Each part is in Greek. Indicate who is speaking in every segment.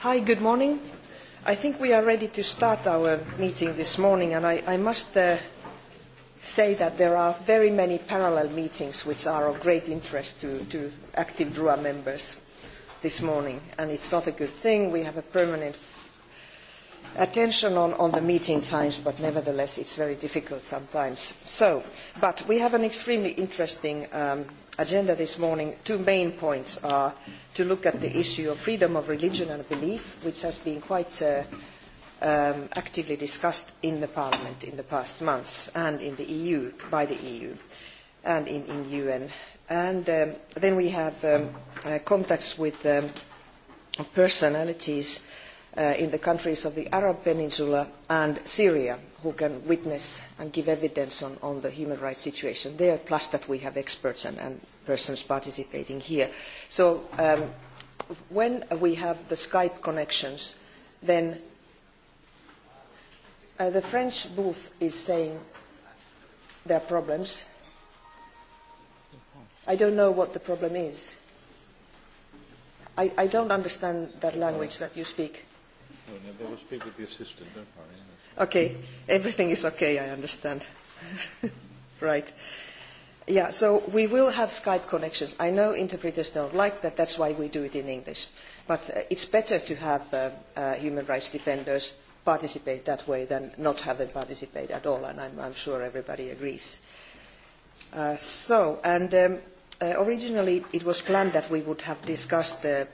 Speaker 1: Hi, good morning. I think we are ready to start our meeting this morning, and I must say that there are very many parallel meetings which are of great interest to active DRUA members this morning, and it's not a good thing. We have a permanent attention on the meeting times, but nevertheless it's very difficult sometimes. So, But we have an extremely interesting agenda this morning, two main points are to look at the issue of freedom of religion and belief, which has been quite actively discussed in Parliament in the past months and in the EU, by the EU and in the UN. And then we have contacts with personalities in the countries of the Arab Peninsula and Syria, who can witness and give evidence on the human rights situation there, plus that we have experts and persons participating here. So when we have the Skype connections, then the French booth is saying their problems. I don't know what the problem is. I don't understand that language that you speak. Okay, everything is okay, I understand. right. Yeah, so we will have Skype connections. I know interpreters don't like that, that's why we do it in English. But it's better to have human rights defenders participate that way than not have them participate at all, and I'm sure everybody agrees. So, and originally it was planned that we would have discussed the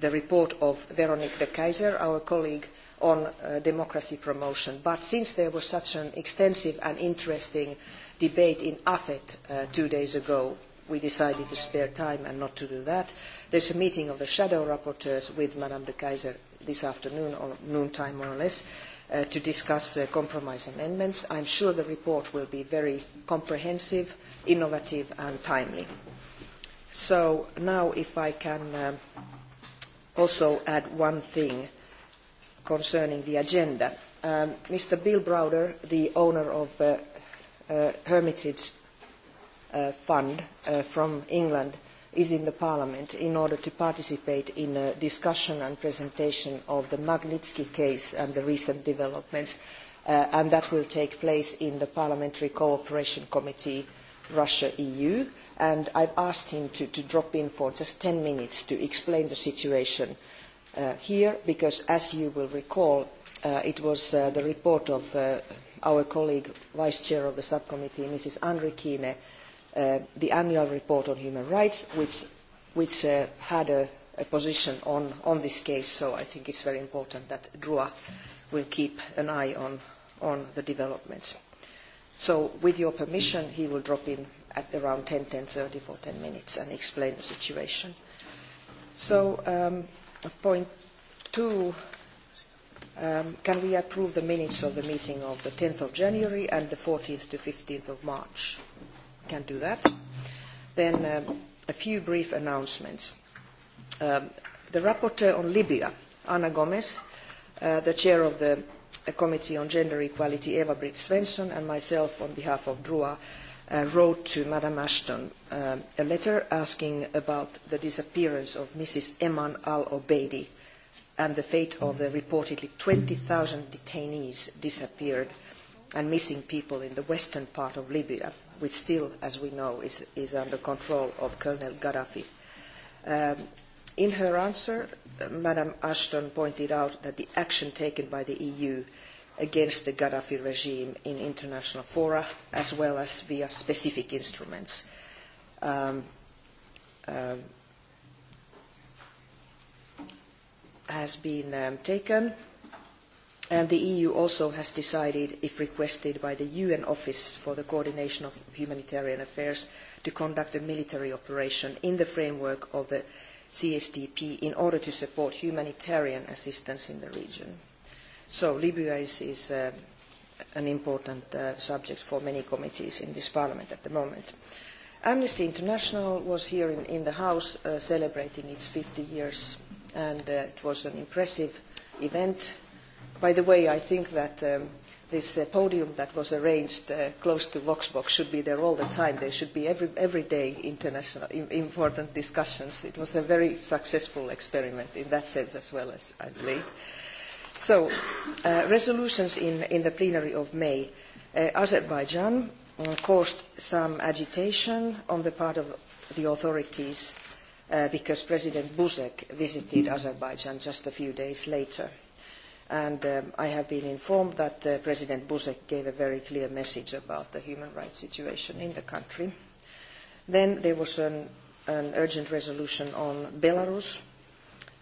Speaker 1: the report of Veronique de Keyser, our colleague on democracy promotion. But since there was such an extensive and interesting debate in AFET two days ago, we decided to spare time and not to do that. There's a meeting of the shadow rapporteurs with Madame de Keyser this afternoon, or noon time more or less, to discuss compromise amendments. I'm sure the report will be very comprehensive, innovative and timely. So now if I can also add one thing concerning the agenda. Mr. Bill Browder, the owner of Hermitage Fund from England, is in the Parliament in order to participate in a discussion and presentation of the Magnitsky case and the recent developments, and that will take place in the Parliamentary Cooperation Committee, Russia-EU and I've asked him to drop in for just 10 minutes to explain the situation here, because as you will recall, it was the report of our colleague, Vice Chair of the Subcommittee, Mrs. Andrikine, the annual report on human rights, which had a position on this case, so I think it's very important that DRUA will keep an eye on the developments. So with your permission, he will drop in at around 10, 10.30 for 10 minutes and explain the situation. So, point two, can we approve the minutes of the meeting of the 10th of January and the 14th to 15th of March? Can do that. Then a few brief announcements. The rapporteur on Libya, Anna Gomez, the chair of the Committee on Gender Equality, Eva Britt Svensson, and myself on behalf of DRUA, wrote to Madam Ashton a letter asking about the disappearance of Mrs. Eman al-Obeidi and the fate of the reportedly 20,000 detainees disappeared and missing people in the western part of Libya, which still, as we know, is under control of Colonel Gaddafi. In her answer, Madam Ashton pointed out that the action taken by the EU against the Gaddafi regime in international fora, as well as via specific instruments. Has been taken, and the EU also has decided, if requested by the UN Office for the Coordination of Humanitarian Affairs, to conduct a military operation in the framework of the CSDP in order to support humanitarian assistance in the region. So Libya is an important subject for many committees in this Parliament at the moment. Amnesty International was here in the House celebrating its 50 years and it was an impressive event. By the way, I think that this podium that was arranged close to Voxbox should be there all the time. There should be every day international important discussions. It was a very successful experiment in that sense as well, as I believe. So, resolutions in the plenary of May. Azerbaijan caused some agitation on the part of the authorities because President Buzek visited Azerbaijan just a few days later. And I have been informed that President Buzek gave a very clear message about the human rights situation in the country. Then there was an urgent resolution on Belarus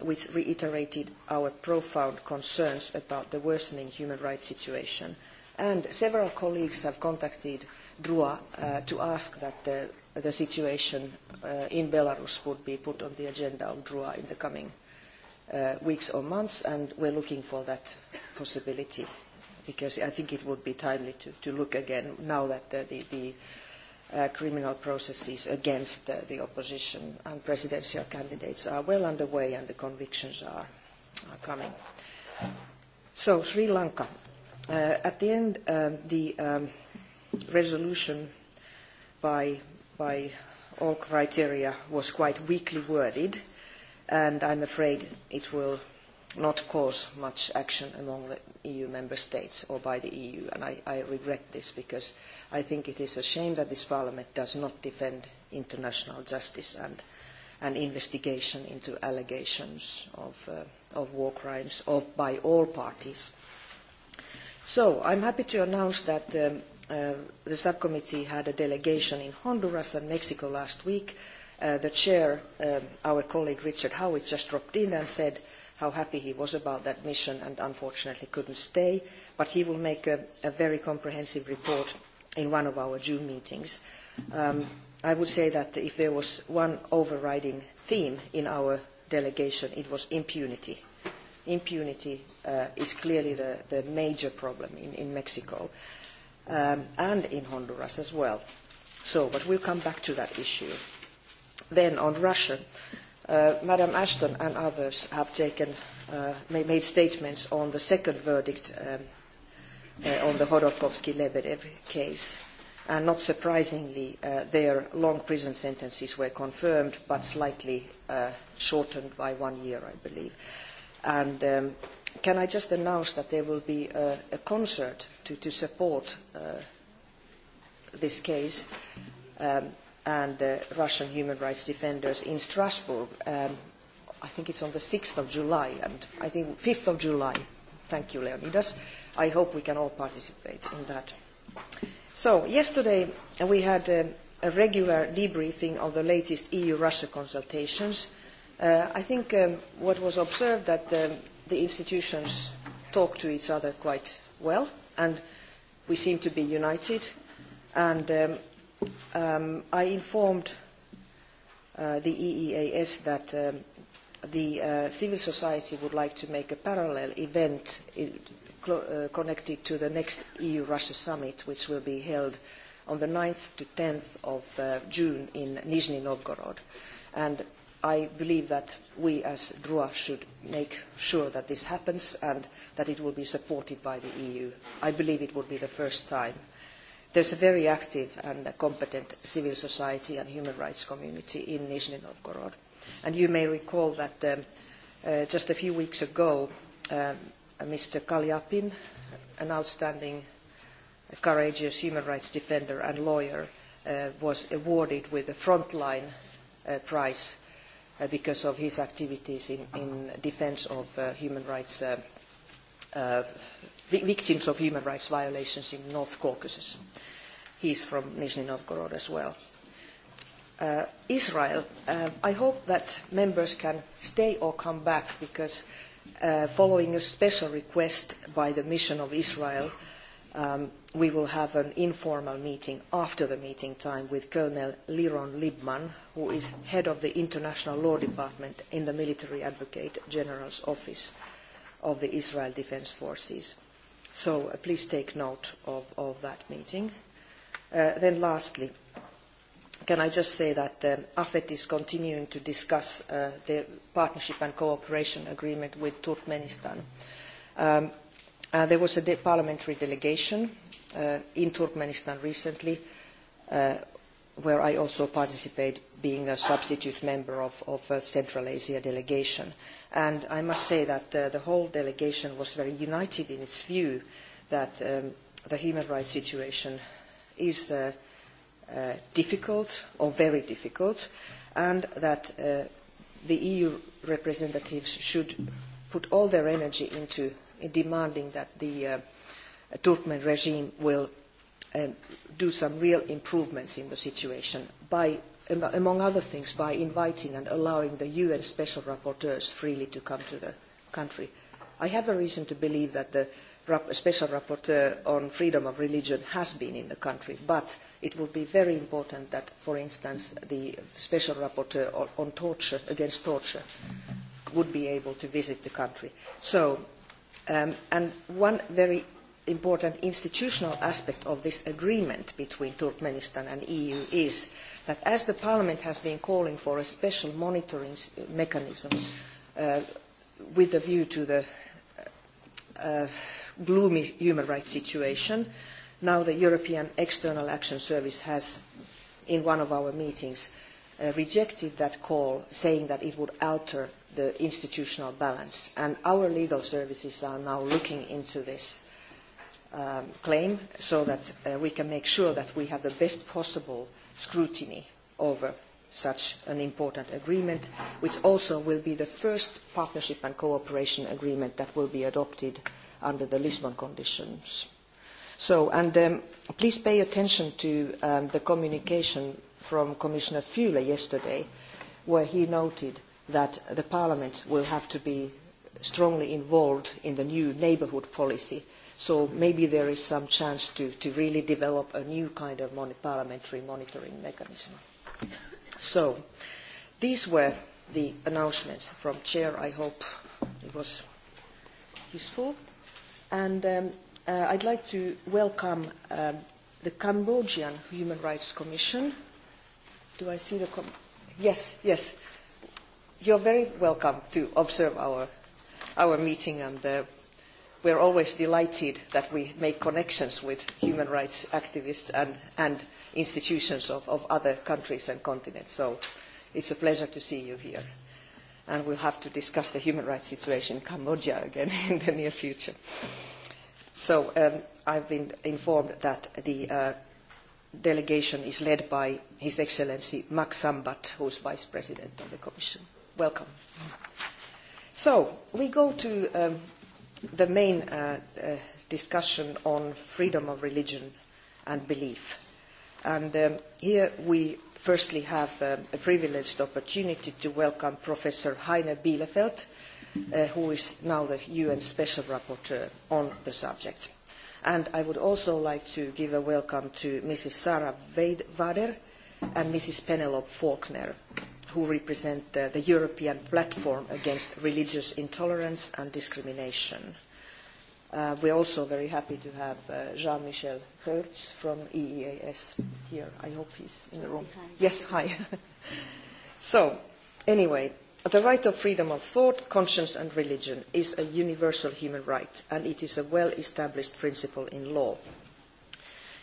Speaker 1: which reiterated our profound concerns about the worsening human rights situation. And several colleagues have contacted DRUA to ask that the situation in Belarus would be put on the agenda of DRUA in the coming weeks or months, and we are looking for that possibility, because I think it would be timely to look again now that the criminal processes against the opposition and presidential candidates are well underway and the convictions are coming. So Sri Lanka. At the end, the resolution by all criteria was quite weakly worded and I'm afraid it will not cause much action among the EU member states or by the EU. And I regret this because I think it is a shame that this Parliament does not defend international justice and an investigation into allegations of war crimes by all parties. So I'm happy to announce that the subcommittee had a delegation in Honduras and Mexico last week. The chair, our colleague Richard Howitt, just dropped in and said how happy he was about that mission and unfortunately couldn't stay, but he will make a very comprehensive report in one of our June meetings. I would say that if there was one overriding theme in our delegation, it was impunity. Impunity is clearly the major problem in Mexico and in Honduras as well. So, but we'll come back to that issue. Then on Russia. Madam Ashton and others have taken, made statements on the second verdict on the horokhovsky lebedev case. And not surprisingly, their long prison sentences were confirmed, but slightly shortened by one year, I believe. And can I just announce that there will be a concert to support this case and Russian human rights defenders in Strasbourg. I think it's on the 6th of July and I think 5th of July. Thank you, Leonidas. I hope we can all participate in that. So yesterday we had a regular debriefing of the latest EU-Russia consultations. I think what was observed that the institutions talk to each other quite well and we seem to be united and I informed the EEAS that the civil society would like to make a parallel event connected to the next EU-Russia summit, which will be held on the 9th to 10th of June in Nizhny Novgorod. And I believe that we as DRUA should make sure that this happens and that it will be supported by the EU. I believe it would be the first time There's a very active and competent civil society and human rights community in Nizhny Novgorod. And you may recall that just a few weeks ago, Mr. Kalyapin, an outstanding, courageous human rights defender and lawyer, was awarded with a frontline prize because of his activities in defense of human rights victims of human rights violations in North Caucasus. He is from Nizhny Novgorod as well. Israel, I hope that members can stay or come back because following a special request by the Mission of Israel, we will have an informal meeting after the meeting time with Colonel Liron Libman, who is head of the International Law Department in the Military Advocate General's Office of the Israel Defense Forces. So please take note of that meeting. Then lastly, can I just say that AFET is continuing to discuss the partnership and cooperation agreement with Turkmenistan. There was a parliamentary delegation in Turkmenistan recently where I also participated being a substitute member of a Central Asia delegation. And I must say that the whole delegation was very united in its view that the human rights situation is difficult or very difficult and that the EU representatives should put all their energy into demanding that the Turkmen regime will do some real improvements in the situation by among other things, by inviting and allowing the UN special rapporteurs freely to come to the country. I have a reason to believe that the special rapporteur on freedom of religion has been in the country, but it would be very important that, for instance, the special rapporteur on torture, against torture, would be able to visit the country. So, and one very important institutional aspect of this agreement between Turkmenistan and EU is that as the Parliament has been calling for a special monitoring mechanism with a view to the gloomy human rights situation, now the European External Action Service has, in one of our meetings, rejected that call, saying that it would alter the institutional balance. And our legal services are now looking into this claim so that we can make sure that we have the best possible scrutiny over such an important agreement, which also will be the first partnership and cooperation agreement that will be adopted under the Lisbon conditions. So, and please pay attention to the communication from Commissioner Füle yesterday, where he noted that the Parliament will have to be strongly involved in the new neighbourhood policy So maybe there is some chance to really develop a new kind of parliamentary monitoring mechanism. So these were the announcements from Chair. I hope it was useful. And I'd like to welcome the Cambodian Human Rights Commission. Do I see the... Yes, yes. You're very welcome to observe our meeting and we are always delighted that we make connections with human rights activists and institutions of other countries and continents. So it's a pleasure to see you here. And we'll have to discuss the human rights situation in Cambodia again in the near future. So I've been informed that the delegation is led by His Excellency Max Sambat, who is Vice President of the Commission. Welcome. So we go to the main discussion on freedom of religion and belief. And here we firstly have a privileged opportunity to welcome Professor Heiner Bielefeld, who is now the UN Special Rapporteur on the subject. And I would also like to give a welcome to Mrs. Sarah Wader and Mrs. Penelope Faulkner who represent the European Platform Against Religious Intolerance and Discrimination. We are also very happy to have Jean-Michel Hertz from EEAS here. I hope he's in the room. Yes, hi. So, anyway, the right of freedom of thought, conscience and religion is a universal human right, and it is a well-established principle in law.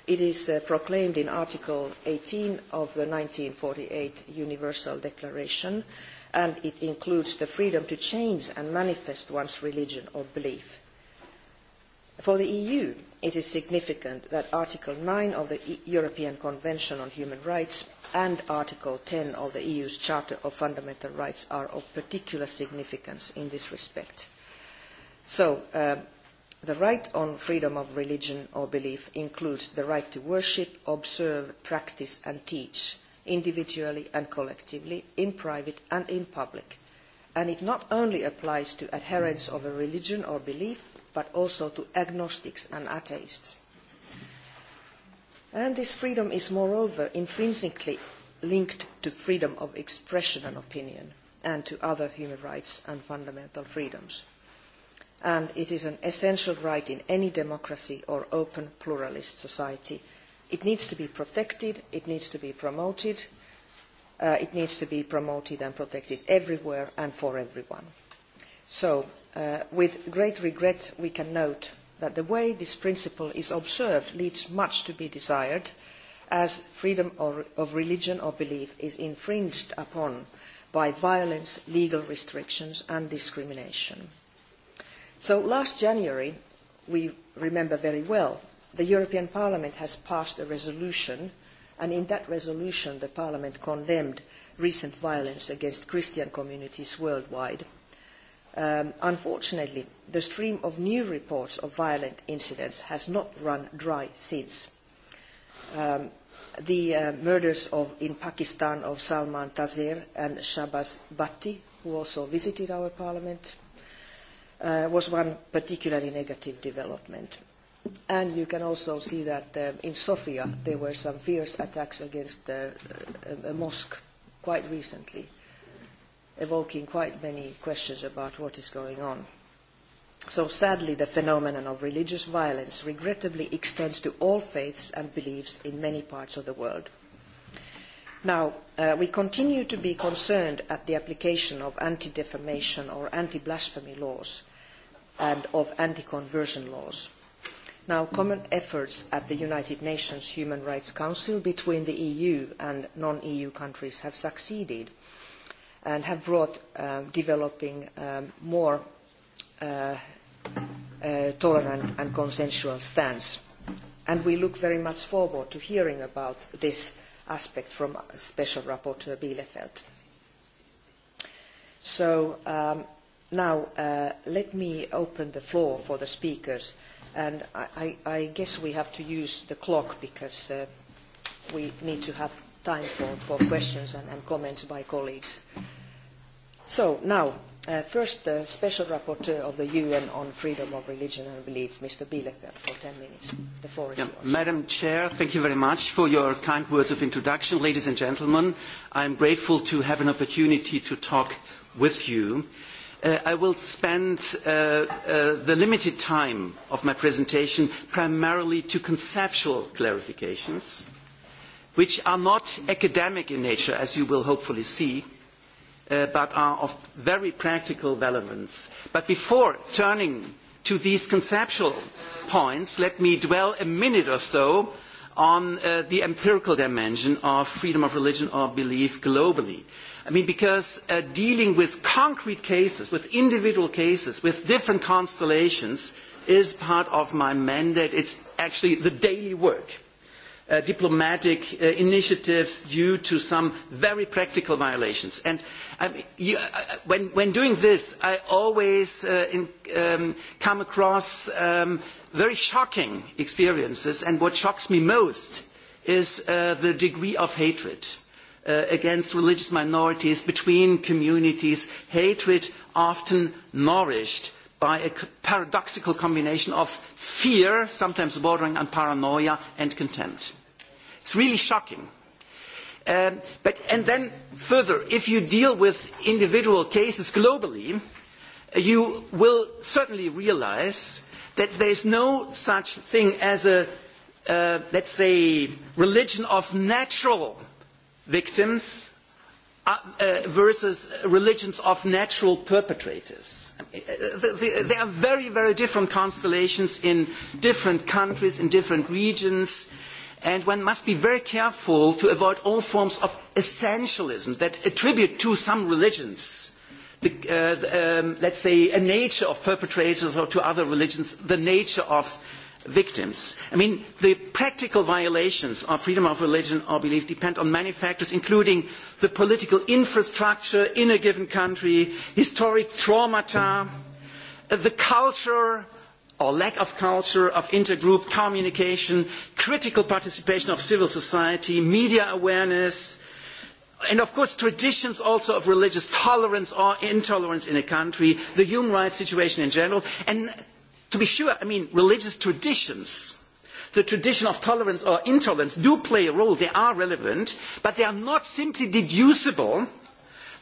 Speaker 1: It is proclaimed in Article 18 of the 1948 Universal Declaration, and it includes the freedom to change and manifest one's religion or belief. For the EU, it is significant that Article 9 of the European Convention on Human Rights and Article 10 of the EU's Charter of Fundamental Rights are of particular significance in this respect. So The right on freedom of religion or belief includes the right to worship, observe, practice and teach, individually and collectively, in private and in public. And it not only applies to adherents of a religion or belief, but also to agnostics and atheists. And this freedom is moreover intrinsically linked to freedom of expression and opinion, and to other human rights and fundamental freedoms and it is an essential right in any democracy or open pluralist society. It needs to be protected, it needs to be promoted, it needs to be promoted and protected everywhere and for everyone. So, with great regret, we can note that the way this principle is observed leads much to be desired, as freedom of religion or belief is infringed upon by violence, legal restrictions and discrimination. So last January, we remember very well, the European Parliament has passed a resolution, and in that resolution the Parliament condemned recent violence against Christian communities worldwide. Unfortunately, the stream of new reports of violent incidents has not run dry since. The murders in Pakistan of Salman Taseer and Shabaz Bhatti, who also visited our Parliament, was one particularly negative development. And you can also see that in Sofia there were some fierce attacks against a mosque quite recently, evoking quite many questions about what is going on. So sadly, the phenomenon of religious violence regrettably extends to all faiths and beliefs in many parts of the world. Now, we continue to be concerned at the application of anti defamation or anti blasphemy laws and of anti conversion laws. now common efforts at the united nations human rights council between the eu and non eu countries have succeeded and have brought developing more tolerant and consensual stance and we look very much forward to hearing about this aspect from Special Rapporteur Bielefeld. So now let me open the floor for the speakers. And I guess we have to use the clock because we need to have time for questions and comments by colleagues. So now First, the Special Rapporteur of the UN on freedom of religion and belief, Mr. Bielefeld, for 10 minutes.
Speaker 2: Madam Chair, thank you very much for your kind words of introduction. Ladies and gentlemen, I am grateful to have an opportunity to talk with you. I will spend the limited time of my presentation primarily to conceptual clarifications, which are not academic in nature, as you will hopefully see but are of very practical relevance. But before turning to these conceptual points, let me dwell a minute or so on the empirical dimension of freedom of religion or belief globally. I mean, because dealing with concrete cases, with individual cases, with different constellations is part of my mandate. It's actually the daily work diplomatic initiatives due to some very practical violations. when doing this, I always come across very shocking experiences, and what shocks me most is the degree of hatred against religious minorities between communities, hatred often nourished by a paradoxical combination of fear, sometimes bordering on paranoia, and contempt. It's really shocking. And then further, if you deal with individual cases globally, you will certainly realize that there is no such thing as a, let's say, religion of natural victims versus religions of natural perpetrators. There are very, very different constellations in different countries, in different regions, and one must be very careful to avoid all forms of essentialism that attribute to some religions, let's say, a nature of perpetrators or to other religions, the nature of victims. I mean, the practical violations of freedom of religion or belief depend on many factors, including the political infrastructure in a given country, historic traumata, the culture or lack of culture of intergroup communication, critical participation of civil society, media awareness, and of course traditions also of religious tolerance or intolerance in a country, the human rights situation in general, and to be sure i mean religious traditions the tradition of tolerance or intolerance do play a role they are relevant but they are not simply deducible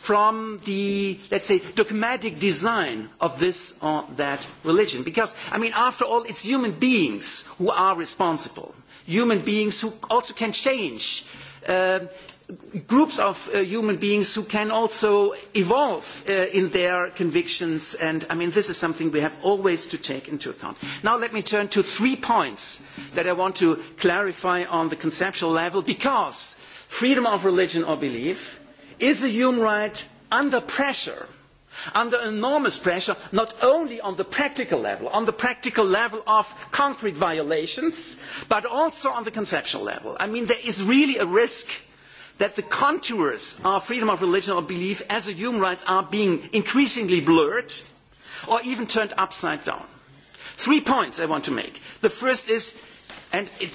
Speaker 2: from the let's say dogmatic design of this or that religion because i mean after all it's human beings who are responsible human beings who also can change groups of human beings who can also evolve in their convictions and I mean this is something we have always to take into account. Now let me turn to three points that I want to clarify on the conceptual level because freedom of religion or belief is a human right under pressure, under enormous pressure, not only on the practical level, on the practical level of concrete violations, but also on the conceptual level. I mean there is really a risk that the contours of freedom of religion or belief as a human right are being increasingly blurred or even turned upside down. Three points I want to make. The first is, and it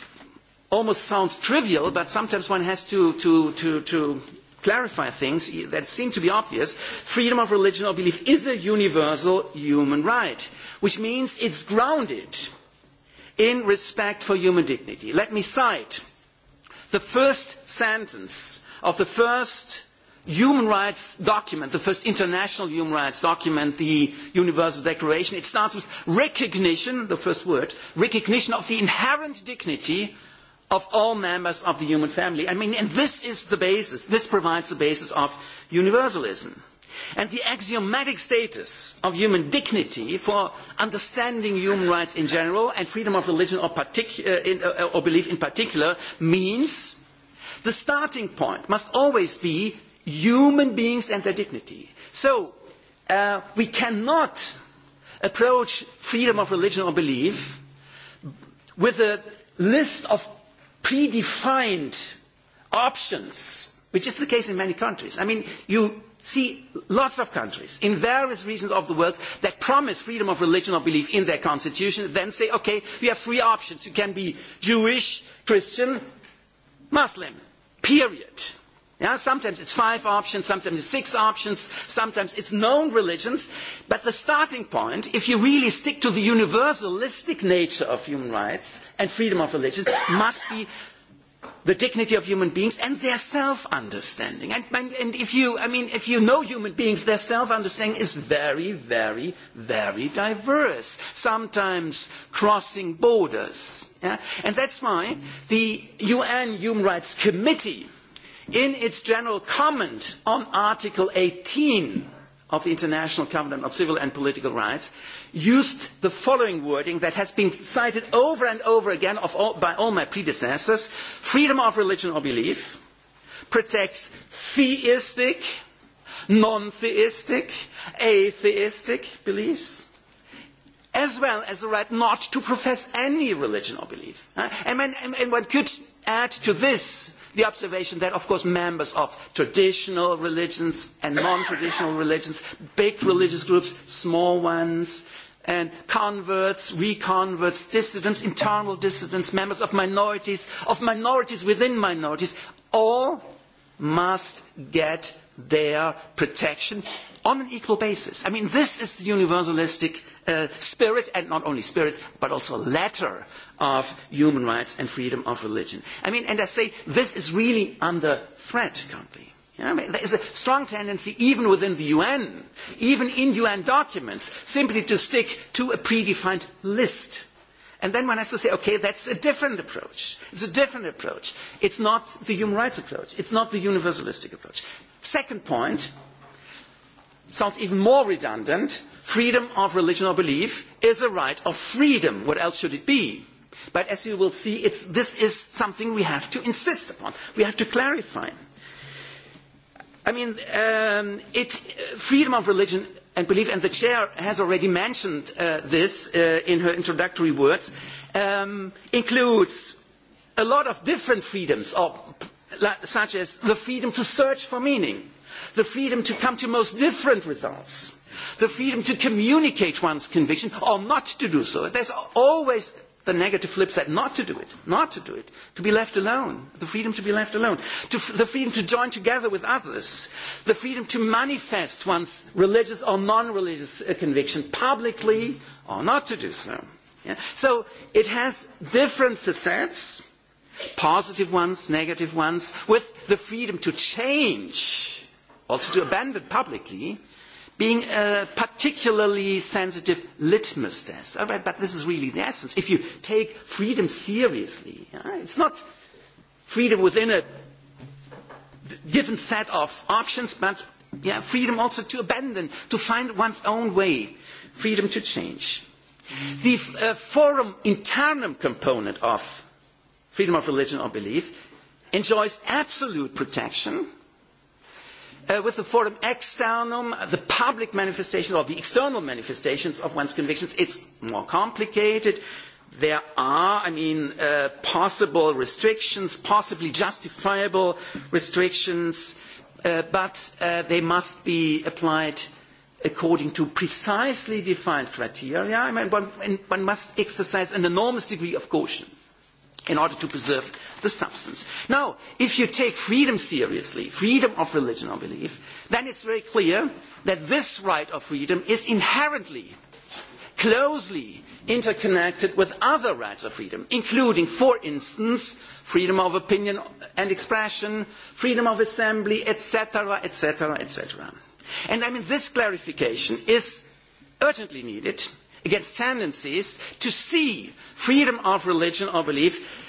Speaker 2: almost sounds trivial, but sometimes one has to clarify things that seem to be obvious, freedom of religion or belief is a universal human right, which means it's grounded in respect for human dignity. Let me cite the first sentence of the first human rights document, the first international human rights document, the Universal Declaration, it starts with recognition, the first word, recognition of the inherent dignity of all members of the human family. I mean, and this is the basis, this provides the basis of universalism and the axiomatic status of human dignity for understanding human rights in general and freedom of religion or belief in particular means the starting point must always be human beings and their dignity. So we cannot approach freedom of religion or belief with a list of predefined options, which is the case in many countries. I mean, you see lots of countries in various regions of the world that promise freedom of religion or belief in their constitution, then say, okay, we have three options. You can be Jewish, Christian, Muslim, period. Sometimes it's five options, sometimes it's six options, sometimes it's known religions. But the starting point, if you really stick to the universalistic nature of human rights and freedom of religion, must be the dignity of human beings and their self understanding. And if you I mean if you know human beings, their self understanding is very, very, very diverse, sometimes crossing borders. And that's why the UN Human Rights Committee, in its general comment on Article 18 of the International Covenant on Civil and Political Rights, used the following wording that has been cited over and over again by all my predecessors freedom of religion or belief protects theistic, non theistic, atheistic beliefs, as well as the right not to profess any religion or belief. And one could add to this the observation that, of course, members of traditional religions and non-traditional religions, big religious groups, small ones, and converts, reconverts, dissidents, internal dissidents, members of minorities, of minorities within minorities, all must get their protection on an equal basis. I mean, this is the universalistic spirit, and not only spirit, but also letter of human rights and freedom of religion. I mean, and I say this is really under threat currently. There is a strong tendency, even within the UN, even in UN documents, simply to stick to a predefined list. And then one has to say, okay, that's a different approach. It's a different approach. It's not the human rights approach. It's not the universalistic approach. Second point, sounds even more redundant, freedom of religion or belief is a right of freedom. What else should it be? But as you will see, this is something we have to insist upon. We have to clarify. I mean, freedom of religion and belief, and the chair has already mentioned this in her introductory words, includes a lot of different freedoms, such as the freedom to search for meaning, the freedom to come to most different results, the freedom to communicate one's conviction or not to do so. There's always the negative flip side, not to do it, not to do it, to be left alone, the freedom to be left alone, the freedom to join together with others, the freedom to manifest one's religious or non-religious conviction publicly or not to do so. So it has different facets, positive ones, negative ones, with the freedom to change, also to abandon publicly being a particularly sensitive litmus test. But this is really the essence. If you take freedom seriously, it's not freedom within a given set of options, but freedom also to abandon, to find one's own way, freedom to change. The forum internum component of freedom of religion or belief enjoys absolute protection with the forum externum, the public manifestations or the external manifestations of one's convictions, it's more complicated. There are, mean, possible restrictions, possibly justifiable restrictions, but they must be applied according to precisely defined criteria. I mean, one must exercise an enormous degree of caution in order to preserve the substance. Now, if you take freedom seriously, freedom of religion or belief, then it's very clear that this right of freedom is inherently, closely interconnected with other rights of freedom, including, for instance, freedom of opinion and expression, freedom of assembly, etc., etc., etc. And I mean, this clarification is urgently needed against tendencies to see freedom of religion or belief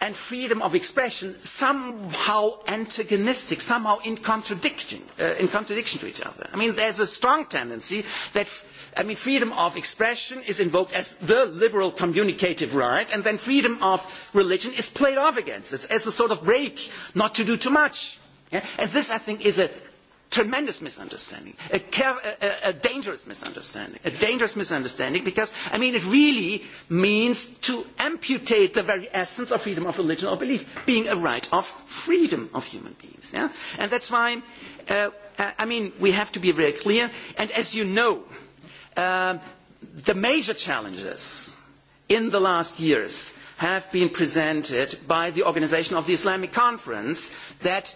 Speaker 2: and freedom of expression somehow antagonistic, somehow in contradiction to each other. I mean, there's a strong tendency that, I mean, freedom of expression is invoked as the liberal communicative right, and then freedom of religion is played off against it as a sort of break, not to do too much. And this, I think, is a tremendous misunderstanding, a dangerous misunderstanding, a dangerous misunderstanding because, I mean, it really means to amputate the very essence of freedom of religion or belief, being a right of freedom of human beings. And that's why, I mean, we have to be very clear. And as you know, the major challenges in the last years have been presented by the Organization of the Islamic Conference that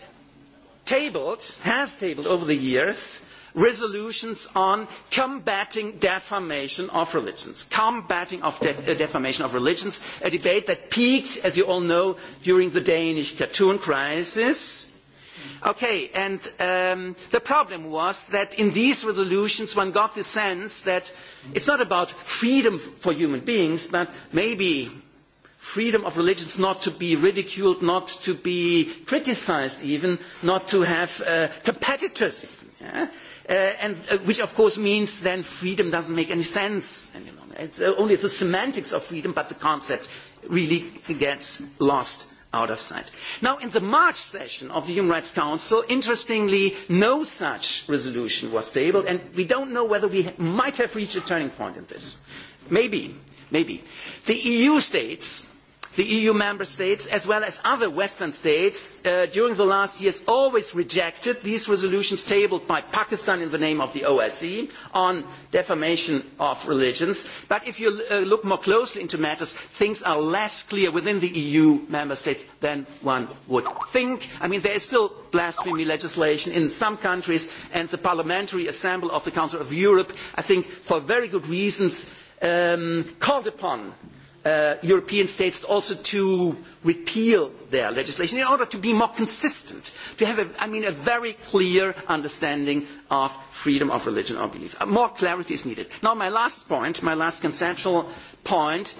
Speaker 2: tabled, has tabled over the years, resolutions on combating defamation of religions. Combating of defamation of religions, a debate that peaked, as you all know, during the Danish cartoon crisis. Okay, and the problem was that in these resolutions one got the sense that it's not about freedom for human beings, but maybe freedom of religions not to be ridiculed, not to be criticised even, not to have competitors even. And which of course means then freedom doesn't make any sense any longer. It's only the semantics of freedom, but the concept really gets lost out of sight. Now, in the March session of the Human Rights Council, interestingly, no such resolution was tabled, and we don't know whether we might have reached a turning point in this. Maybe, maybe the eu states the eu member states as well as other western states during the last years always rejected these resolutions tabled by pakistan in the name of the osce on defamation of religions but if you look more closely into matters things are less clear within the eu member states than one would think. i mean there is still blasphemy legislation in some countries and the parliamentary assembly of the council of europe i think for very good reasons called upon European states also to repeal their legislation in order to be more consistent, to have a very clear understanding of freedom of religion or belief. More clarity is needed. Now my last point, my last conceptual point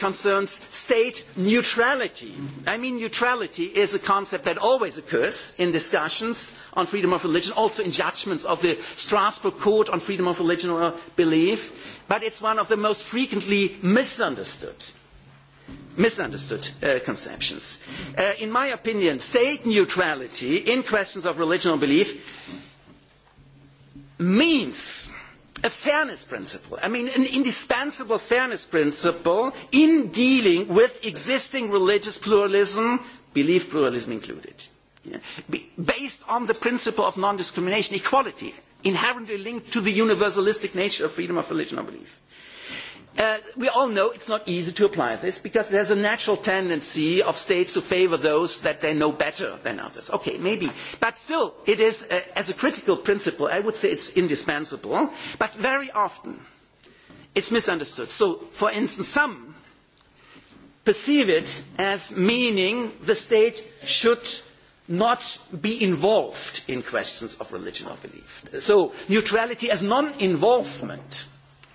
Speaker 2: concerns state neutrality. I mean neutrality is a concept that always occurs in discussions on freedom of religion, also in judgments of the Strasbourg Court on freedom of religion or belief but it's one of the most frequently misunderstood misunderstood conceptions. In my opinion, state neutrality in questions of religion or belief means a fairness principle, I mean an indispensable fairness principle in dealing with existing religious pluralism, belief pluralism included, based on the principle of non-discrimination, equality inherently linked to the universalistic nature of freedom of religion or belief. We all know it's not easy to apply this because there's a natural tendency of states to favour those that they know better than others. Okay, maybe. But still, it is, as a critical principle, I would say it's indispensable. But very often, it's misunderstood. So, for instance, some perceive it as meaning the state should not be involved in questions of religion or belief. So neutrality as non-involvement.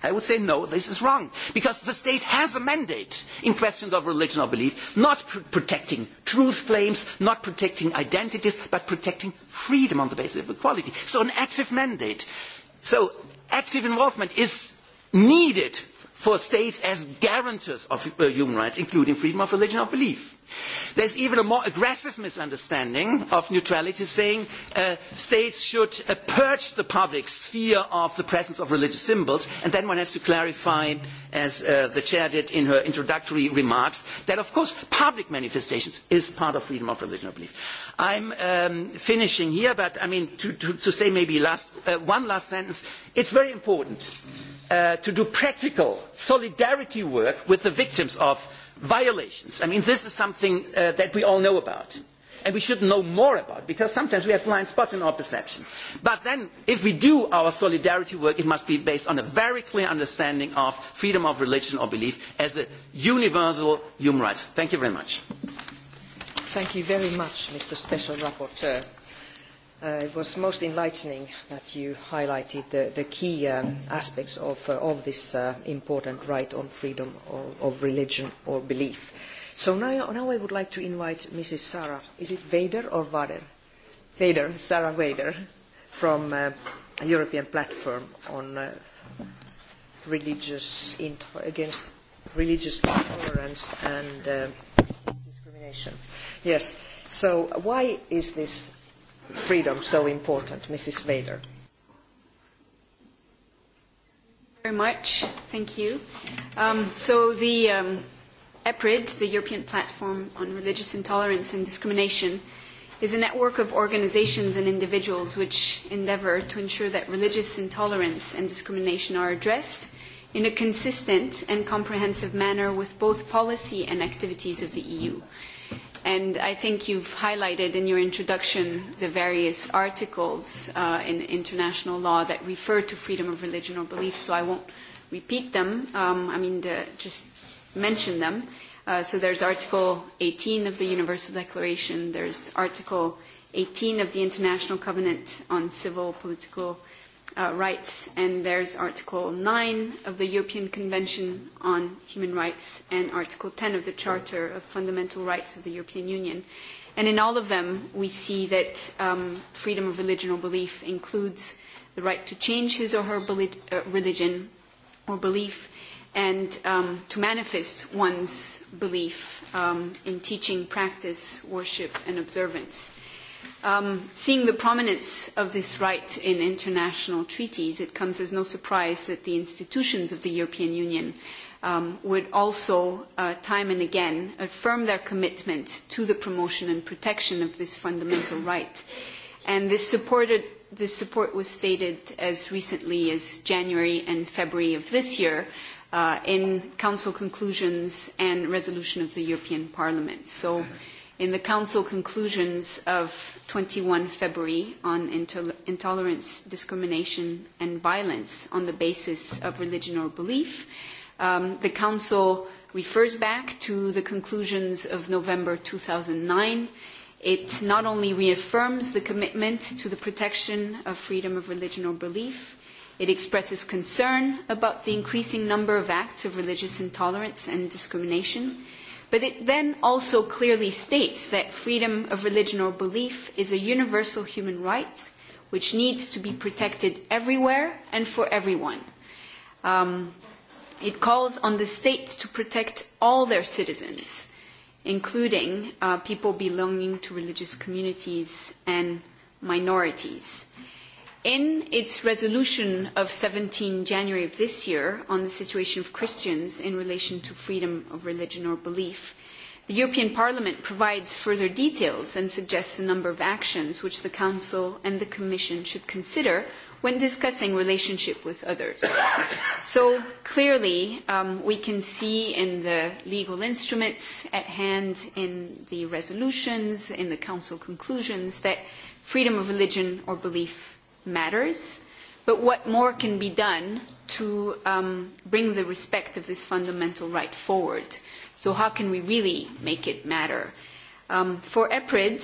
Speaker 2: I would say no, this is wrong, because the state has a mandate in questions of religion or belief, not protecting truth claims, not protecting identities, but protecting freedom on the basis of equality. So an active mandate. So active involvement is needed for states as guarantors of human rights, including freedom of religion of belief. There is even a more aggressive misunderstanding of neutrality, saying states should purge the public sphere of the presence of religious symbols, and then one has to clarify, as the chair did in her introductory remarks, that of course public manifestations is part of freedom of religion of belief. I'm finishing here, but I mean to say maybe one last sentence. It's very important to do practical solidarity work with the victims of violations. I mean, this is something that we all know about. And we should know more about, because sometimes we have blind spots in our perception. But then, if we do our solidarity work, it must be based on a very clear understanding of freedom of religion or belief as a universal human right. Thank you very much.
Speaker 1: Thank you very much, Mr. Special Rapporteur. It was most enlightening that you highlighted the key aspects of this important right on freedom of religion or belief. So now I would like to invite Mrs. Sarah, is it Vader or Vader? Vader, Sarah Vader, from a European platform on religious against religious intolerance and discrimination. Yes. So why is this? freedom so important. Mrs. Vader.
Speaker 3: Very much. Thank you. So the EPRID, the European Platform on Religious Intolerance and Discrimination, is a network of organisations and individuals which endeavour to ensure that religious intolerance and discrimination are addressed in a consistent and comprehensive manner with both policy and activities of the EU and I think you've highlighted in your introduction the various articles in international law that refer to freedom of religion or belief, so I won't repeat them. I mean, just mention them. So there's Article 18 of the Universal Declaration. There's Article 18 of the International Covenant on Civil, Political rights, and there's Article 9 of the European Convention on Human Rights and Article 10 of the Charter of Fundamental Rights of the European Union. And in all of them, we see that freedom of religion or belief includes the right to change his or her religion or belief and to manifest one's belief in teaching, practice, worship, and observance. Seeing the prominence of this right in international treaties, it comes as no surprise that the institutions of the European Union would also, time and again, affirm their commitment to the promotion and protection of this fundamental right. And this support was stated as recently as January and February of this year in Council conclusions and resolution of the European Parliament. So in the Council conclusions of 21 February on intolerance, discrimination and violence on the basis of religion or belief. The Council refers back to the conclusions of November 2009. It not only reaffirms the commitment to the protection of freedom of religion or belief, it expresses concern about the increasing number of acts of religious intolerance and discrimination But it then also clearly states that freedom of religion or belief is a universal human right which needs to be protected everywhere and for everyone. It calls on the states to protect all their citizens, including people belonging to religious communities and minorities. In its resolution of 17 January of this year on the situation of Christians in relation to freedom of religion or belief, the European Parliament provides further details and suggests a number of actions which the Council and the Commission should consider when discussing relationship with others. So clearly we can see in the legal instruments at hand, in the resolutions, in the Council conclusions, that freedom of religion or belief matters, but what more can be done to bring the respect of this fundamental right forward. So how can we really make it matter? For EPRID,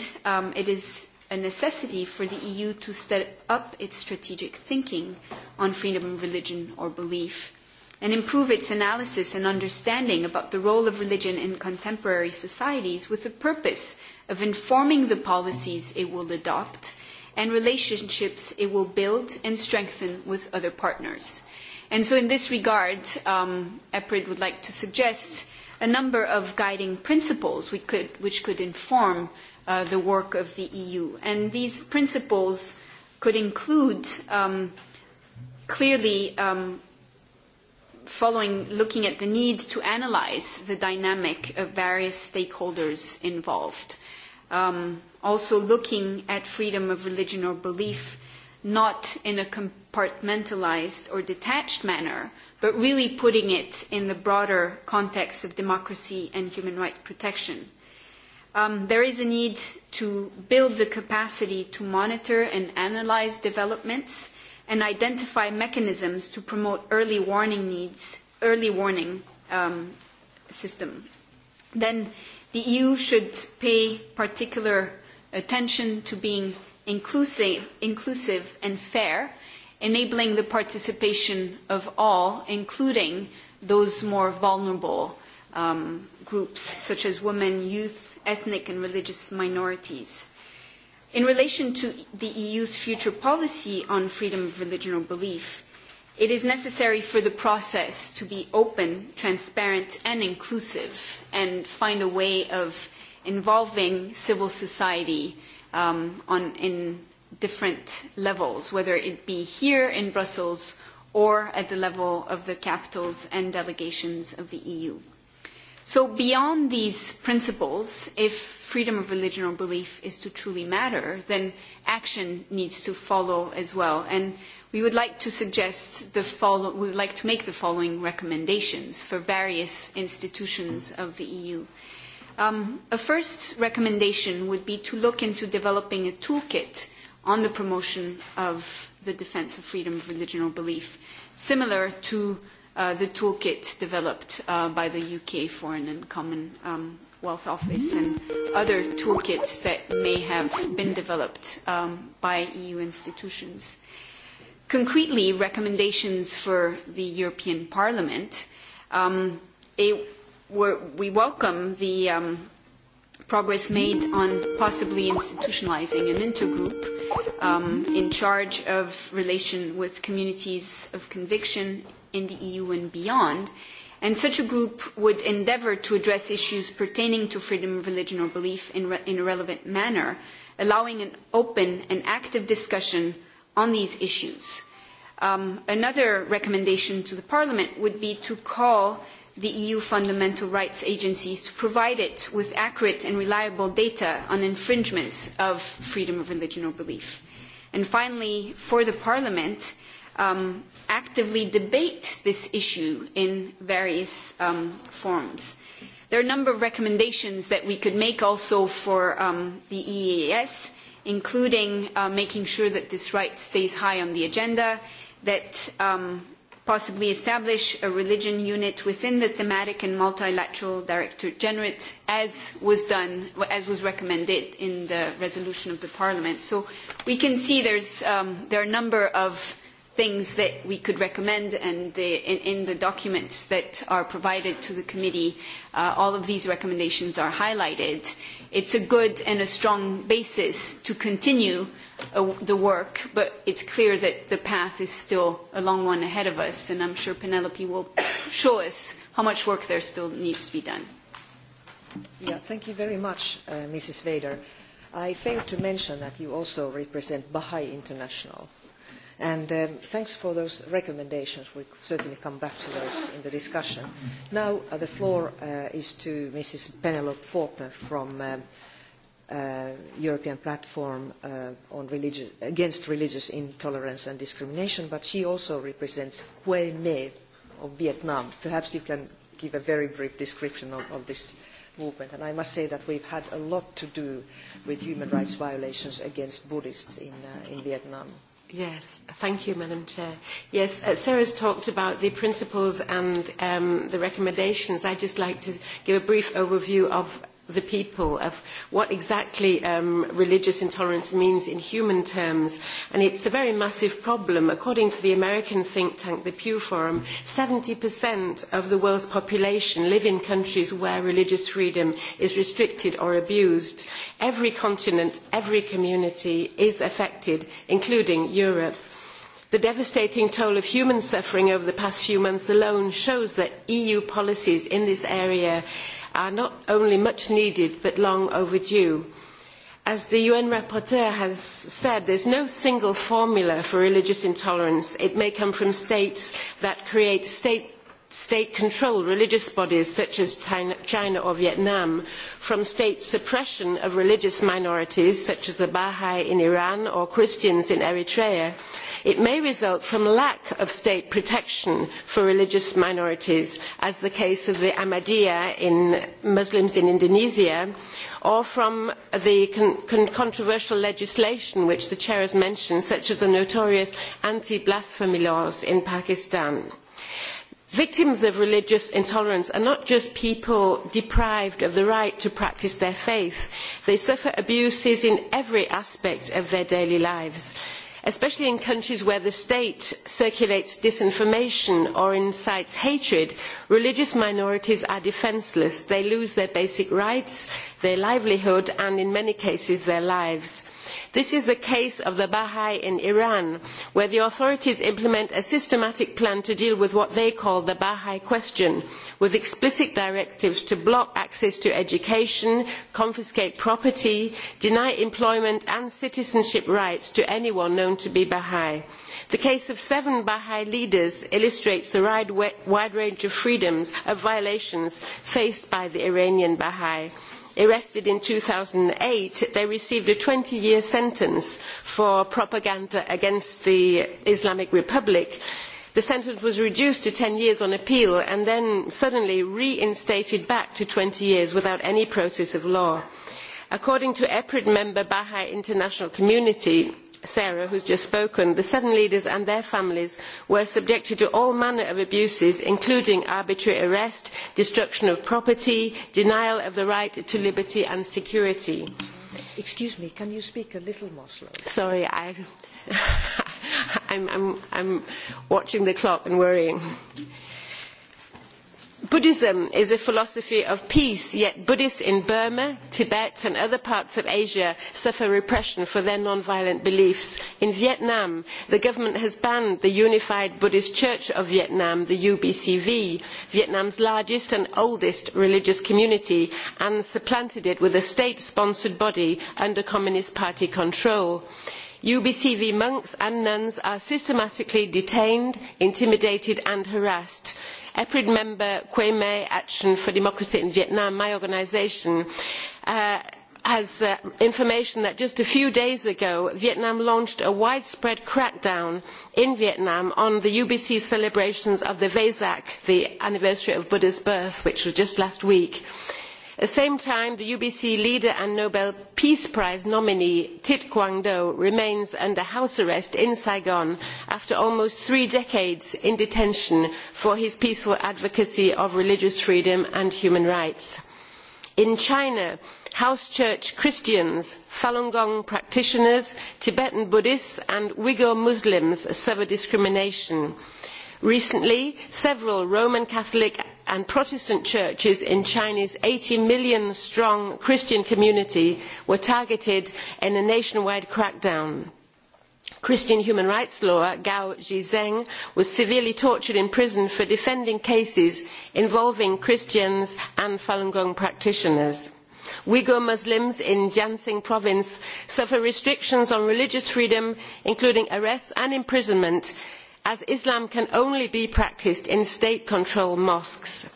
Speaker 3: it is a necessity for the EU to step up its strategic thinking on freedom of religion or belief and improve its analysis and understanding about the role of religion in contemporary societies with the purpose of informing the policies it will adopt and relationships it will build and strengthen with other partners. And so in this regard, EPRID would like to suggest a number of guiding principles which could inform the work of the EU. And these principles could include clearly following looking at the need to analyse the dynamic of various stakeholders involved also looking at freedom of religion or belief not in a compartmentalized or detached manner, but really putting it in the broader context of democracy and human rights protection. There is a need to build the capacity to monitor and analyze developments and identify mechanisms to promote early warning needs, early warning system. Then the EU should pay particular attention to being inclusive and fair, enabling the participation of all, including those more vulnerable groups, such as women, youth, ethnic and religious minorities. In relation to the EU's future policy on freedom of religion or belief, it is necessary for the process to be open, transparent and inclusive, and find a way of involving civil society on in different levels, whether it be here in Brussels or at the level of the capitals and delegations of the EU. So beyond these principles, if freedom of religion or belief is to truly matter, then action needs to follow as well. And we would like to suggest the follow we would like to make the following recommendations for various institutions of the EU. A first recommendation would be to look into developing a toolkit on the promotion of the defence of freedom of religion or belief, similar to the toolkit developed by the UK Foreign and Common Wealth Office and other toolkits that may have been developed by EU institutions. Concretely, recommendations for the European Parliament we welcome the progress made on possibly institutionalizing an intergroup in charge of relation with communities of conviction in the EU and beyond. And such a group would endeavour to address issues pertaining to freedom of religion or belief in a relevant manner, allowing an open and active discussion on these issues. Another recommendation to the Parliament would be to call the EU Fundamental Rights Agencies to provide it with accurate and reliable data on infringements of freedom of religion or belief. And finally, for the Parliament, actively debate this issue in various forms. There are a number of recommendations that we could make also for the EEAS, including making sure that this right stays high on the agenda, that possibly establish a religion unit within the thematic and multilateral directorate as was done as was recommended in the resolution of the parliament so we can see there's there are a number of things that we could recommend and in the documents that are provided to the committee all of these recommendations are highlighted it's a good and a strong basis to continue the work, but it's clear that the path is still a long one ahead of us, and I'm sure Penelope will show us how much work there still needs to be done.
Speaker 1: Yeah, thank you very much, Mrs. Vader. I failed to mention that you also represent Baha'i International, and thanks for those recommendations. We certainly come back to those in the discussion. Now the floor is to Mrs. Penelope Faulkner from European platform against religious intolerance and discrimination, but she also represents Hue Me of Vietnam. Perhaps you can give a very brief description of this movement. And I must say that we've had a lot to do with human rights violations against Buddhists in Vietnam.
Speaker 4: Yes, thank you, Madam Chair. Yes, Sarah's talked about the principles and the recommendations. I'd just like to give a brief overview of the people of what exactly religious intolerance means in human terms and it's a very massive problem according to the american think tank the pew forum 70% of the world's population live in countries where religious freedom is restricted or abused every continent every community is affected including europe The devastating toll of human suffering over the past few months alone shows that EU policies in this area are not only much needed but long overdue. As the UN rapporteur has said, there is no single formula for religious intolerance. It may come from states that create state-controlled religious bodies, such as China or Vietnam, from state suppression of religious minorities, such as the Baha'i in Iran or Christians in Eritrea It may result from lack of state protection for religious minorities, as the case of the Ahmadiyya in Muslims in Indonesia, or from the controversial legislation which the Chair has mentioned, such as the notorious anti-blasphemy laws in Pakistan. Victims of religious intolerance are not just people deprived of the right to practice their faith. They suffer abuses in every aspect of their daily lives especially in countries where the state circulates disinformation or incites hatred religious minorities are defenceless they lose their basic rights their livelihood and in many cases their lives This is the case of the Bahai in Iran, where the authorities implement a systematic plan to deal with what they call the Bahai question, with explicit directives to block access to education, confiscate property, deny employment and citizenship rights to anyone known to be Bahai. The case of seven Bahai leaders illustrates the wide range of freedoms of violations faced by the Iranian Bahai arrested in 2008, they received a 20-year sentence for propaganda against the Islamic Republic. The sentence was reduced to 10 years on appeal and then suddenly reinstated back to 20 years without any process of law. According to EPRID member Baha'i International Community, sarah who has just spoken the seven leaders and their families were subjected to all manner of abuses including arbitrary arrest destruction of property denial of the right to liberty and security.
Speaker 1: excuse me can you speak a little more slowly?
Speaker 4: sorry i am watching the clock and worrying. Buddhism is a philosophy of peace, yet Buddhists in Burma, Tibet and other parts of Asia suffer repression for their non-violent beliefs. In Vietnam, the government has banned the Unified Buddhist Church of Vietnam, the UBCV, Vietnam's largest and oldest religious community, and supplanted it with a state-sponsored body under Communist Party control. UBCV monks and nuns are systematically detained, intimidated and harassed epred member kwe mei action for democracy in vietnam my organisation has information that just a few days ago vietnam launched a widespread crackdown in vietnam on the ubc celebrations of the vesak the anniversary of buddha's birth which was just last week. At the same time the ubc leader and nobel peace prize nominee Tit quang do remains under house arrest in saigon after almost three decades in detention for his peaceful advocacy of religious freedom and human rights. in china house church christians falun gong practitioners tibetan buddhists and uyghur muslims suffer discrimination. recently several roman catholic and Protestant churches in China's 80 million strong Christian community were targeted in a nationwide crackdown. Christian human rights lawyer Gao Zhizheng was severely tortured in prison for defending cases involving Christians and Falun Gong practitioners. Uyghur Muslims in Jiangxing province suffer restrictions on religious freedom, including arrests and imprisonment as Islam can only be practised in state controlled mosques.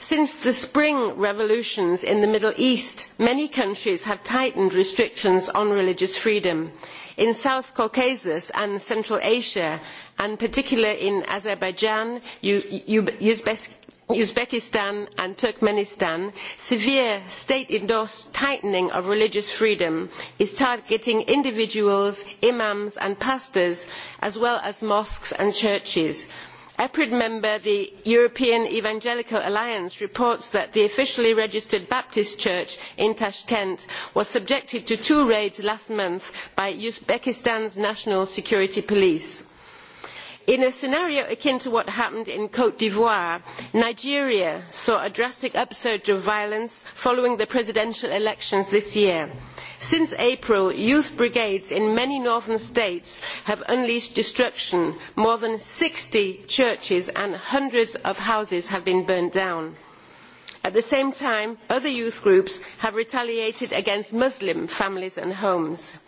Speaker 4: Since the spring revolutions in the Middle East, many countries have tightened restrictions on religious freedom. In South Caucasus and Central Asia, and particularly in Azerbaijan, Uzbekistan, Uzbekistan and Turkmenistan, severe state-endorsed tightening of religious freedom is targeting individuals, imams and pastors, as well as mosques and churches. EPRID member, the European Evangelical Alliance, reports that the officially registered Baptist church in Tashkent was subjected to two raids last month by Uzbekistan's National Security Police in a scenario akin to what happened in cote d'ivoire nigeria saw a drastic upsurge of violence following the presidential elections this year. since april youth brigades in many northern states have unleashed destruction more than 60 churches and hundreds of houses have been burnt down. at the same time other youth groups have retaliated against muslim families and homes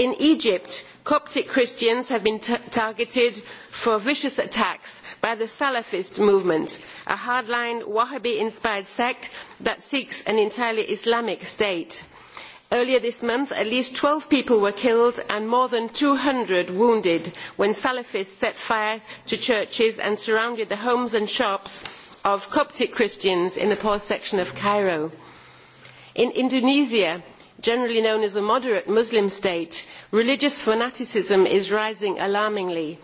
Speaker 4: in egypt coptic christians have been targeted for vicious attacks by the salafist movement a hardline wahhabi inspired sect that seeks an entirely islamic state. earlier this month at least 12 people were killed and more than 200 wounded when salafists set fire to churches and surrounded the homes and shops of coptic christians in the poor section of cairo. in indonesia generally known as a moderate muslim state religious fanaticism is rising alarmingly.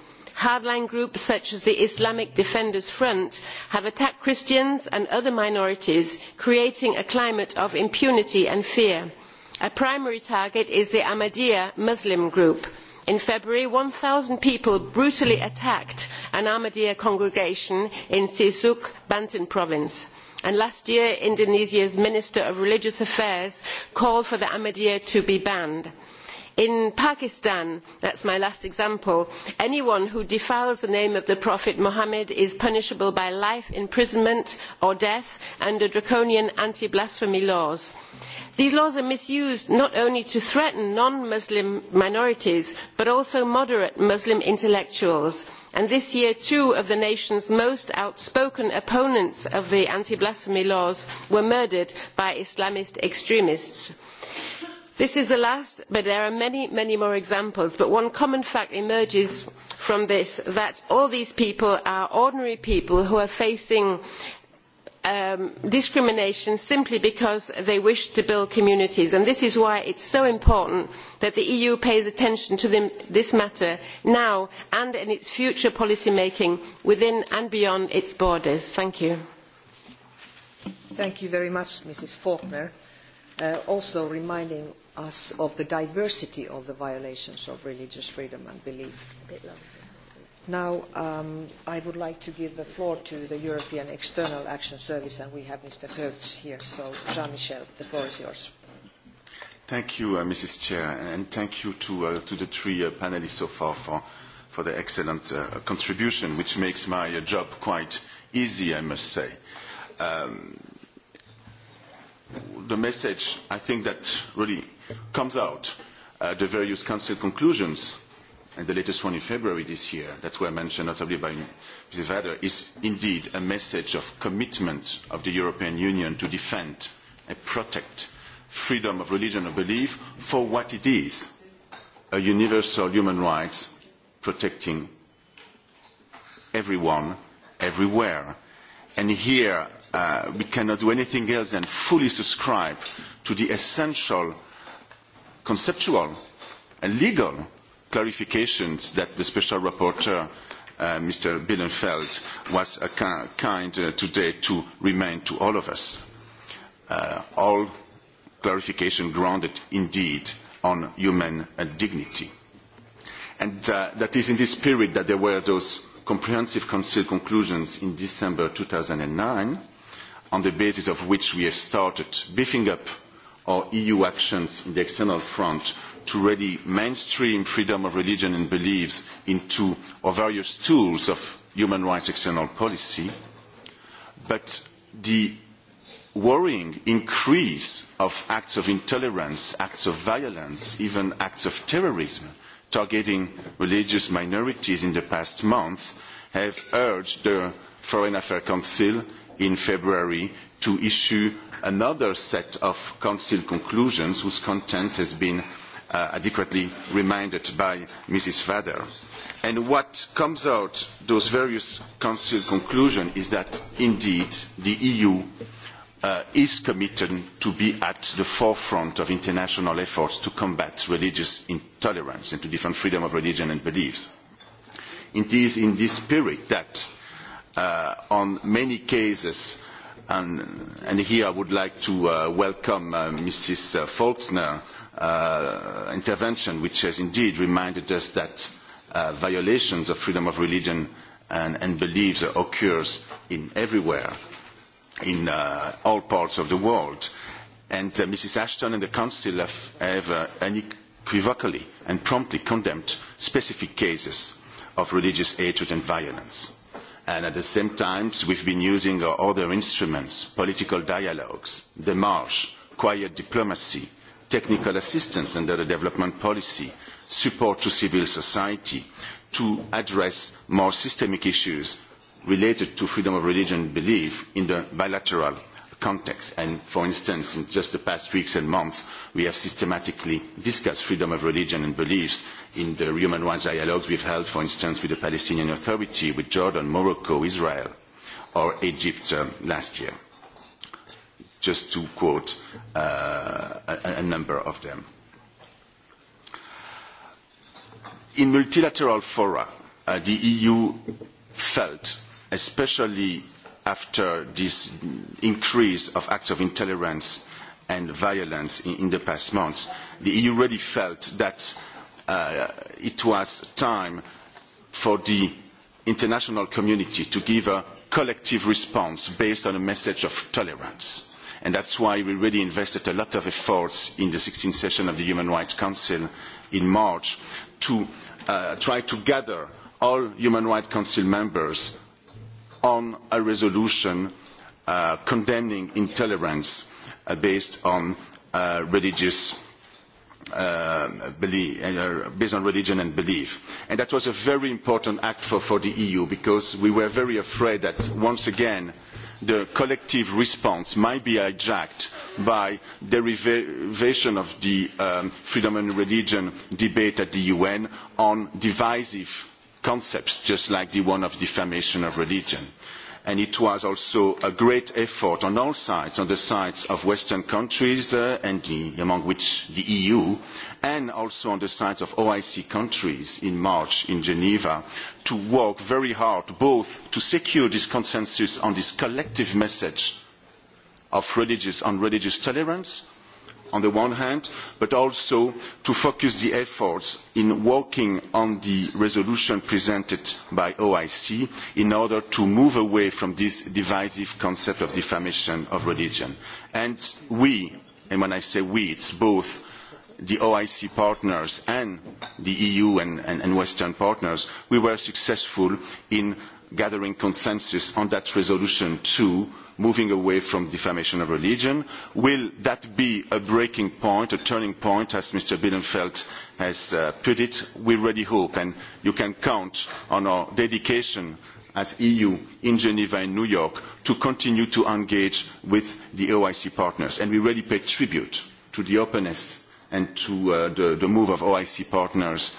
Speaker 4: hardline groups such as the islamic defenders front have attacked christians and other minorities creating a climate of impunity and fear. a primary target is the ahmadiyya muslim group. in february one people brutally attacked an ahmadiyya congregation in sisuk banten province and last year indonesia's minister of religious affairs called for the ahmadiyya to be banned. in pakistan that is my last example anyone who defiles the name of the prophet muhammad is punishable by life imprisonment or death under draconian anti blasphemy laws. These laws are misused not only to threaten non Muslim minorities, but also moderate Muslim intellectuals and this year two of the nation's most outspoken opponents of the anti blasphemy laws were murdered by islamist extremists. this is the last but there are many many more examples but one common fact emerges from this that all these people are ordinary people who are facing discrimination simply because they wish to build communities and this is why it is so important that the eu pays attention to this matter now and in its future policy making within and beyond its borders. thank you.
Speaker 1: thank you very much mrs faulkner also reminding us of the diversity of the violations of religious freedom and belief. Now I would like to give the floor to the European External Action Service and we have Mr. Hertz here. So Jean-Michel, the floor is yours.
Speaker 5: Thank you, Mrs. Chair, and thank you to the three panelists so far for the excellent contribution, which makes my job quite easy, I must say. The message, I think, that really comes out the various Council conclusions and the latest one in February this year that were mentioned notably by Mr. Vader, is indeed a message of commitment of the European Union to defend and protect freedom of religion or belief for what it is, a universal human rights protecting everyone, everywhere. And here we cannot do anything else than fully subscribe to the essential conceptual and legal clarifications that the Special Rapporteur, Mr. Billenfeld, was kind today to remain to all of us. All clarification grounded indeed on human dignity. And that is in this spirit that there were those comprehensive Council conclusions in December 2009, on the basis of which we have started beefing up our EU actions in the external front to really mainstream freedom of religion and beliefs into our various tools of human rights external policy. But the worrying increase of acts of intolerance, acts of violence, even acts of terrorism targeting religious minorities in the past months have urged the Foreign Affairs Council in February to issue another set of Council conclusions whose content has been adequately reminded by Mrs. Vader. And what comes out those various Council conclusions is that indeed the EU is committed to be at the forefront of international efforts to combat religious intolerance and to defend freedom of religion and beliefs. It is in this spirit that on many cases and here I would like to welcome Mrs. Faulkner intervention which has indeed reminded us that violations of freedom of religion and beliefs occurs everywhere in all parts of the world and Mrs Ashton and the Council have unequivocally and promptly condemned specific cases of religious hatred and violence and at the same time we have been using other instruments political dialogues, démarches, quiet diplomacy technical assistance under the development policy, support to civil society, to address more systemic issues related to freedom of religion and belief in the bilateral context. And for instance, in just the past weeks and months, we have systematically discussed freedom of religion and beliefs in the human rights dialogues we've held, for instance, with the Palestinian Authority, with Jordan, Morocco, Israel, or Egypt last year just to quote a number of them. In multilateral fora, the EU felt, especially after this increase of acts of intolerance and violence in the past months, the EU really felt that it was time for the international community to give a collective response based on a message of tolerance and that's why we really invested a lot of efforts in the 16th session of the Human Rights Council in March to try to gather all Human Rights Council members on a resolution condemning intolerance based on religious based on religion and belief. And that was a very important act for the EU because we were very afraid that once again the collective response might be hijacked by derivation of the freedom and religion debate at the UN on divisive concepts, just like the one of defamation of religion and it was also a great effort on all sides, on the sides of Western countries, among which the EU, and also on the sides of OIC countries in March in Geneva, to work very hard both to secure this consensus on this collective message of religious on religious tolerance on the one hand, but also to focus the efforts in working on the resolution presented by OIC in order to move away from this divisive concept of defamation of religion. And we, and when I say we, it's both the OIC partners and the EU and Western partners, we were successful in gathering consensus on that resolution to moving away from defamation of religion. Will that be a breaking point, a turning point, as Mr. Bielenfeld has put it? We really hope, and you can count on our dedication as EU in Geneva and New York to continue to engage with the OIC partners. And we really pay tribute to the openness and to the move of OIC partners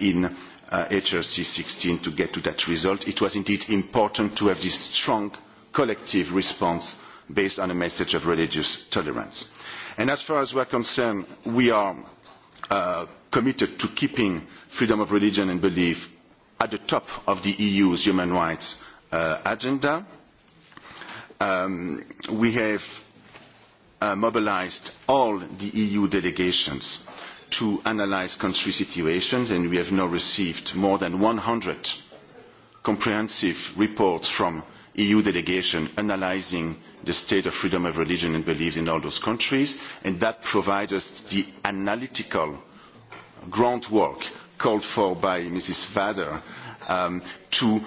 Speaker 5: in HRC 16 to get to that result. It was indeed important to have this strong collective response based on a message of religious tolerance. as far as we are concerned, we are committed to keeping freedom of religion and belief at the top of the EU's human rights agenda. We have mobilised all the EU delegations to analyse country situations, and we have now received more than 100 comprehensive reports from EU delegation analysing the state of freedom of religion and belief in all those countries, and that provides us the analytical groundwork called for by Mrs. Vader to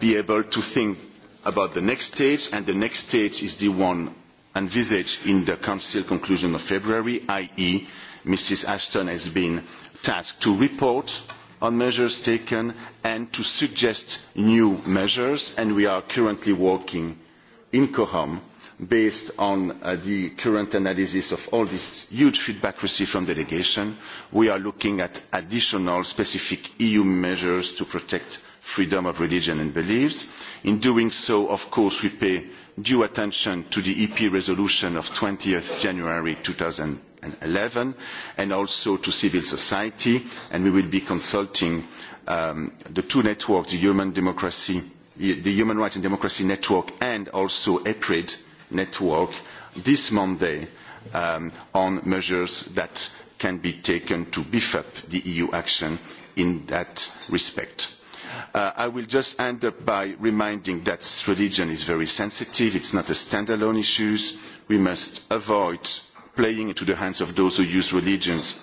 Speaker 5: be able to think about the next stage, and the next stage is the one envisaged in the Council conclusion of February, i.e. Mrs. Ashton has been tasked to report on measures taken and to suggest new measures, and we are currently working in COHOM based on the current analysis of all this huge feedback received from delegation. We are looking at additional specific EU measures to protect freedom of religion and beliefs. In doing so, of course, we pay due attention to the EP resolution of 20th January thousand 11, and also to civil society. And we will be consulting the two networks, the Human Democracy, the Human Rights and Democracy Network, and also EPRID network, this Monday, on measures that can be taken to beef up the EU action in that respect. I will just end up by reminding that religion is very sensitive. It's not a standalone issue. We must avoid playing into the hands of those who use religions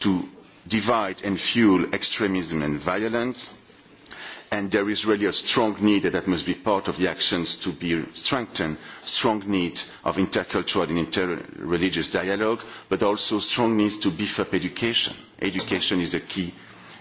Speaker 5: to divide and fuel extremism and violence. And there is really a strong need that must be part of the actions to be strengthened, strong need of intercultural and interreligious dialogue, but also strong need to beef up education. Education is a key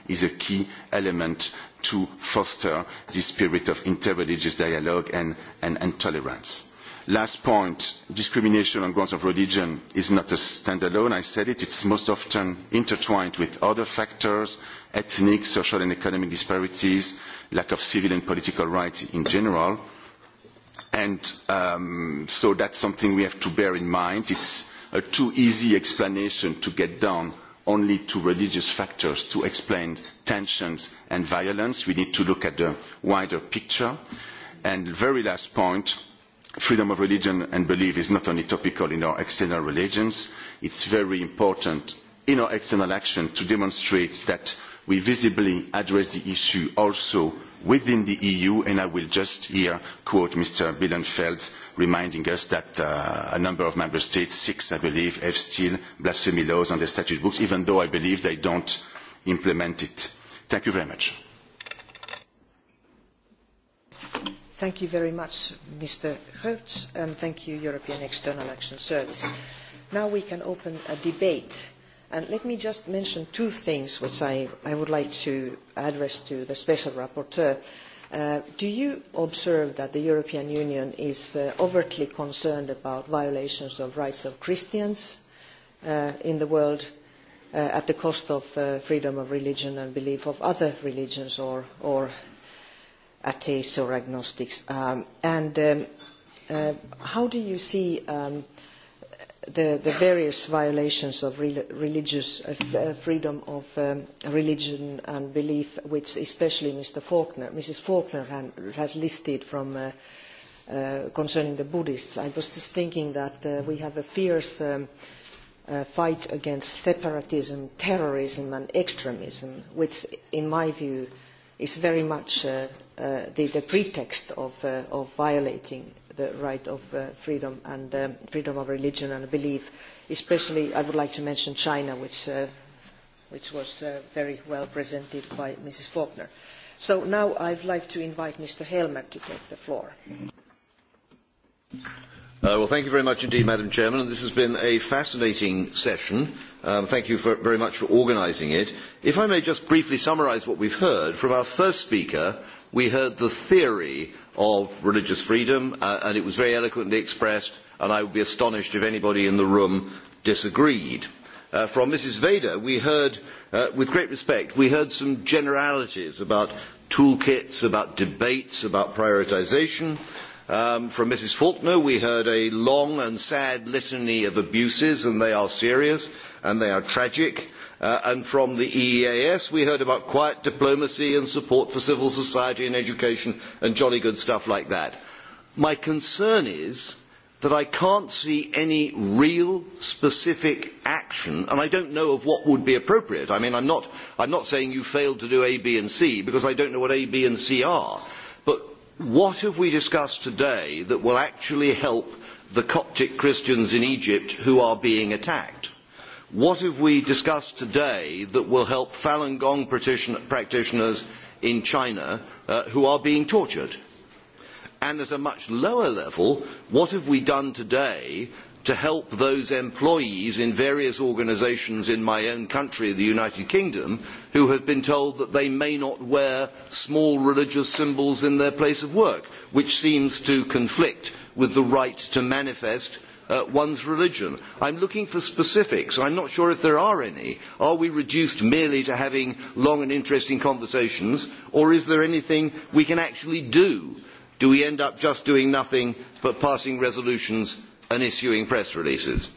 Speaker 5: is a key element to foster the spirit of interreligious dialogue and tolerance. Last point, discrimination on grounds of religion is not a standalone. I said it. It's most often intertwined with other factors, ethnic, social and economic disparities, lack of civil and political rights in general. And so that's something we have to bear in mind. It's a too easy explanation to get down only to religious factors to explain tensions and violence. We need to look at the wider picture. And very last point freedom of religion and belief is not only topical in our external relations, it's very important in our external action to demonstrate that we visibly address the issue also within the EU, and I will just here quote Mr. Bielenfeld reminding us that a number of member states, six I believe, have still blasphemy laws on their statute books, even though I believe they don't implement it. Thank you very much.
Speaker 1: Thank you very much, Mr. Hertz, and thank you, European External Action Service. Now we can open a debate. And let me just mention two things which I would like to address to the Special Rapporteur. Do you observe that the European Union is overtly concerned about violations of rights of Christians in the world at the cost of freedom of religion and belief of other religions or atheists or agnostics. And how do you see the various violations of religious freedom of religion and belief, which especially Mr. Faulkner, Mrs. Faulkner has listed from concerning the Buddhists? I was just thinking that we have a fierce fight against separatism, terrorism and extremism, which in my view is very much the pretext of violating the right of freedom and freedom of religion and belief. Especially, I would like to mention China, which was very well presented by Mrs. Faulkner. So now I'd like to invite Mr. Helmer to take the floor.
Speaker 6: Well, thank you very much indeed, Madam Chairman. This has been a fascinating session. Thank you very much for organising it. If I may just briefly summarise what we've heard from our first speaker we heard the theory of religious freedom and it was very eloquently expressed and i would be astonished if anybody in the room disagreed. from mrs Vader we heard with great respect we heard some generalities about toolkits about debates about prioritisation. from mrs faulkner we heard a long and sad litany of abuses and they are serious and they are tragic and from the eeas we heard about quiet diplomacy and support for civil society and education and jolly good stuff like that. my concern is that i cannot see any real specific action and i do not know of what would be appropriate. i am not saying you failed to do a b and c because i do not know what a b and c are but what have we discussed today that will actually help the coptic christians in egypt who are being attacked? What have we discussed today that will help Falun Gong practitioners in China who are being tortured? And at a much lower level, what have we done today to help those employees in various organisations in my own country, the United Kingdom, who have been told that they may not wear small religious symbols in their place of work, which seems to conflict with the right to manifest one's religion. i am looking for specifics. i am not sure if there are any. are we reduced merely to having long and interesting conversations or is there anything we can actually do? do we end up just doing nothing but passing resolutions and issuing press releases?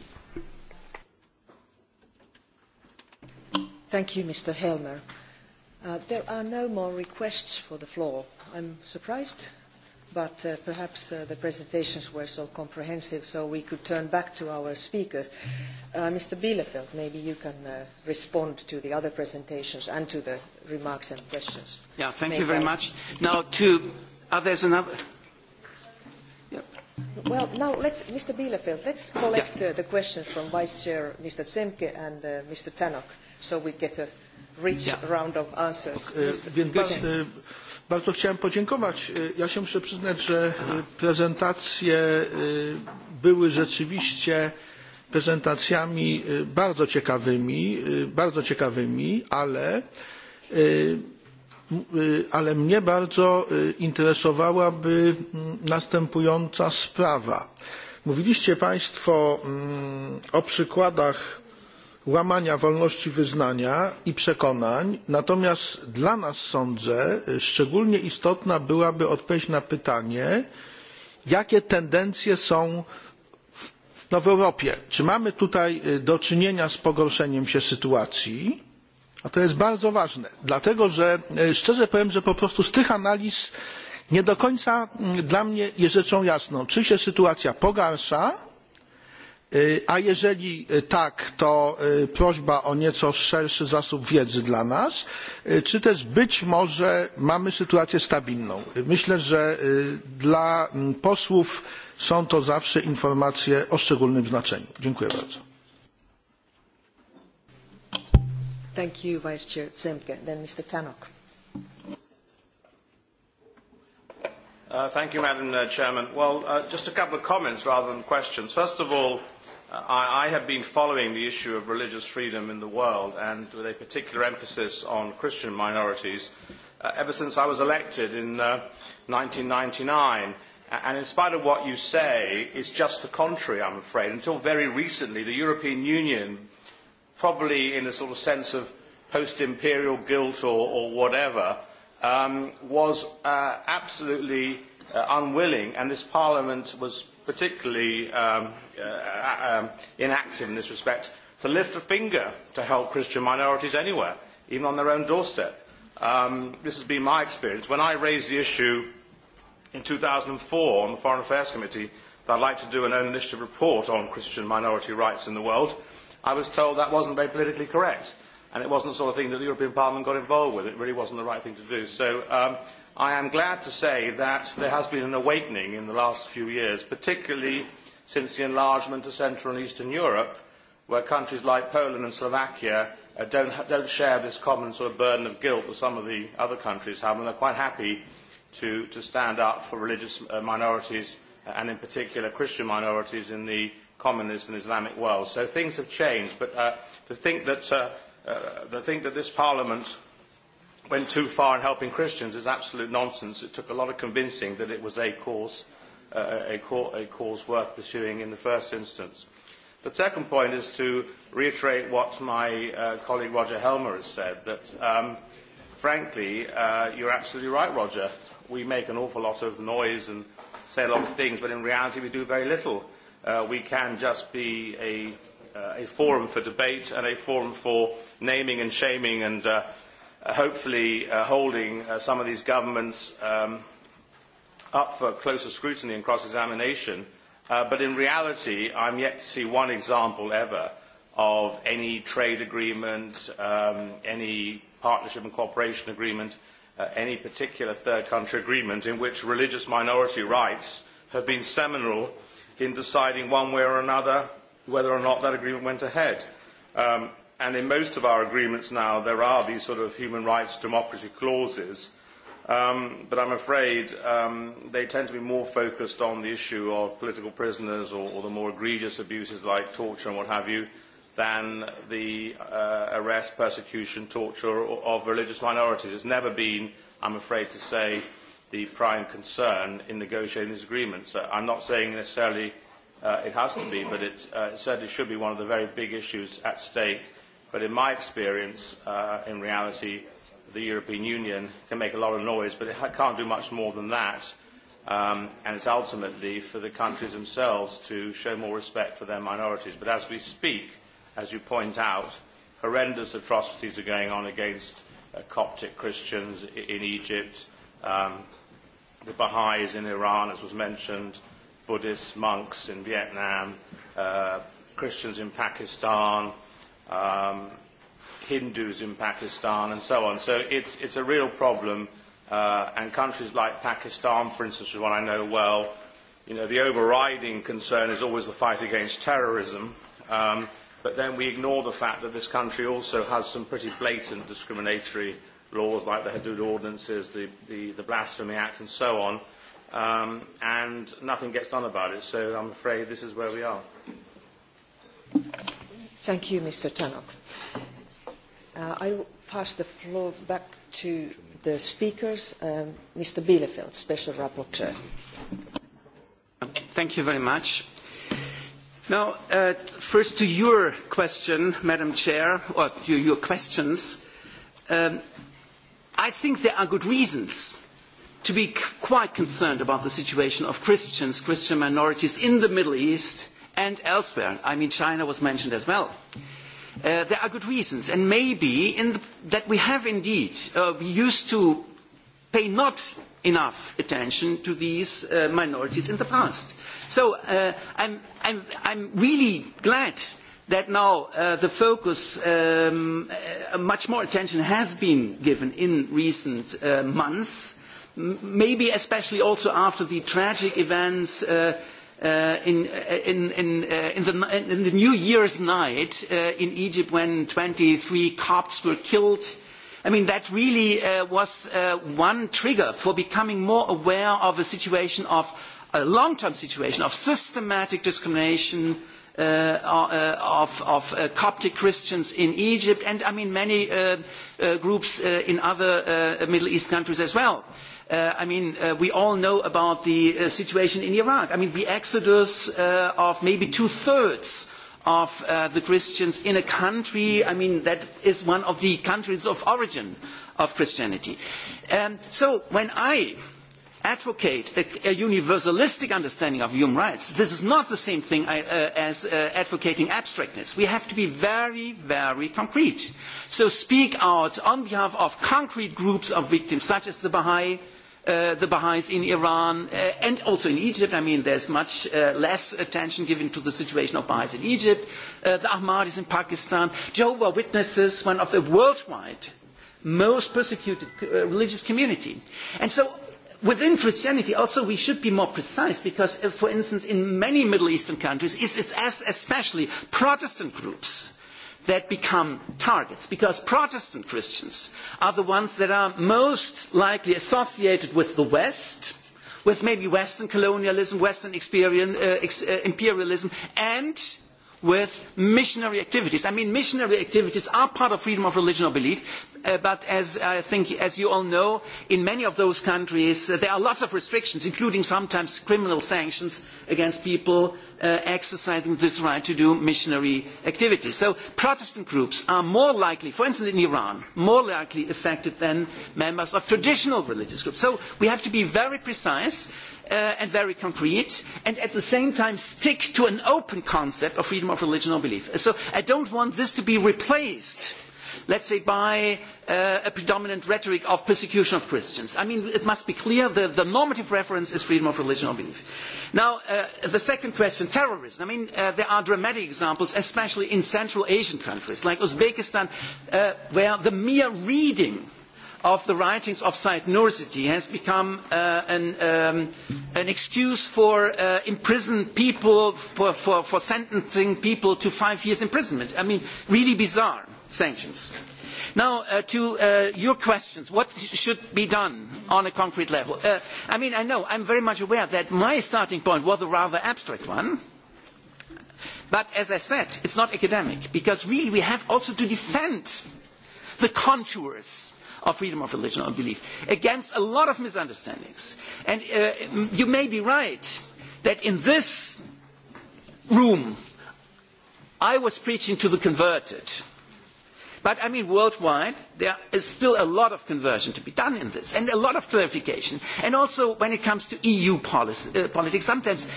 Speaker 1: Thank you, Mr. Helmer. There are no more requests for the floor. I'm surprised but perhaps the presentations were so comprehensive, so we could turn back to our speakers. Mr. Bielefeld, maybe you can respond to the other presentations and to the remarks and questions.
Speaker 2: Yeah, thank you very much. Now, to are there another?
Speaker 1: Well, now let's, Mr. Bielefeld, let's collect the questions from Vice Chair Mr. Zemke and Mr. Tannock, so we get a rich round of answers.
Speaker 7: Bardzo chciałem podziękować. Ja się muszę przyznać, że prezentacje były rzeczywiście prezentacjami bardzo ciekawymi, bardzo ciekawymi, ale, ale mnie bardzo interesowałaby następująca sprawa. Mówiliście Państwo o przykładach łamania wolności wyznania i przekonań natomiast dla nas sądzę szczególnie istotna byłaby odpowiedź na pytanie jakie tendencje są w europie czy mamy tutaj do czynienia z pogorszeniem się sytuacji a to jest bardzo ważne dlatego że szczerze powiem że po prostu z tych analiz nie do końca dla mnie jest rzeczą jasną czy się sytuacja pogarsza a jeżeli tak to prośba o nieco szerszy zasób wiedzy dla nas czy też być może mamy sytuację stabilną. myślę że dla posłów są to zawsze informacje o szczególnym znaczeniu. dziękuję bardzo.
Speaker 8: Thank you, Madam Chairman. Well, just a couple of comments rather than questions. First of all, I have been following the issue of religious freedom in the world and with a particular emphasis on Christian minorities ever since I was elected in 1999. And in spite of what you say, it's just the contrary, I'm afraid. Until very recently, the European Union, probably in a sort of sense of post-imperial guilt or whatever, was absolutely unwilling, and this Parliament was particularly inactive in this respect, to lift a finger to help Christian minorities anywhere, even on their own doorstep. This has been my experience. When I raised the issue in 2004 on the Foreign Affairs Committee that I'd like to do an own initiative report on Christian minority rights in the world, I was told that wasn't very politically correct and it wasn't the sort of thing that the European Parliament got involved with. It really wasn't the right thing to do. So I am glad to say that there has been an awakening in the last few years, particularly since the enlargement of Central and Eastern Europe, where countries like Poland and Slovakia don't share this common sort of burden of guilt that some of the other countries have, and are quite happy to stand up for religious minorities, and in particular Christian minorities in the communist and Islamic world. So things have changed, but to think that this Parliament went too far in helping Christians is absolute nonsense. It took a lot of convincing that it was a course a cause worth pursuing in the first instance. The second point is to reiterate what my colleague Roger Helmer has said, that frankly, you're absolutely right, Roger. We make an awful lot of noise and say a lot of things, but in reality we do very little. We can just be a a forum for debate and a forum for naming and shaming and hopefully holding some of these governments up for closer scrutiny and cross-examination, but in reality I'm yet to see one example ever of any trade agreement, any partnership and cooperation agreement, any particular third country agreement in which religious minority rights have been seminal in deciding one way or another whether or not that agreement went ahead. And in most of our agreements now there are these sort of human rights democracy clauses but I'm afraid they tend to be more focused on the issue of political prisoners or the more egregious abuses like torture and what have you than the arrest, persecution, torture of religious minorities. has never been, I'm afraid to say, the prime concern in negotiating these agreements. I I'm not saying necessarily it has to be, but it certainly should be one of the very big issues at stake. But in my experience, in reality, the European Union can make a lot of noise, but it can't do much more than that. And it's ultimately for the countries themselves to show more respect for their minorities. But as we speak, as you point out, horrendous atrocities are going on against Coptic Christians in Egypt, the Baha'is in Iran, as was mentioned, Buddhist monks in Vietnam, Christians in Pakistan Hindus in Pakistan and so on. So it's, it's a real problem. and countries like Pakistan, for instance, is one I know well. You know, the overriding concern is always the fight against terrorism. but then we ignore the fact that this country also has some pretty blatant discriminatory laws like the Hadood Ordinances, the, the, Blasphemy Act and so on. and nothing gets done about it. So I'm afraid this is where we are.
Speaker 1: Thank you, Mr. Tannock. I will pass the floor back to the speakers. Mr. Bielefeld, Special Rapporteur.
Speaker 2: Thank you very much. Now, first to your question, Madam Chair, or your questions. I think there are good reasons to be quite concerned about the situation of Christians, Christian minorities in the Middle East and elsewhere. I mean, China was mentioned as well there are good reasons, and maybe that we have indeed we used to pay not enough attention to these minorities in the past. So I'm really glad that now the focus, much more attention has been given in recent months, maybe especially also after the tragic events in the New Year's night in Egypt when 23 Copts were killed. I mean, that really was one trigger for becoming more aware of a situation of a long-term situation of systematic discrimination of Coptic Christians in Egypt and, I mean, many groups in other Middle East countries as well. I mean, we all know about the situation in Iraq. I mean, the exodus of maybe two-thirds of the Christians in a country, I mean, that is one of the countries of origin of Christianity. So when I advocate a universalistic understanding of human rights, this is not the same thing as advocating abstractness. We have to be very, very concrete. So speak out on behalf of concrete groups of victims, such as the Baha'i, the Baha'is in Iran and also in Egypt. I mean, there's much less attention given to the situation of Baha'is in Egypt, the Ahmadis in Pakistan, Jehovah Witnesses, one of the worldwide most persecuted religious community. And so within Christianity also we should be more precise because, for instance, in many Middle Eastern countries, it's especially Protestant groups that become targets because protestant christians are the ones that are most likely associated with the west with maybe western colonialism western imperialism and with missionary activities. I mean, missionary activities are part of freedom of religion or belief, but as I think, as you all know, in many of those countries there are lots of restrictions, including sometimes criminal sanctions against people exercising this right to do missionary activities. So Protestant groups are more likely, for instance in Iran, more likely affected than members of traditional religious groups. So we have to be very precise and very concrete and at the same time stick to an open concept of freedom of religion or belief. So I don't want this to be replaced, let's say, by a predominant rhetoric of persecution of Christians. I mean, it must be clear that the normative reference is freedom of religion or belief. Now, the second question, terrorism. I mean, there are dramatic examples, especially in Central Asian countries like Uzbekistan, where the mere reading of the writings of Said Nursi has become an excuse for imprisoned people, for sentencing people to five years imprisonment. I mean, really bizarre sanctions. Now, to your questions, what should be done on a concrete level? I mean, I know, I'm very much aware that my starting point was a rather abstract one. But as I said, it's not academic, because really we have also to defend the contours of freedom of religion or belief, against a lot of misunderstandings. And you may be right that in this room I was preaching to the converted But I mean, worldwide, there is still a lot of conversion to be done in this, and a lot of clarification. And also, when it comes to EU politics, sometimes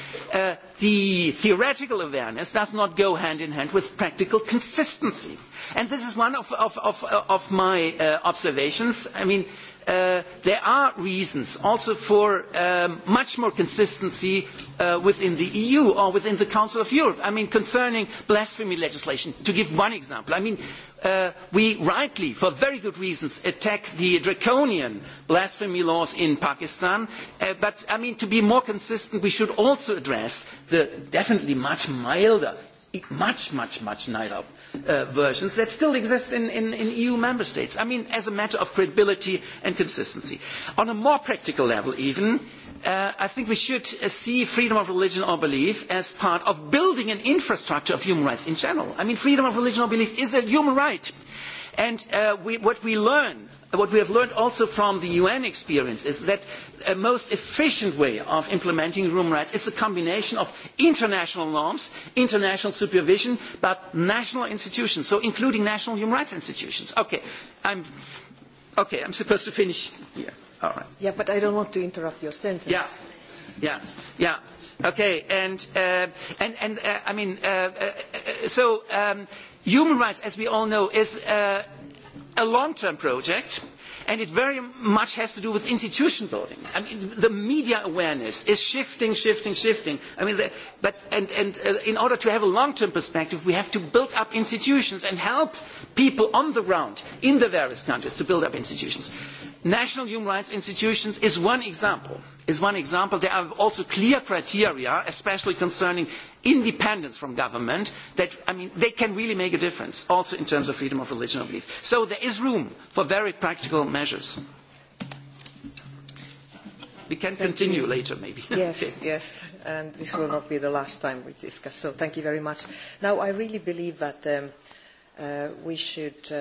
Speaker 2: the theoretical awareness does not go hand in hand with practical consistency. And this is one of my observations. I mean there are reasons also for much more consistency within the EU or within the Council of Europe. I mean, concerning blasphemy legislation, to give one example, I mean, we rightly, for very good reasons, attack the draconian blasphemy laws in Pakistan, but I mean, to be more consistent, we should also address the definitely much milder, much, much, much milder versions that still exist in EU member states. I mean, as a matter of credibility and consistency. On a more practical level even, I think we should see freedom of religion or belief as part of building an infrastructure of human rights in general. I mean, freedom of religion or belief is a human right. And what we learn What we have learned also from the UN experience is that a most efficient way of implementing human rights is a combination of international norms, international supervision, but national institutions, so including national human rights institutions. Okay, I'm
Speaker 1: supposed to finish here. All right. Yeah, but I don't want to interrupt your sentence. Yeah,
Speaker 2: yeah, yeah. Okay, and I mean, so human rights, as we all know, is a long term project and it very much has to do with institution building. I the media awareness is shifting, shifting, shifting. I mean, but and, in order to have a long-term perspective, we have to build up institutions and help people on the ground in the various countries to build up institutions. National human rights institutions is one example. Is one example. There are also clear criteria, especially concerning independence from government, that I mean they can really make a difference, also in terms of freedom of religion or belief. So there is room for very practical measures. We can continue later, maybe. Yes,
Speaker 1: yes, and this will not be the last time we discuss. So thank you very much. Now I really believe that we should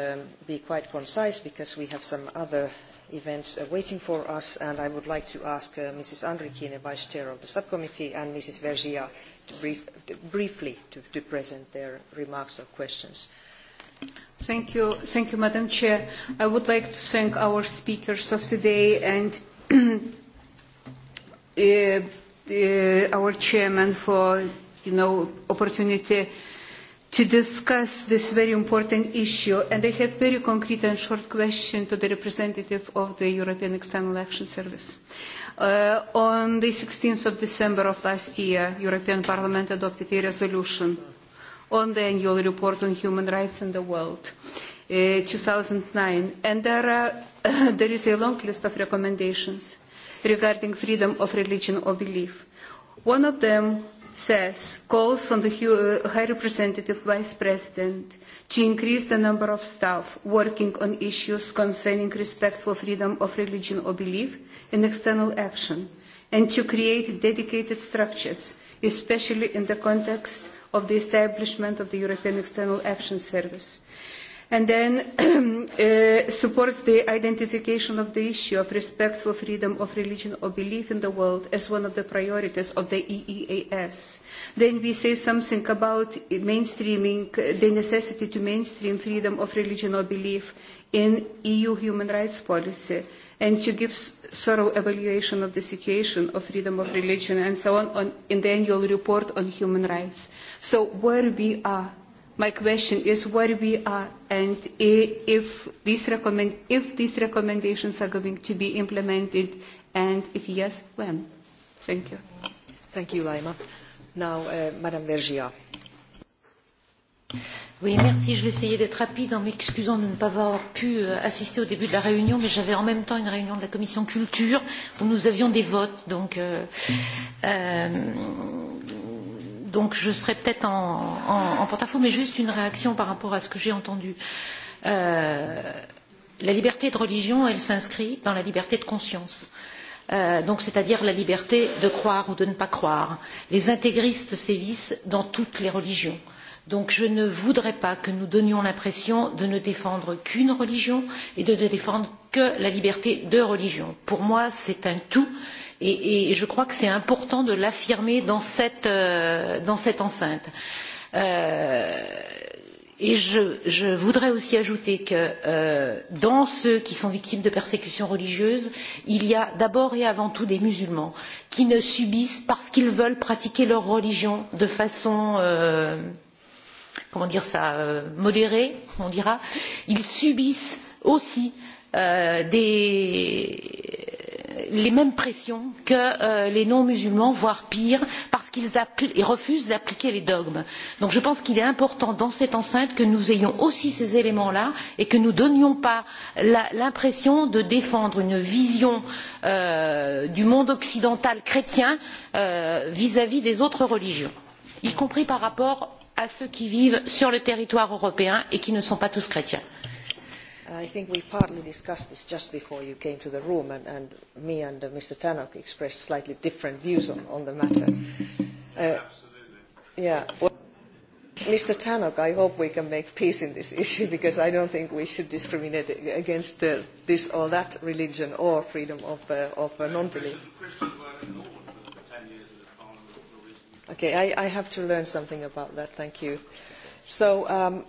Speaker 1: be quite concise because we have some other events waiting for us, and I would like to ask Mrs. Andrikine, Vice Chair of the Subcommittee, and Mrs. Vergia briefly to present their remarks or questions.
Speaker 9: Thank you. Thank you, Madam Chair. I would like to thank our speakers of today and our chairman for, the opportunity to discuss this very important issue. And I have a very concrete and short question to the representative of the European External Action Service. On the 16th of December of last year, the European Parliament adopted a resolution on the annual report on human rights in the world, 2009. And there is a long list of recommendations regarding freedom of religion or belief. One of them says calls on the High Representative Vice President to increase the number of staff working on issues concerning respect for freedom of religion or belief in external action and to create dedicated structures, especially in the context of the establishment of the European External Action Service and then supports the identification of the issue of respect for freedom of religion or belief in the world as one of the priorities of the EEAS. Then we say something about mainstreaming the necessity to mainstream freedom of religion or belief in EU human rights policy and to give thorough evaluation of the situation of freedom of religion and so on in the annual report on human rights. So where we are My question is where we are and if these recommendations are going to be implemented and if yes, when. Thank you.
Speaker 1: Thank you, Laima. Now, Madame Vergia.
Speaker 10: Oui, merci. Je vais essayer d'être rapide en m'excusant de ne pas avoir pu assister au début de la réunion, mais j'avais en même temps une réunion de la commission culture où nous avions des votes. Donc, donc je serai peut-être en porte-à-faux, mais juste une réaction par rapport à ce que j'ai entendu. La liberté de religion, elle s'inscrit dans la liberté de conscience, donc c'est-à-dire la liberté de croire ou de ne pas croire. Les intégristes sévissent dans toutes les religions. Donc je ne voudrais pas que nous donnions l'impression de ne défendre qu'une religion et de ne défendre que la liberté de religion. Pour moi, c'est un tout et je crois que c'est important de l'affirmer dans cette enceinte. Et je voudrais aussi ajouter que dans ceux qui sont victimes de persécutions religieuses, il y a d'abord et avant tout des musulmans qui ne subissent, parce qu'ils veulent pratiquer leur religion de façon comment dire ça modérée, on dira, ils subissent aussi des les mêmes pressions que les non musulmans voire pire parce qu'ils refusent d'appliquer les dogmes. donc je pense qu'il est important dans cette enceinte que nous ayons aussi ces éléments là et que nous ne donnions pas l'impression de défendre une vision du monde occidental chrétien vis à vis des autres religions y compris par rapport à ceux qui vivent sur le territoire européen et qui ne sont pas tous chrétiens.
Speaker 1: I think we partly discussed this just before you came to the room, and me and Mr. Tannock expressed slightly different views on the matter. Absolutely. Yeah. Mr. Tannock, I hope we can make peace in this issue, because I don't think we should discriminate against this or that religion or freedom of non-belief. Okay, I have to learn something about that. Thank you. So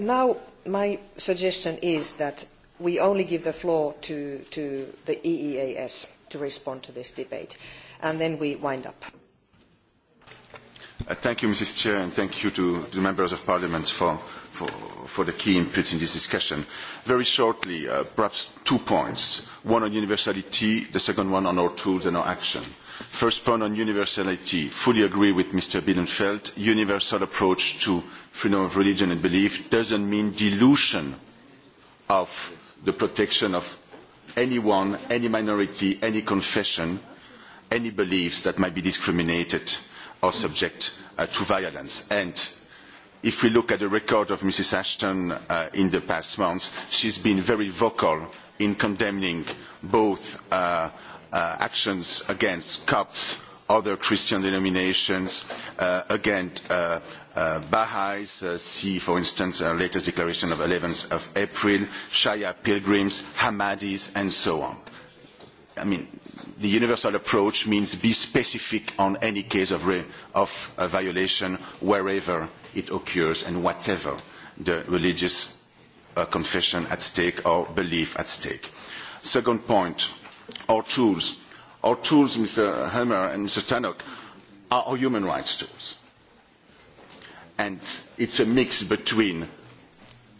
Speaker 1: now my suggestion is that we only give the floor to the EEAS to respond to this debate, and then we wind up.
Speaker 5: Thank you, Mrs. Chair, and thank you to the members of Parliament for the key inputs in this discussion. Very shortly, perhaps two points: one on universality, the second one on our tools and our action First point on universality. Fully agree with Mr. Bielenfeld. Universal approach to freedom of religion and belief doesn't mean dilution of the protection of anyone, any minority, any confession, any beliefs that might be discriminated or subject to violence. And if we look at the record of Mrs. Ashton in the past months, she's been very vocal in condemning both actions against Copts, other Christian denominations, against Baha'is, see, for instance, the latest declaration of 11th of April, Shia pilgrims, Hamadis, and so on. I mean, the universal approach means be specific on any case of violation wherever it occurs and whatever the religious confession at stake or belief at stake. Second point Our tools, our tools, Mr. Helmer and Mr. Tannock, are our human rights tools. And it's a mix between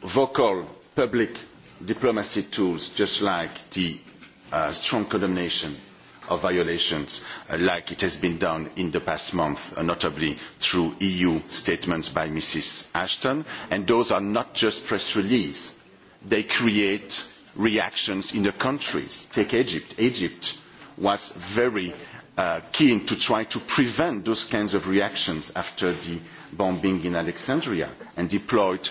Speaker 5: vocal public diplomacy tools, just like the strong condemnation of violations, like it has been done in the past month, notably through EU statements by Mrs. Ashton. And those are not just press release. They create reactions in the countries. Take Egypt. Egypt was very keen to try to prevent those kinds of reactions after the bombing in Alexandria and deployed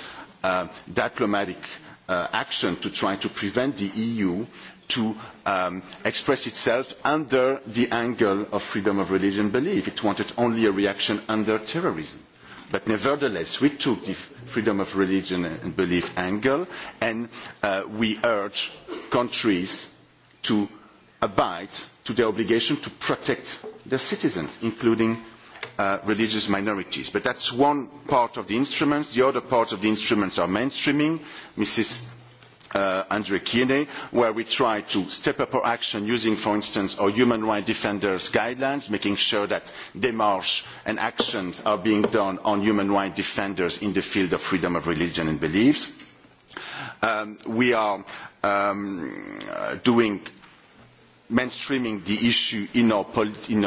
Speaker 5: diplomatic action to try to prevent the EU to express itself under the angle of freedom of religion belief. It wanted only a reaction under terrorism. But nevertheless, we took the freedom of religion and belief angle, and we urge countries to abide to their obligation to protect their citizens, including religious minorities. But that's one part of the instruments. The other part of the instruments are mainstreaming. Mrs. Andrew Kiene, where we try to step up our action using, for instance, our human rights defenders' guidelines, making sure that démarches and actions are being done on human rights defenders in the field of freedom of religion and beliefs. We are doing mainstreaming the issue in our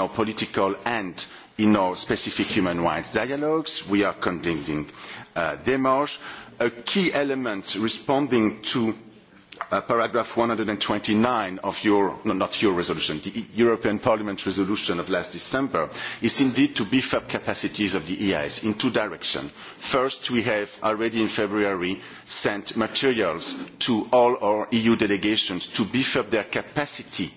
Speaker 5: political and in our specific human rights dialogues. We are conducting démarches. A key element responding to paragraph 129 of your, not your resolution, the European Parliament resolution of last December, is indeed to beef up capacities of the EIS in two directions. First, we have already in February sent materials to all our EU delegations to beef up their capacity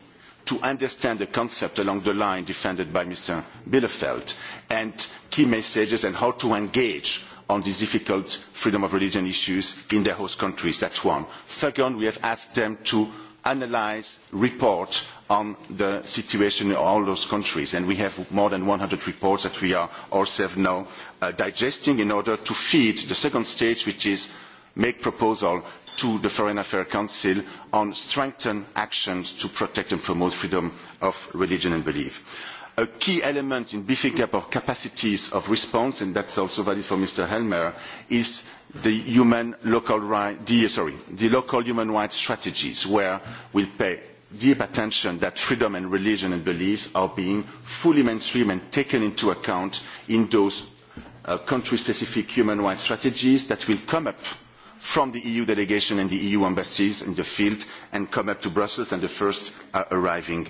Speaker 5: to understand the concept along the line defended by Mr. Bielefeld and key messages and how to engage on these difficult freedom of religion issues in their host countries. That's one. Second, we have asked them to analyse, report on the situation in all those countries. And we have more than 100 reports that we are ourselves now digesting in order to feed the second stage, which is make proposal to the Foreign Affairs Council on strengthened actions to protect and promote freedom of religion and belief. A key element in beefing up our capacities of response, and that's also valid for Mr. Helmer, is the local human rights strategies, where we pay deep attention that freedom and religion and beliefs are being fully mainstreamed and taken into account in those country-specific human rights strategies that will come up from the EU delegation and the EU embassies in the field and come up to Brussels and the first are arriving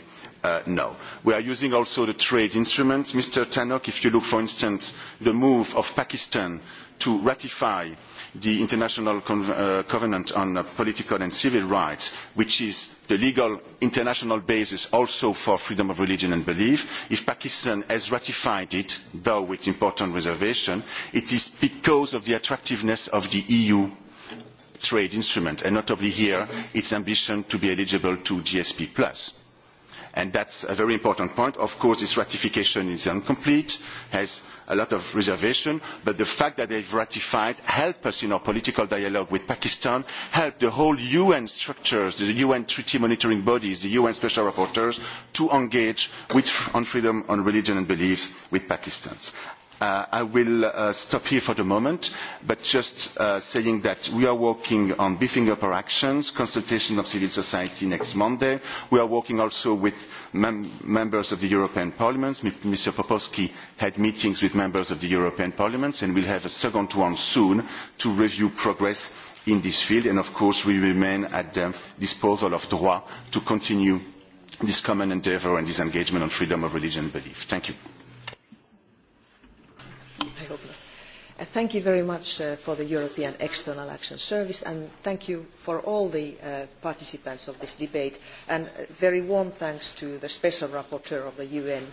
Speaker 5: now. We are using also the trade instruments. Mr. Tannock, if you look, for instance, the move of Pakistan to ratify the International Covenant on Political and Civil Rights, which is the legal international basis also for freedom of religion and belief. If Pakistan has ratified it, though with important reservation, it is because of the attractiveness of the EU trade instrument, and notably here its ambition to be eligible to GSP+. And that's a very important point. Of course, this ratification is incomplete, has a lot of reservation, but the fact that they've ratified helped us in our political dialogue with Pakistan, help the whole UN structures, the UN treaty monitoring bodies, the UN special rapporteurs, to engage on freedom, on religion and beliefs with Pakistan. I will stop here for the moment, but just saying that we are working on beefing up our actions, consultation of civil society next Monday. We are working also with members of the European Parliament. Mr. Popowski had meetings with members of the European Parliament, and will have a second one soon to review progress in this field. And, of course, we remain at the disposal of DROIT to continue this common endeavour and this engagement on freedom of religion and belief. Thank you.
Speaker 1: Thank you very much for the European External Action Service and thank you for all the participants of this debate and very warm thanks to the Special Rapporteur of the UN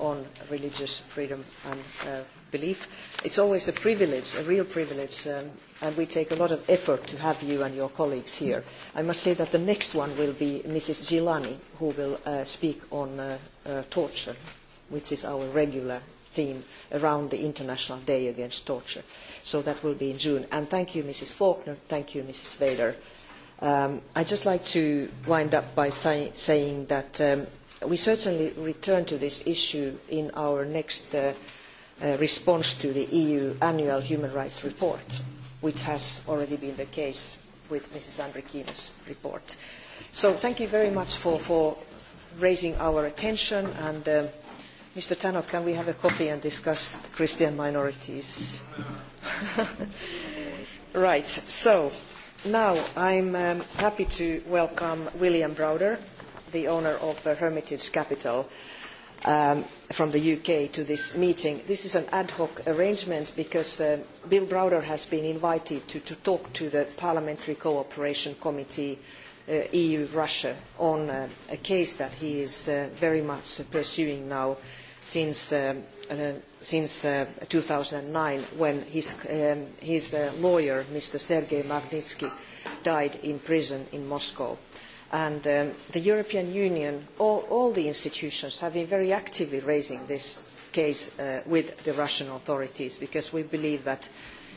Speaker 1: on religious freedom and belief. It's always a privilege, a real privilege, and we take a lot of effort to have you and your colleagues here. I must say that the next one will be Mrs. Gilani, who will speak on torture, which is our regular theme around the International Day Against Torture. So that will be in June. And thank you, Mrs. Faulkner. Thank you, Mrs. Vader. I'd just like to wind up by saying that we certainly return to this issue in our next response to the EU annual human rights report, which has already been the case with Mrs. Andrikina's report. So thank you very much for raising our attention and Mr. Tannock, can we have a coffee and discuss Christian minorities? Right, so now I'm happy to welcome William Browder, the owner of Hermitage Capital from the UK, to this meeting. This is an ad hoc arrangement because Bill Browder has been invited to talk to the Parliamentary Cooperation Committee EU-Russia on a case that he is very much pursuing now since 2009 when his lawyer, Mr. Sergei Magnitsky, died in prison in Moscow. And the European Union, all the institutions have been very actively raising this case with the Russian authorities because we believe that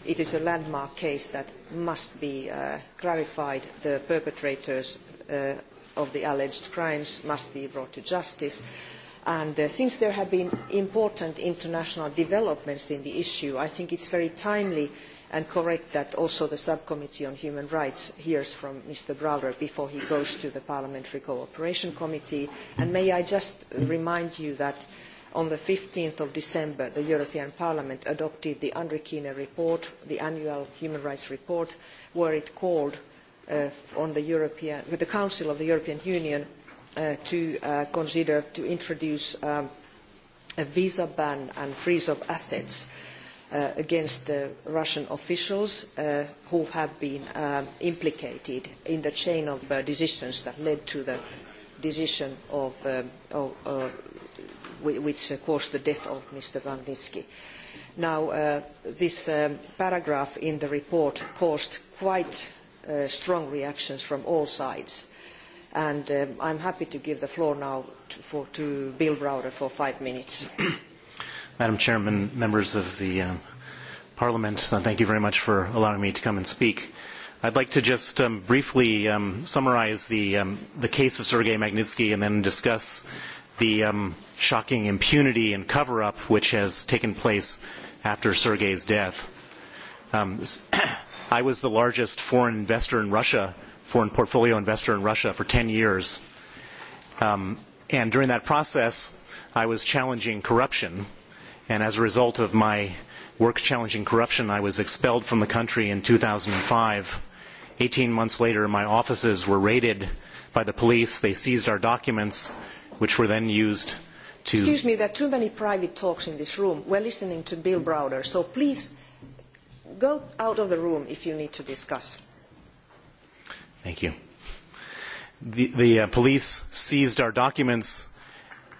Speaker 1: it is a landmark case that must be clarified. The perpetrators of the alleged crimes must be brought to justice and since there have been important international developments in the issue i think it is very timely and correct that also the subcommittee on human rights hears from mr browder before he goes to the parliamentary cooperation committee and may i just remind you that on of december the european parliament adopted the andrikien report the annual human rights report where it called on the council of the european union to consider to introduce a visa ban and freeze of assets against the Russian officials who have been implicated in the chain of decisions that led to the decision which caused the death of Mr. Vagnitsky. Now, this paragraph in the report caused quite strong reactions from all sides and I am happy to give the floor now to Bill Browder for five minutes.
Speaker 11: Madam Chairman, members of the Parliament, thank you very much for allowing me to come and speak. I'd like to just briefly summarize the case of Sergei Magnitsky and then discuss the shocking impunity and cover-up which has taken place after Sergei's death. I was the largest foreign investor in Russia foreign portfolio investor in Russia for 10 years. And during that process, I was challenging corruption. And as a result of my work challenging corruption, I was expelled from the country in 2005. 18 months later, my offices were raided by the police. They seized our documents, which were then used to.
Speaker 1: Excuse me, there are too many private talks in this room. We're listening to Bill Browder, so please go out of the room if you need to discuss.
Speaker 11: Thank you. The police seized our documents,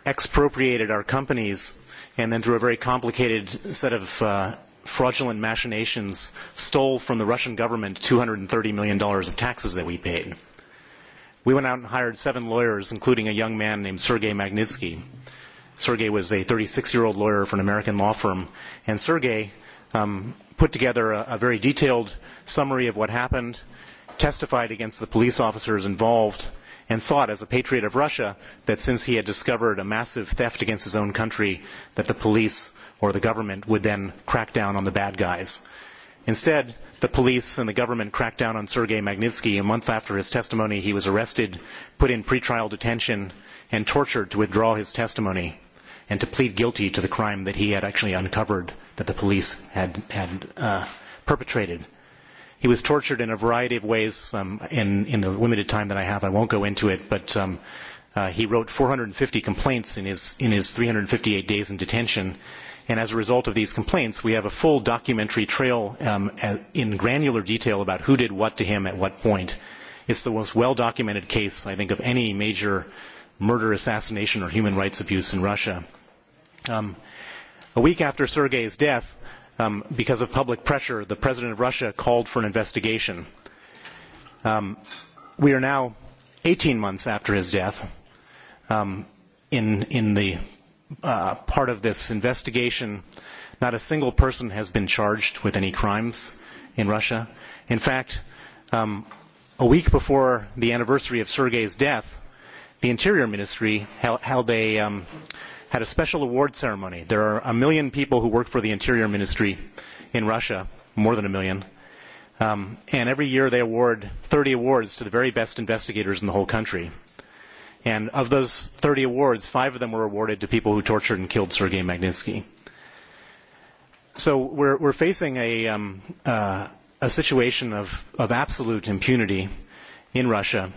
Speaker 11: expropriated our companies, and then through a very complicated set of fraudulent machinations, stole from the Russian government $230 million dollars of taxes that we paid. We went out and hired seven lawyers, including a young man named Sergei Magnitsky. Sergei was a 36-year-old lawyer for an American law firm, and Sergei put together a very detailed summary of what happened testified against the police officers involved and thought as a patriot of Russia that since he had discovered a massive theft against his own country that the police or the government would then crack down on the bad guys. Instead, the police and the government cracked down on Sergei Magnitsky. A month after his testimony, he was arrested, put in pretrial detention, and tortured to withdraw his testimony and to plead guilty to the crime that he had actually uncovered that the police had perpetrated. He was tortured in a variety of ways in the limited time that I have. I won't go into it, but um he wrote 450 complaints in his in his 358 days in detention. And as a result of these complaints, we have a full documentary trail in granular detail about who did what to him at what point. It's the most well-documented case, I think, of any major murder, assassination, or human rights abuse in Russia. Um A week after Sergei's death, because of public pressure, the President of Russia called for an investigation. We are now 18 months after his death. In in the part of this investigation, not a single person has been charged with any crimes in Russia. In fact, a week before the anniversary of Sergei's death, the Interior Ministry held a had a special award ceremony. There are a million people who work for the Interior Ministry in Russia, more than a million. And every year they award 30 awards to the very best investigators in the whole country. And of those 30 awards, five of them were awarded to people who tortured and killed Sergei Magnitsky. So we're we're facing a a situation of of absolute impunity in Russia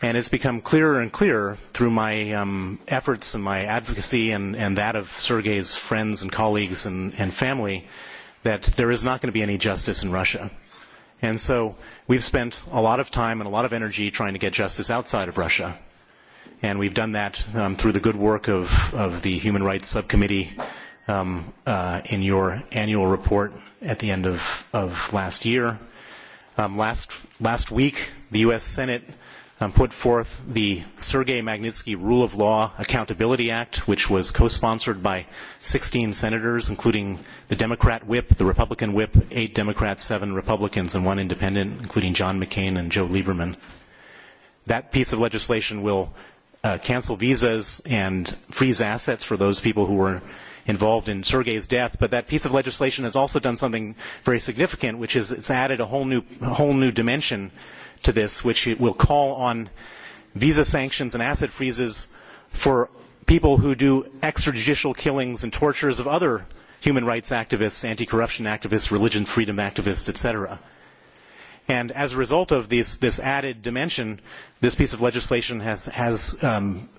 Speaker 11: And it's become clearer and clearer through my efforts and my advocacy and that of Sergei's friends and colleagues and family that there is not going to be any justice in Russia. And so we've spent a lot of time and a lot of energy trying to get justice outside of Russia. And we've done that through the good work of the Human Rights Subcommittee in your annual report at the end of last year. Last week, the U.S. Senate put forth the Sergei Magnitsky Rule of Law Accountability Act, which was co-sponsored by 16 senators, including the Democrat whip, the Republican whip, eight Democrats, seven Republicans, and one independent, including John McCain and Joe Lieberman. That piece of legislation will cancel visas and freeze assets for those people who were involved in Sergei's death, but that piece of legislation has also done something very significant, which is it's added a whole new dimension to this, which will call on visa sanctions and asset freezes for people who do extrajudicial killings and tortures of other human rights activists, anti-corruption activists, religion freedom activists, etc. And as a result of this added dimension, this piece of legislation has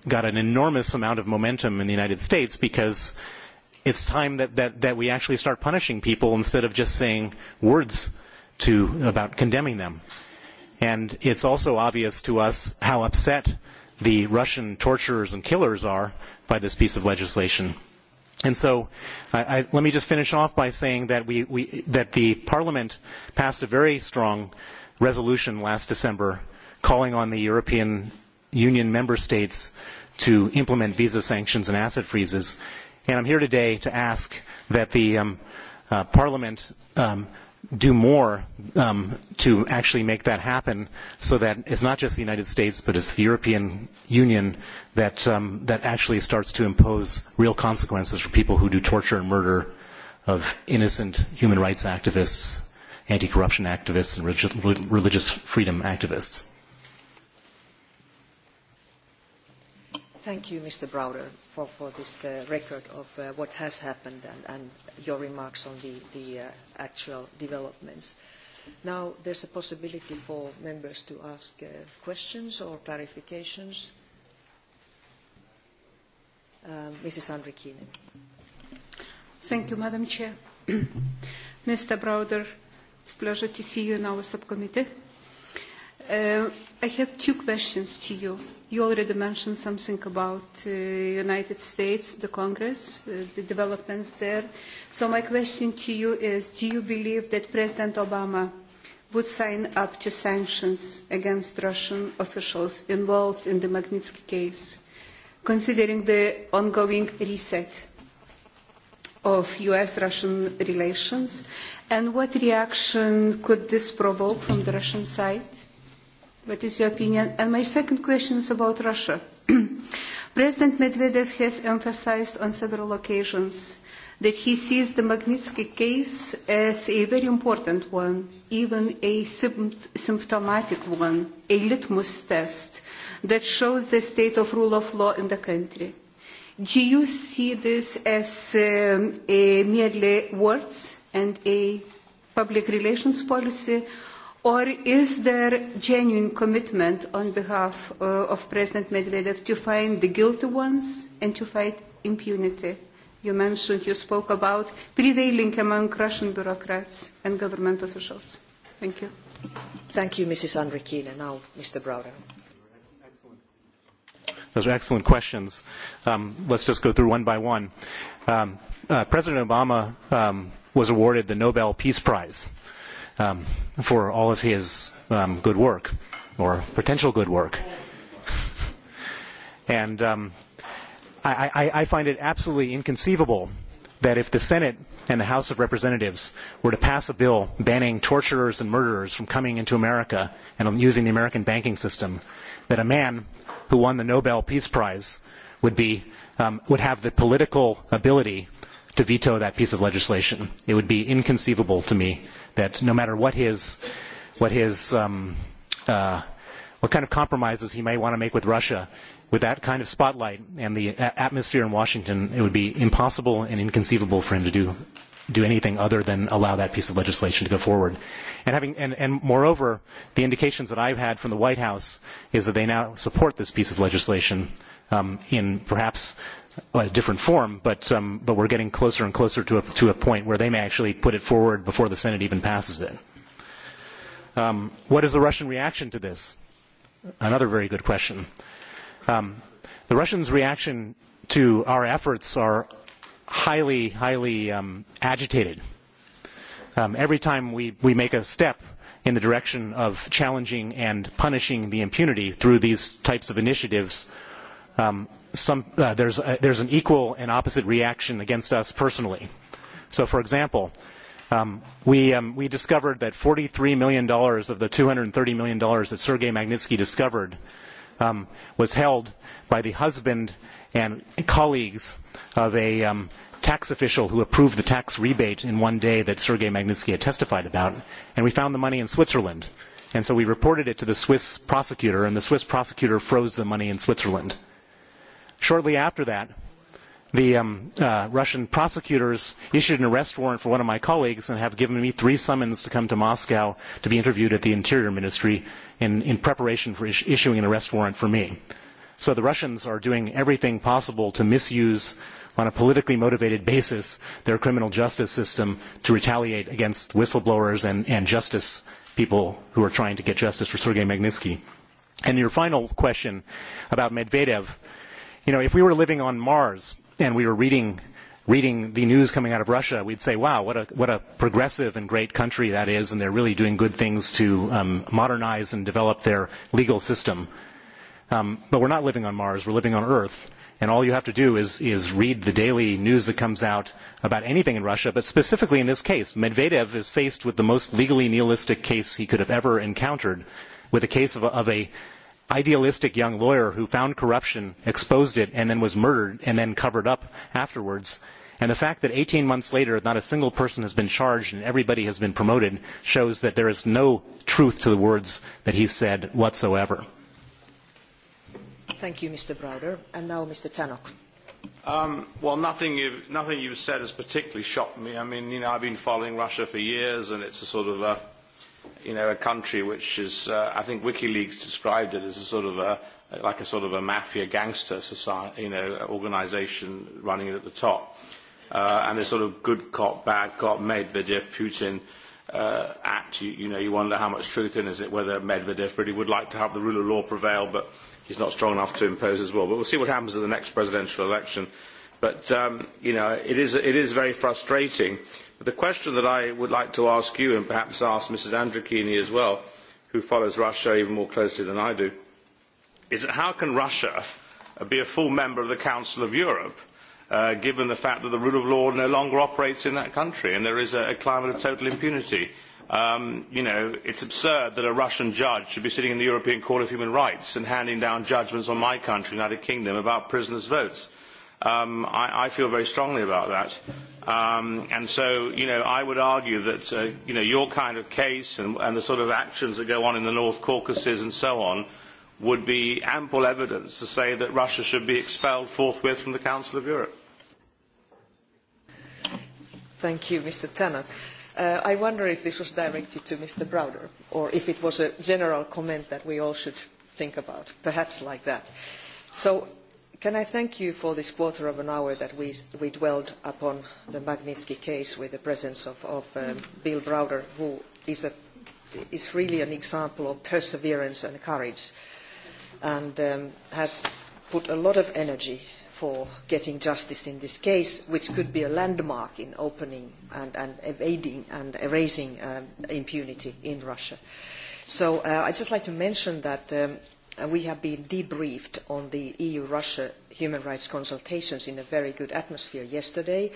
Speaker 11: got an enormous amount of momentum in the United States because it's time that we actually start punishing people instead of just saying words about condemning them. And it's also obvious to us how upset the Russian torturers and killers are by this piece of legislation. And so let me just finish off by saying that the Parliament passed a very strong resolution last December calling on the European Union member states to implement visa sanctions and asset freezes. And I'm here today to ask that the Parliament do more to actually make that happen so that it's not just the United States, but it's the European Union that that actually starts to impose real consequences for people who do torture and murder of innocent human rights activists, anti-corruption activists, and religious freedom activists.
Speaker 1: Thank you, Mr. Browder, for this record of what has happened and your remarks on the actual developments. Now there's a possibility for members to ask questions or clarifications. Mrs. Andrikinen.
Speaker 9: Thank you, Madam Chair. Mr. Browder, it's a pleasure to see you in our subcommittee. I have two questions to you. You already mentioned something about the United States, the Congress, the developments there. So my question to you is, do you believe that President Obama would sign up to sanctions against Russian officials involved in the Magnitsky case, considering the ongoing reset of U.S.-Russian relations, and what reaction could this provoke from the Russian side? What is your opinion? And my second question is about Russia. President Medvedev has emphasized on several occasions that he sees the Magnitsky case as a very important one, even a symptomatic one, a litmus test that shows the state of rule of law in the country. Do you see this as merely words and a public relations policy, or is there genuine commitment on behalf of President Medvedev to find the guilty ones and to fight impunity? You mentioned, you spoke about prevailing among Russian bureaucrats and government officials. Thank you.
Speaker 1: Thank you, Mrs. And Now, Mr. Browder.
Speaker 11: Those are excellent questions. Let's just go through one by one. President Obama was awarded the Nobel Peace Prize for all of his good work or potential good work. And I I I find it absolutely inconceivable that if the Senate and the House of Representatives were to pass a bill banning torturers and murderers from coming into America and using the American banking system, that a man who won the Nobel Peace Prize would be would have the political ability to veto that piece of legislation. It would be inconceivable to me that no matter what his what his what kind of compromises he may want to make with Russia, with that kind of spotlight and the atmosphere in Washington, it would be impossible and inconceivable for him to do do anything other than allow that piece of legislation to go forward. And having and moreover, the indications that I've had from the White House is that they now support this piece of legislation in perhaps a different form, but um, but we're getting closer and closer to a, to a point where they may actually put it forward before the Senate even passes it. Um, what is the Russian reaction to this? Another very good question. Um, the Russians' reaction to our efforts are highly, highly um, agitated. Um, every time we, we make a step in the direction of challenging and punishing the impunity through these types of initiatives, um, some there's there's an equal and opposite reaction against us personally so for example we we discovered that 43 million dollars of the 230 million dollars that Sergei Magnitsky discovered was held by the husband and colleagues of a tax official who approved the tax rebate in one day that Sergei Magnitsky had testified about and we found the money in Switzerland and so we reported it to the Swiss prosecutor and the Swiss prosecutor froze the money in Switzerland Shortly after that, the Russian prosecutors issued an arrest warrant for one of my colleagues and have given me three summons to come to Moscow to be interviewed at the Interior Ministry in preparation for issuing an arrest warrant for me. So the Russians are doing everything possible to misuse, on a politically motivated basis, their criminal justice system to retaliate against whistleblowers and justice people who are trying to get justice for Sergei Magnitsky. And your final question about Medvedev you know, if we were living on Mars and we were reading reading the news coming out of Russia, we'd say, wow, what a, what a progressive and great country that is, and they're really doing good things to um, modernize and develop their legal system. Um, but we're not living on Mars, we're living on Earth. And all you have to do is, is read the daily news that comes out about anything in Russia, but specifically in this case, Medvedev is faced with the most legally nihilistic case he could have ever encountered, with a case of a, of a idealistic young lawyer who found corruption, exposed it, and then was murdered and then covered up afterwards. And the fact that 18 months later not a single person has been charged and everybody has been promoted shows that there is no truth to the words that he said whatsoever.
Speaker 1: Thank you, Mr. Browder. And now Mr. Tannock.
Speaker 8: Well, nothing you've said has particularly shocked me. I mean, you know, I've been following Russia for years and it's a sort of a you know, a country which is, I think WikiLeaks described it as a sort of a, like a sort of a mafia gangster society, you know, organization running it at the top. and this sort of good cop, bad cop Medvedev, Putin act, you, know, you wonder how much truth in is it, whether Medvedev really would like to have the rule of law prevail, but he's not strong enough to impose as well. But we'll see what happens at the next presidential election. But, you know, it is, it is very frustrating the question that I would like to ask you, and perhaps ask Mrs. Andrikini as well, who follows Russia even more closely than I do, is how can Russia be a full member of the Council of Europe, given the fact that the rule of law no longer operates in that country and there is a climate of total impunity? You know, it's absurd that a Russian judge should be sitting in the European Court of Human Rights and handing down judgments on my country, the United Kingdom, about prisoners' votes. I feel very strongly about that And so, you know, I would argue that, you know, your kind of case and the sort of actions that go on in the North Caucasus and so on would be ample evidence to say that Russia should be expelled forthwith from the Council of Europe.
Speaker 1: Thank you, Mr. Tannock. I wonder if this was directed to Mr. Browder or if it was a general comment that we all should think about, perhaps like that. So Can I thank you for this quarter of an hour that we dwelled upon the Magnitsky case with the presence of Bill Browder, who is really an example of perseverance and courage and has put a lot of energy for getting justice in this case, which could be a landmark in opening and evading and erasing impunity in Russia. So I'd just like to mention that we have been debriefed on the eu russia human rights consultations in a very good atmosphere yesterday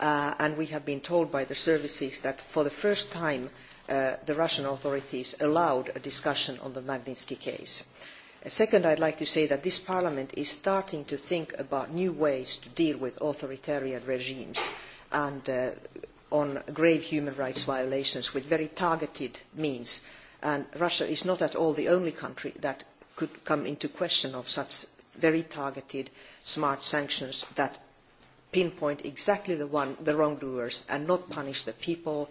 Speaker 1: and we have been told by the services that for the first time the russian authorities allowed a discussion on the magnitsky case. second i would like to say that this parliament is starting to think about new ways to deal with authoritarian regimes and on grave human rights violations with very targeted means and russia is not at all the only country that could come into question of such very targeted smart sanctions that pinpoint exactly the wrongdoers and not punish the people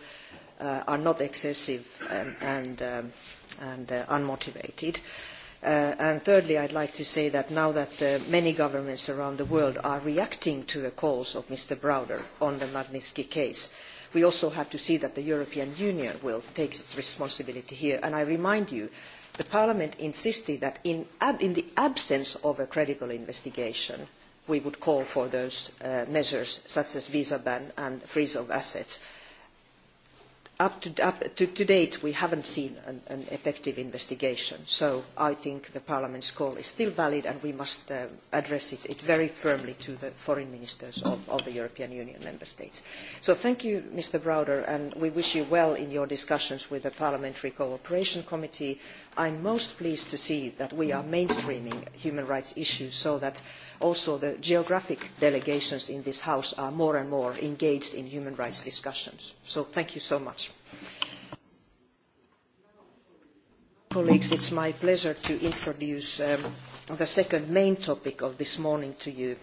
Speaker 1: are not excessive and unmotivated. And thirdly, I'd like to say that now that many governments around the world are reacting to the calls of Mr. Browder on the Magnitsky case, we also have to see that the European Union will take its responsibility here. And I remind you parliament insisted that in the absence of a credible investigation we would call for those measures such as visa ban and freeze of assets up to date we have seen an effective investigation so i think parliament's call is still valid and we must address it very firmly to the foreign ministers of the european union member states. so thank you mr browder and we wish you well in your discussions with the parliamentary cooperation committee. i am most pleased to see that we are mainstreaming human rights issues so that also the geographic delegations in this house are more and more engaged in human rights discussions so thank you so much. Colleagues, it's my pleasure to introduce the second main topic of this morning to you,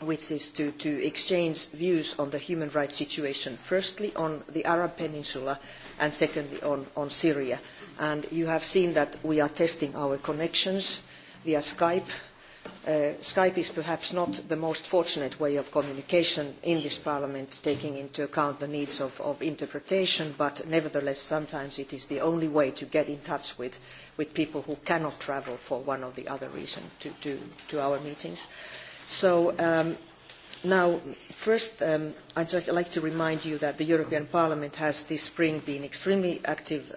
Speaker 1: which is to exchange views on the human rights situation, firstly on the Arab Peninsula and secondly on Syria. And you have seen that we are testing our connections via Skype Skype is perhaps not the most fortunate way of communication in this Parliament, taking into account the needs of interpretation, but nevertheless sometimes it is the only way to get in touch with people who cannot travel for one or the other reason to our meetings. So now, first I'd like to remind you that the European Parliament has this spring been extremely active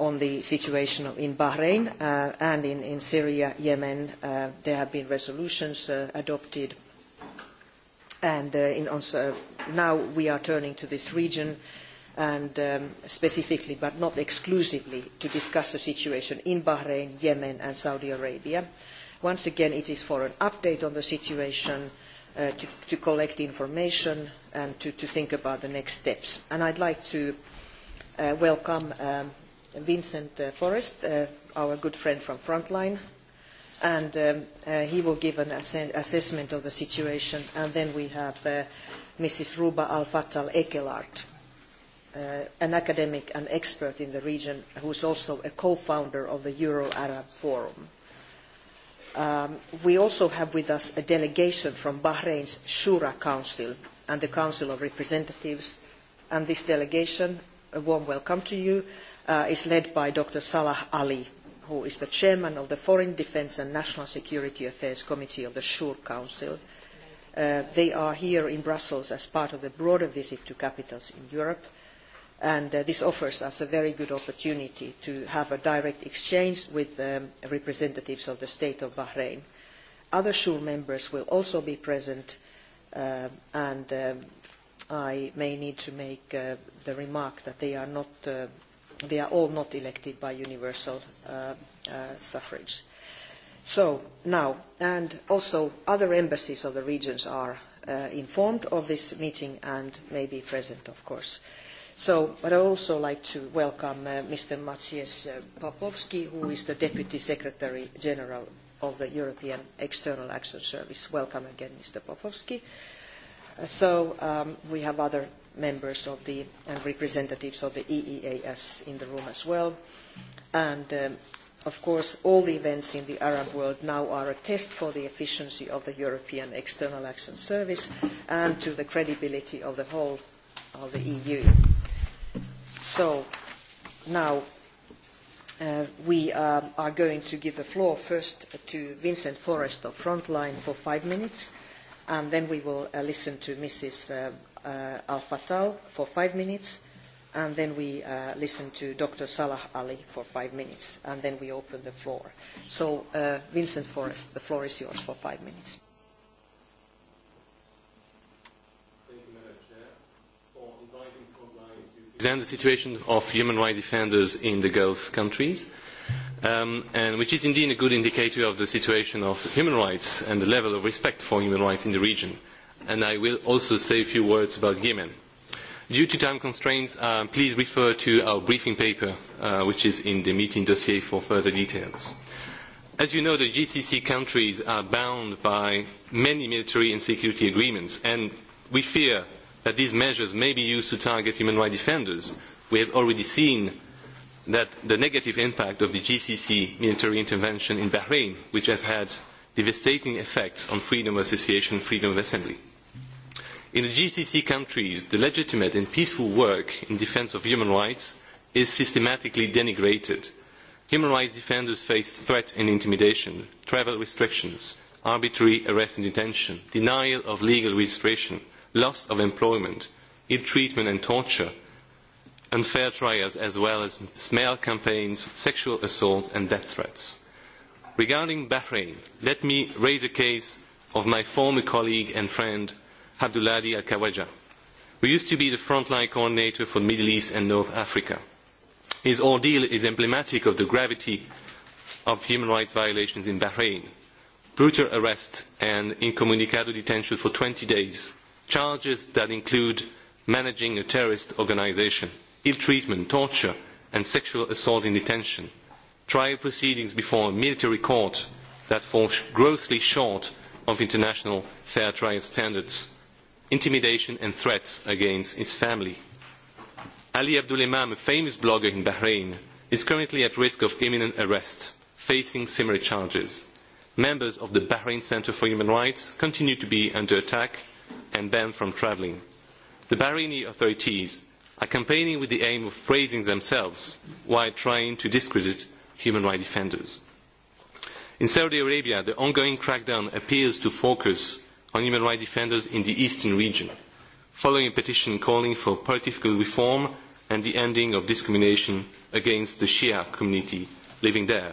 Speaker 1: on the situation in Bahrain and in Syria, Yemen. There have been resolutions adopted. And now we are turning to this region and specifically, but not exclusively, to discuss the situation in Bahrain, Yemen and Saudi Arabia. Once again, it is for an update on the situation, to collect information and to think about the next steps. And I'd like to welcome Vincent Forrest, our good friend from Frontline, and he will give an assessment of the situation. And then we have Mrs. Ruba Al-Fatal Ekelart, an academic and expert in the region who is also a co-founder of the Euro-Arab Forum. We also have with us a delegation from Bahrain's Shura Council and the Council of Representatives. And this delegation, a warm welcome to you is led by Dr. Salah Ali, who is the chairman of the Foreign Defence and National Security Affairs Committee of the Sure Council. They are here in Brussels as part of the broader visit to capitals in Europe, and this offers us a very good opportunity to have a direct exchange with representatives of the State of Bahrain. Other Sure members will also be present, and I may need to make the remark that they are not they are all not elected by universal suffrage. So now, and also other embassies of the regions are informed of this meeting and may be present, of course. So, but I also like to welcome Mr. Maciej Popovski, who is the Deputy Secretary General of the European External Action Service. Welcome again, Mr. Popovski. So we have other members of the and representatives of the EEAS in the room as well. And of course all the events in the Arab world now are a test for the efficiency of the European External Action Service and to the credibility of the whole of the EU. So now we are going to give the floor first to Vincent Forrest of Frontline for five minutes and then we will listen to Mrs. Al for five minutes, and then we listen to Dr. Salah Ali for five minutes, and then we open the floor. So, Vincent Forrest, the floor is yours for five minutes.
Speaker 12: present the situation of human rights defenders in the Gulf countries, and which is indeed a good indicator of the situation of human rights and the level of respect for human rights in the region and I will also say a few words about Yemen. Due to time constraints, please refer to our briefing paper, which is in the meeting dossier for further details. As you know, the GCC countries are bound by many military and security agreements, and we fear that these measures may be used to target human rights defenders. We have already seen that the negative impact of the GCC military intervention in Bahrain, which has had devastating effects on freedom of association and freedom of assembly. In the GCC countries, the legitimate and peaceful work in defence of human rights is systematically denigrated. Human rights defenders face threat and intimidation, travel restrictions, arbitrary arrest and detention, denial of legal registration, loss of employment, ill treatment and torture, unfair trials as well as smear campaigns, sexual assaults and death threats. Regarding Bahrain, let me raise a case of my former colleague and friend Abdullahi Al Kawaja, who used to be the frontline coordinator for the Middle East and North Africa. His ordeal is emblematic of the gravity of human rights violations in Bahrain brutal arrest and incommunicado detention for 20 days, charges that include managing a terrorist organisation, ill treatment, torture and sexual assault in detention, trial proceedings before a military court that fall grossly short of international fair trial standards intimidation and threats against his family. Ali Abdul Imam, a famous blogger in Bahrain, is currently at risk of imminent arrest, facing similar charges. Members of the Bahrain Centre for Human Rights continue to be under attack and banned from travelling. The Bahraini authorities are campaigning with the aim of praising themselves while trying to discredit human rights defenders. In Saudi Arabia, the ongoing crackdown appears to focus on human rights defenders in the eastern region, following a petition calling for political reform and the ending of discrimination against the Shia community living there.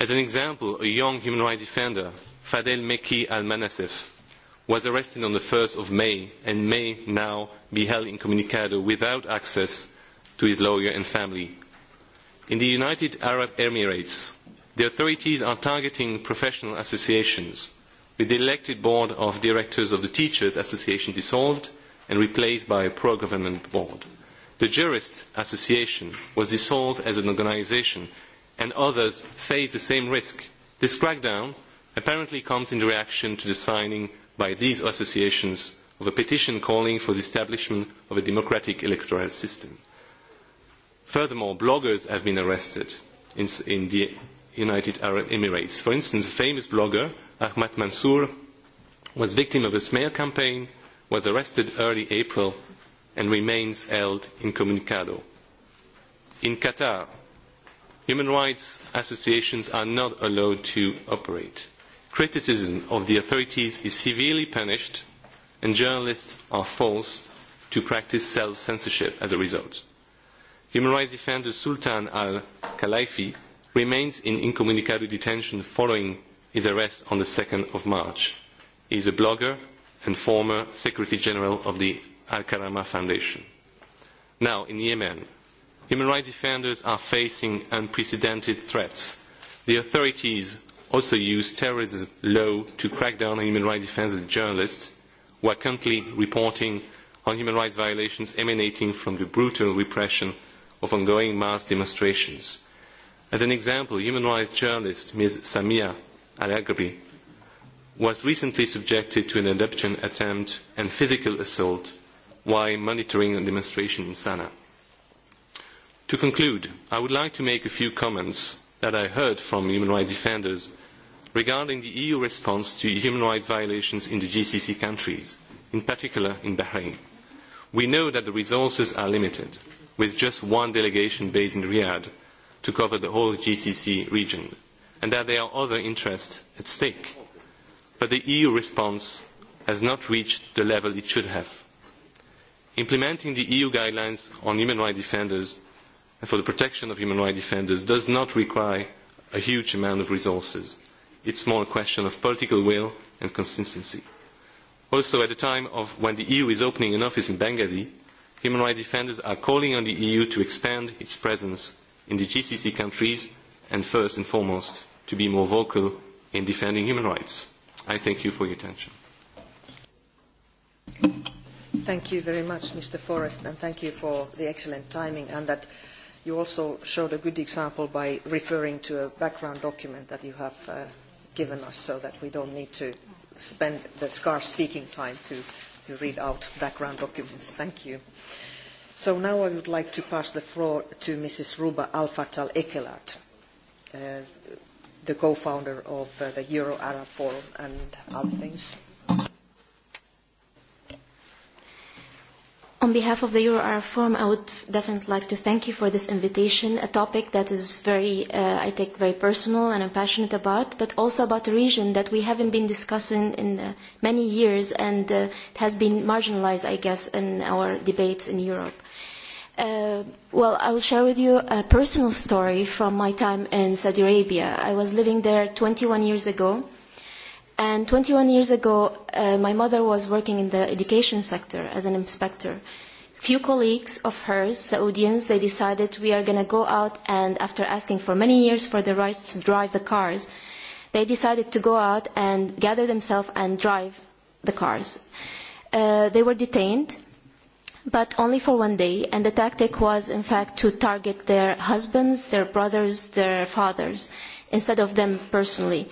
Speaker 12: As an example, a young human rights defender, Fadel Meki Al-Manasef, was arrested on the 1 of May and may now be held incommunicado without access to his lawyer and family. In the United Arab Emirates, the authorities are targeting professional associations with the elected board of directors of the Teachers Association dissolved and replaced by a pro-government board. The Jurists Association was dissolved as an organisation and others face the same risk. This crackdown apparently comes in reaction to the signing by these associations of a petition calling for the establishment of a democratic electoral system. Furthermore, bloggers have been arrested in the United Arab Emirates. For instance, the famous blogger Ahmad Mansour was victim of a smear campaign, was arrested early April and remains held incommunicado. In Qatar, human rights associations are not allowed to operate. Criticism of the authorities is severely punished and journalists are forced to practice self censorship as a result. Human rights defender Sultan al Khalifi remains in incommunicado detention following his arrest on the 2 of March. He is a blogger and former Secretary General of the Al-Karama Foundation. Now, in Yemen, human rights defenders are facing unprecedented threats. The authorities also use terrorism law to crack down on human rights defenders and journalists who are currently reporting on human rights violations emanating from the brutal repression of ongoing mass demonstrations. As an example, human rights journalist Ms. Samia Al-Aghrabi was recently subjected to an abduction attempt and physical assault while monitoring a demonstration in Sana'a. To conclude, I would like to make a few comments that I heard from human rights defenders regarding the EU response to human rights violations in the GCC countries, in particular in Bahrain. We know that the resources are limited, with just one delegation based in Riyadh to cover the whole GCC region, and that there are other interests at stake. But the EU response has not reached the level it should have. Implementing the EU guidelines on human rights defenders and for the protection of human rights defenders does not require a huge amount of resources. It's more a question of political will and consistency. Also, at a time when the EU is opening an office in Benghazi, human rights defenders are calling on the EU to expand its presence in the GCC countries and first and foremost to be more vocal in defending human rights. I thank you for your attention.
Speaker 1: Thank you very much, Mr. Forrest, and thank you for the excellent timing and that you also showed a good example by referring to a background document that you have given us so that we don't need to spend the scarce speaking time to read out background documents. Thank you. So now I would like to pass the floor to Mrs. Ruba al Fatal Ekelat, the co-founder of the Euro-Arab Forum and other things.
Speaker 13: On behalf of the Arab Forum, I would definitely like to thank you for this invitation, a topic that is very, I take very personal and I'm passionate about, but also about a region that we haven't been discussing in many years and has been marginalized, I guess, in our debates in Europe. Well, I will share with you a personal story from my time in Saudi Arabia. I was living there 21 years ago And 21 years ago, my mother was working in the education sector as an inspector. A Few colleagues of hers, Saudians, they decided we are going to go out and after asking for many years for the rights to drive the cars, they decided to go out and gather themselves and drive the cars. They were detained, but only for one day, and the tactic was, in fact, to target their husbands, their brothers, their fathers, instead of them personally.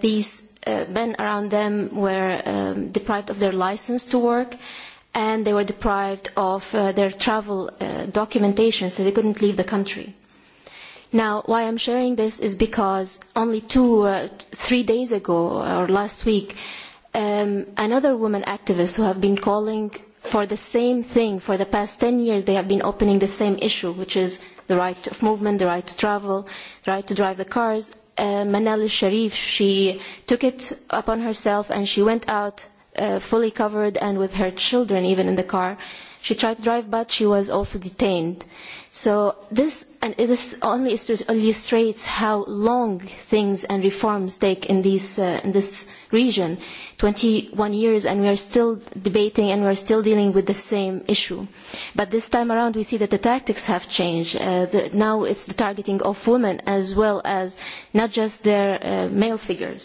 Speaker 13: These men around them were deprived of their license to work and they were deprived of their travel documentation so they couldn't leave the country. Now, why I'm sharing this is because only two or three days ago or last week, another woman activist who have been calling for the same thing for the past 10 years, they have been opening the same issue, which is the right of movement, the right to travel, the right to drive the cars, Manal Sharif, she took it upon herself and she went out fully covered and with her children even in the car. She tried to drive but she was also detained. So this and this only illustrates how long things and reforms take in in this region, 21 years, and we are still debating and we are still dealing with the same issue. But this time around, we see that the tactics have changed. Now it's the targeting of women as well as not just their male figures.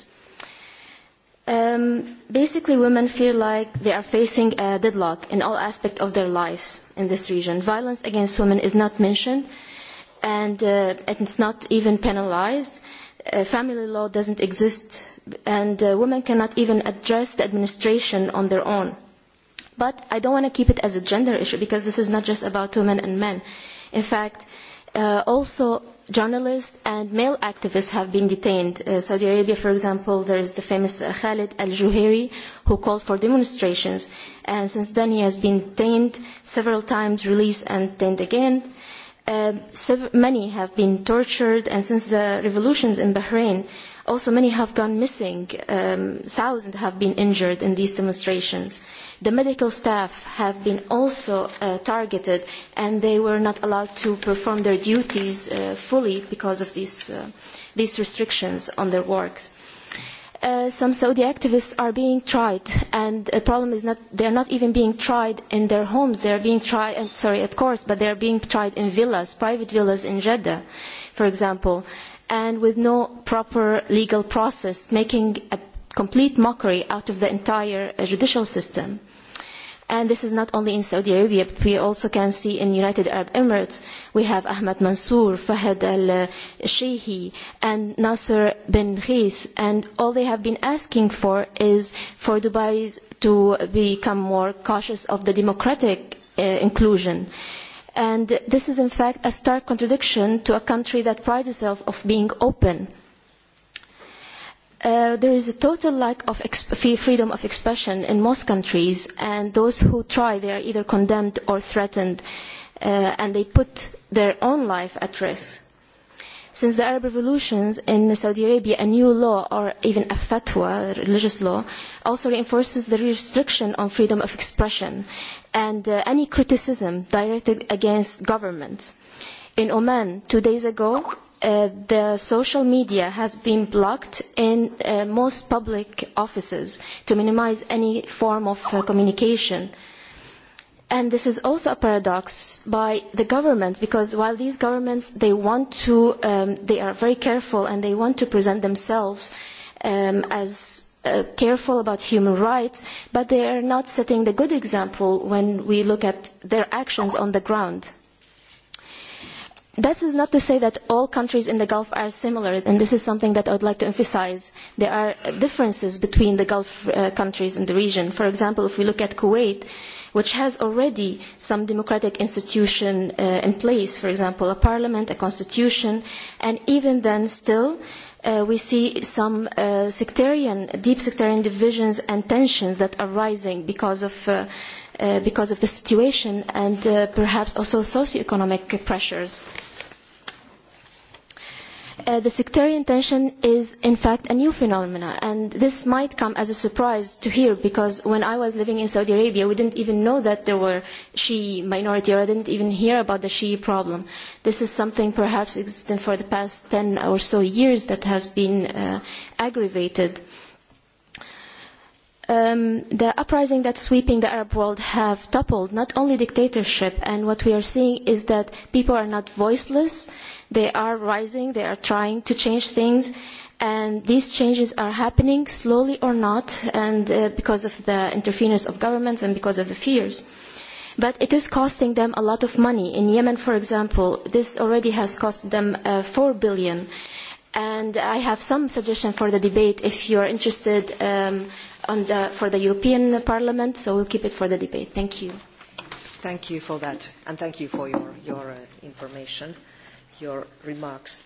Speaker 13: Basically, women feel like they are facing a deadlock in all aspects of their lives in this region. Violence against women is not mentioned, and it's not even penalized. Family law doesn't exist, and women cannot even address the administration on their own. But I don't want to keep it as a gender issue, because this is not just about women and men. In fact, also journalists and male activists have been detained. Saudi Arabia, for example, there is the famous Khalid al-Juhairi who called for demonstrations. And since then he has been detained several times, released and detained again. Many have been tortured and since the revolutions in Bahrain, Also, many have gone missing. Thousands have been injured in these demonstrations. The medical staff have been also targeted, and they were not allowed to perform their duties fully because of these restrictions on their works. Some Saudi activists are being tried, and the problem is that they are not even being tried in their homes. They are being tried, sorry, at courts, but they are being tried in villas, private villas in Jeddah, for example and with no proper legal process, making a complete mockery out of the entire judicial system. And this is not only in Saudi Arabia, but we also can see in United Arab Emirates, we have Ahmed Mansour, Fahad al-Shehi, and Nasser bin Ghith, and all they have been asking for is for Dubai to become more cautious of the democratic inclusion and this is in fact a stark contradiction to a country that prides itself of being open. There is a total lack of freedom of expression in most countries, and those who try, they are either condemned or threatened, and they put their own life at risk. Since the Arab revolutions in Saudi Arabia, a new law or even a fatwa, religious law, also reinforces the restriction on freedom of expression and any criticism directed against government. In Oman, two days ago, the social media has been blocked in most public offices to minimize any form of communication and this is also a paradox by the government because while these governments they want to they are very careful and they want to present themselves as careful about human rights but they are not setting the good example when we look at their actions on the ground This is not to say that all countries in the Gulf are similar, and this is something that I would like to emphasise. There are differences between the Gulf countries in the region. For example, if we look at Kuwait, which has already some democratic institution in place, for example, a parliament, a constitution, and even then still we see some sectarian, deep sectarian divisions and tensions that are rising because of because of the situation and perhaps also socio-economic pressures the sectarian tension is in fact a new phenomenon and this might come as a surprise to hear because when i was living in saudi arabia we didn't even know that there were Shi minority or i didn't even hear about the Shi problem. this is something perhaps existent for the past 10 or so years that has been aggravated. The uprising that's sweeping the Arab world have toppled not only dictatorship, and what we are seeing is that people are not voiceless. They are rising. They are trying to change things. And these changes are happening slowly or not, and because of the interference of governments and because of the fears. But it is costing them a lot of money. In Yemen, for example, this already has cost them 4 billion. And I have some suggestion for the debate if you are interested for the European Parliament. So we'll keep it for the debate. Thank you.
Speaker 1: Thank you for that, and thank you for your information your remarks.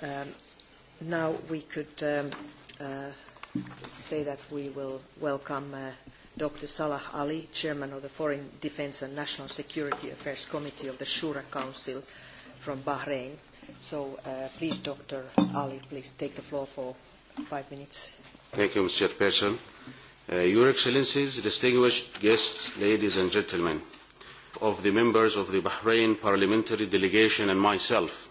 Speaker 1: Now we could say that we will welcome Dr. Salah Ali, Chairman of the Foreign Defence and National Security Affairs Committee of the Shura Council from Bahrain. So please, Dr. Ali, please take the floor for five minutes.
Speaker 14: Thank you, Mr. Chairperson. Your Excellencies, distinguished guests, ladies and gentlemen, of the members of the Bahrain parliamentary delegation and myself,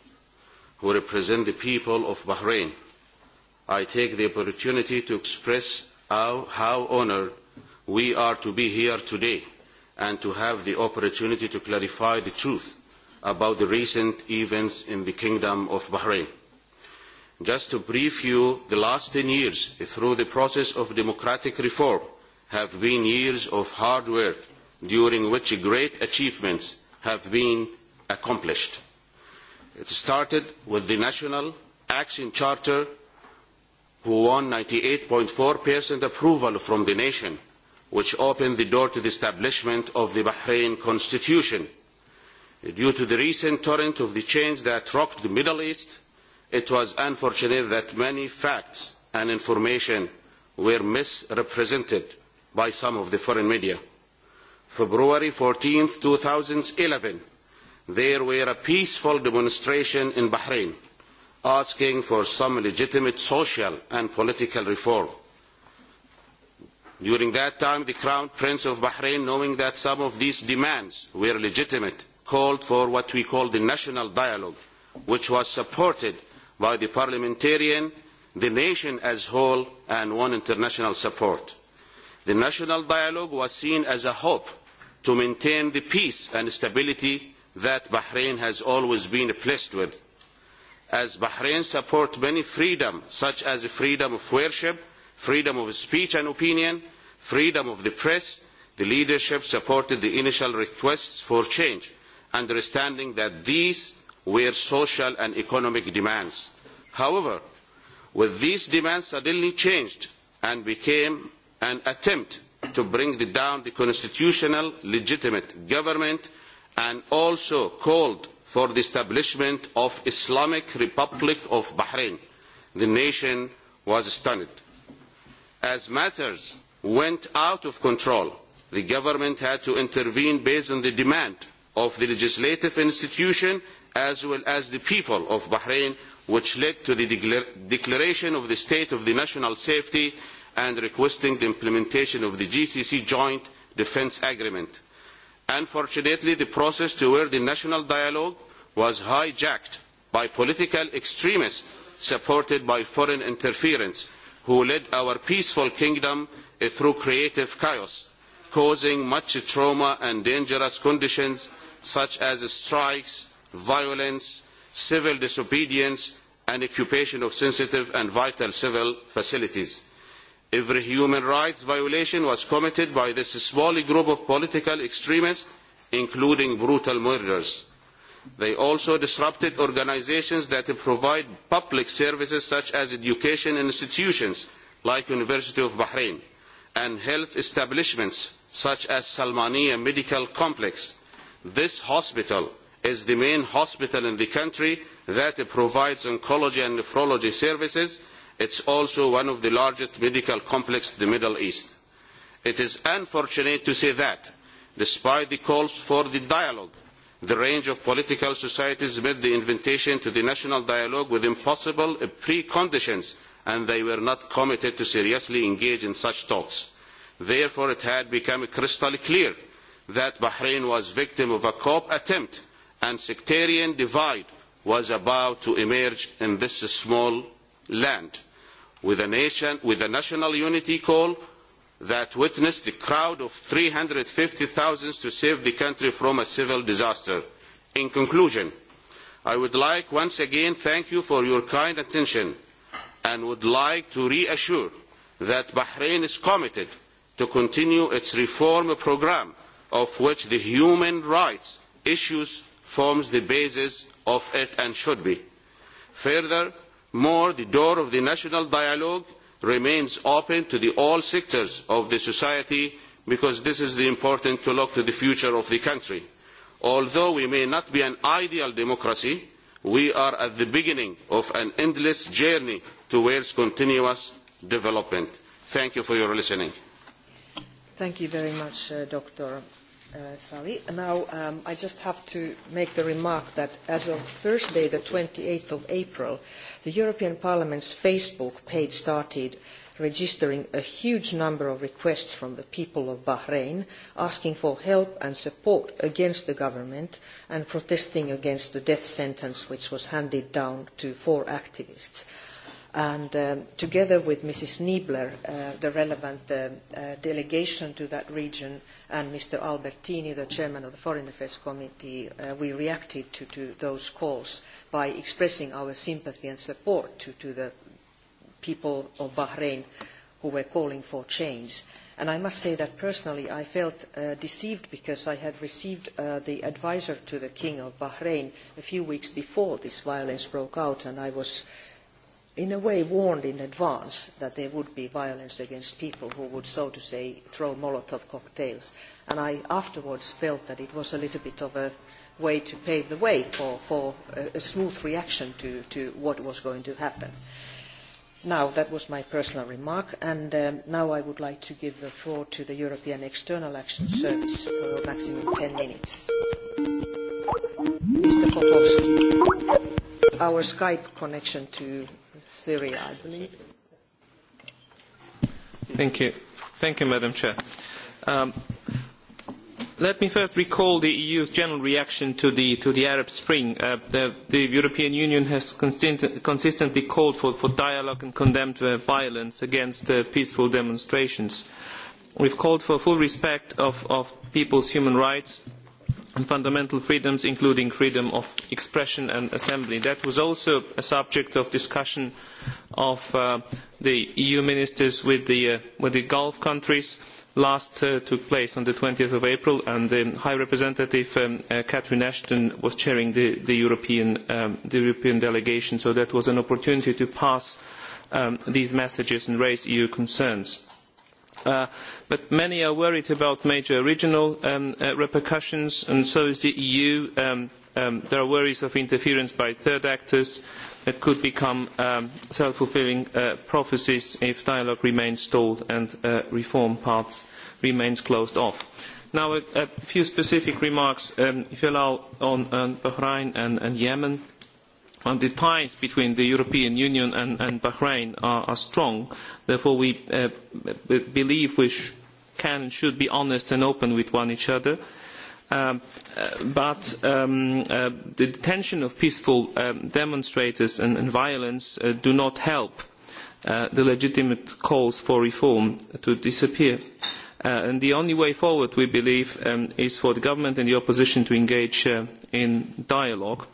Speaker 14: who represent the people of Bahrain, I take the opportunity to express how honoured we are to be here today and to have the opportunity to clarify the truth about the recent events in the Kingdom of Bahrain. Just to brief you, the last 10 years, through the process of democratic reform, have been years of hard work during which great achievements have been accomplished. It started with the National Action Charter, who won 98.4% approval from the nation, which opened the door to the establishment of the Bahrain Constitution. Due to the recent torrent of the change that rocked the Middle East, it was unfortunate that many facts and information were misrepresented by some of the foreign media. February 14, 2011 there were a peaceful demonstration in bahrain asking for some legitimate social and political reform. during that time the crown prince of bahrain knowing that some of these demands were legitimate called for what we call the national dialogue which was supported by the parliamentarian the nation as a whole and won international support. the national dialogue was seen as a hope to maintain the peace and stability that Bahrain has always been blessed with, as Bahrain supports many freedoms, such as freedom of worship, freedom of speech and opinion, freedom of the press. The leadership supported the initial requests for change, understanding that these were social and economic demands. However, with these demands suddenly changed and became an attempt to bring down the constitutional legitimate government and also called for the establishment of Islamic Republic of Bahrain. The nation was stunned. As matters went out of control, the government had to intervene based on the demand of the legislative institution as well as the people of Bahrain, which led to the declaration of the state of the national safety and requesting the implementation of the GCC Joint Defence Agreement Unfortunately, the process towards the national dialogue was hijacked by political extremists supported by foreign interference, who led our peaceful kingdom through creative chaos, causing much trauma and dangerous conditions such as strikes, violence, civil disobedience and occupation of sensitive and vital civil facilities every human rights violation was committed by this small group of political extremists including brutal murders. they also disrupted organisations that provide public services such as education institutions like the university of bahrain and health establishments such as salmaniya medical complex. this hospital is the main hospital in the country that provides oncology and nephrology services It is also one of the largest medical complexes in the Middle East. It is unfortunate to say that, despite the calls for the dialogue, the range of political societies made the invitation to the national dialogue with impossible preconditions, and they were not committed to seriously engage in such talks. Therefore, it had become crystal clear that Bahrain was victim of a COP attempt, and sectarian divide was about to emerge in this small land with a national unity call that witnessed a crowd of 350,000 to save the country from a civil disaster. In conclusion, I would like once again thank you for your kind attention and would like to reassure that Bahrain is committed to continue its reform programme, of which the human rights issues forms the basis of it and should be. Further, more the door of the national dialogue remains open to all sectors of the society because this is important to look to the future of the country. although we may not be an ideal democracy we are at the beginning of an endless journey towards continuous development. thank you for your listening.
Speaker 1: thank you very much dr Sally. Now, I just have to make the remark that as of Thursday, the 28th of April, the European Parliament's Facebook page started registering a huge number of requests from the people of Bahrain asking for help and support against the government and protesting against the death sentence which was handed down to four activists and together with Mrs. Niebler, the relevant delegation to that region, and Mr. Albertini, the chairman of the Foreign Affairs Committee, we reacted to those calls by expressing our sympathy and support to the people of Bahrain who were calling for change. And I must say that personally I felt deceived because I had received the advisor to the King of Bahrain a few weeks before this violence broke out, and I was in a way warned in advance that there would be violence against people who would, so to say, throw Molotov cocktails. And I afterwards felt that it was a little bit of a way to pave the way for a smooth reaction to what was going to happen. Now, that was my personal remark, and now I would like to give the floor to the European External Action Service for a maximum 10 minutes. Mr. Popovsky, our Skype connection to Syria, I believe.
Speaker 15: Thank you. Thank you, Madam Chair. Let me first recall the EU's general reaction to the Arab Spring. The European Union has consistently called for dialogue and condemned violence against peaceful demonstrations. We've called for full respect of people's human rights fundamental freedoms including freedom of expression and assembly. that was also a subject of discussion of the eu ministers with the gulf countries last took place on of april and the high representative catherine ashton was chairing the european delegation so that was an opportunity to pass these messages and raise eu concerns but many are worried about major regional repercussions and so is the eu. there are worries of interference by third actors that could become self fulfilling prophecies if dialogue remains stalled and reform paths remains closed off. Now a few specific remarks, if you allow, on Bahrain and Yemen the ties between the European Union and Bahrain are strong. Therefore, we believe we can and should be honest and open with one another. But the detention of peaceful demonstrators and violence do not help the legitimate calls for reform to disappear. And the only way forward, we believe, is for the government and the opposition to engage in dialogue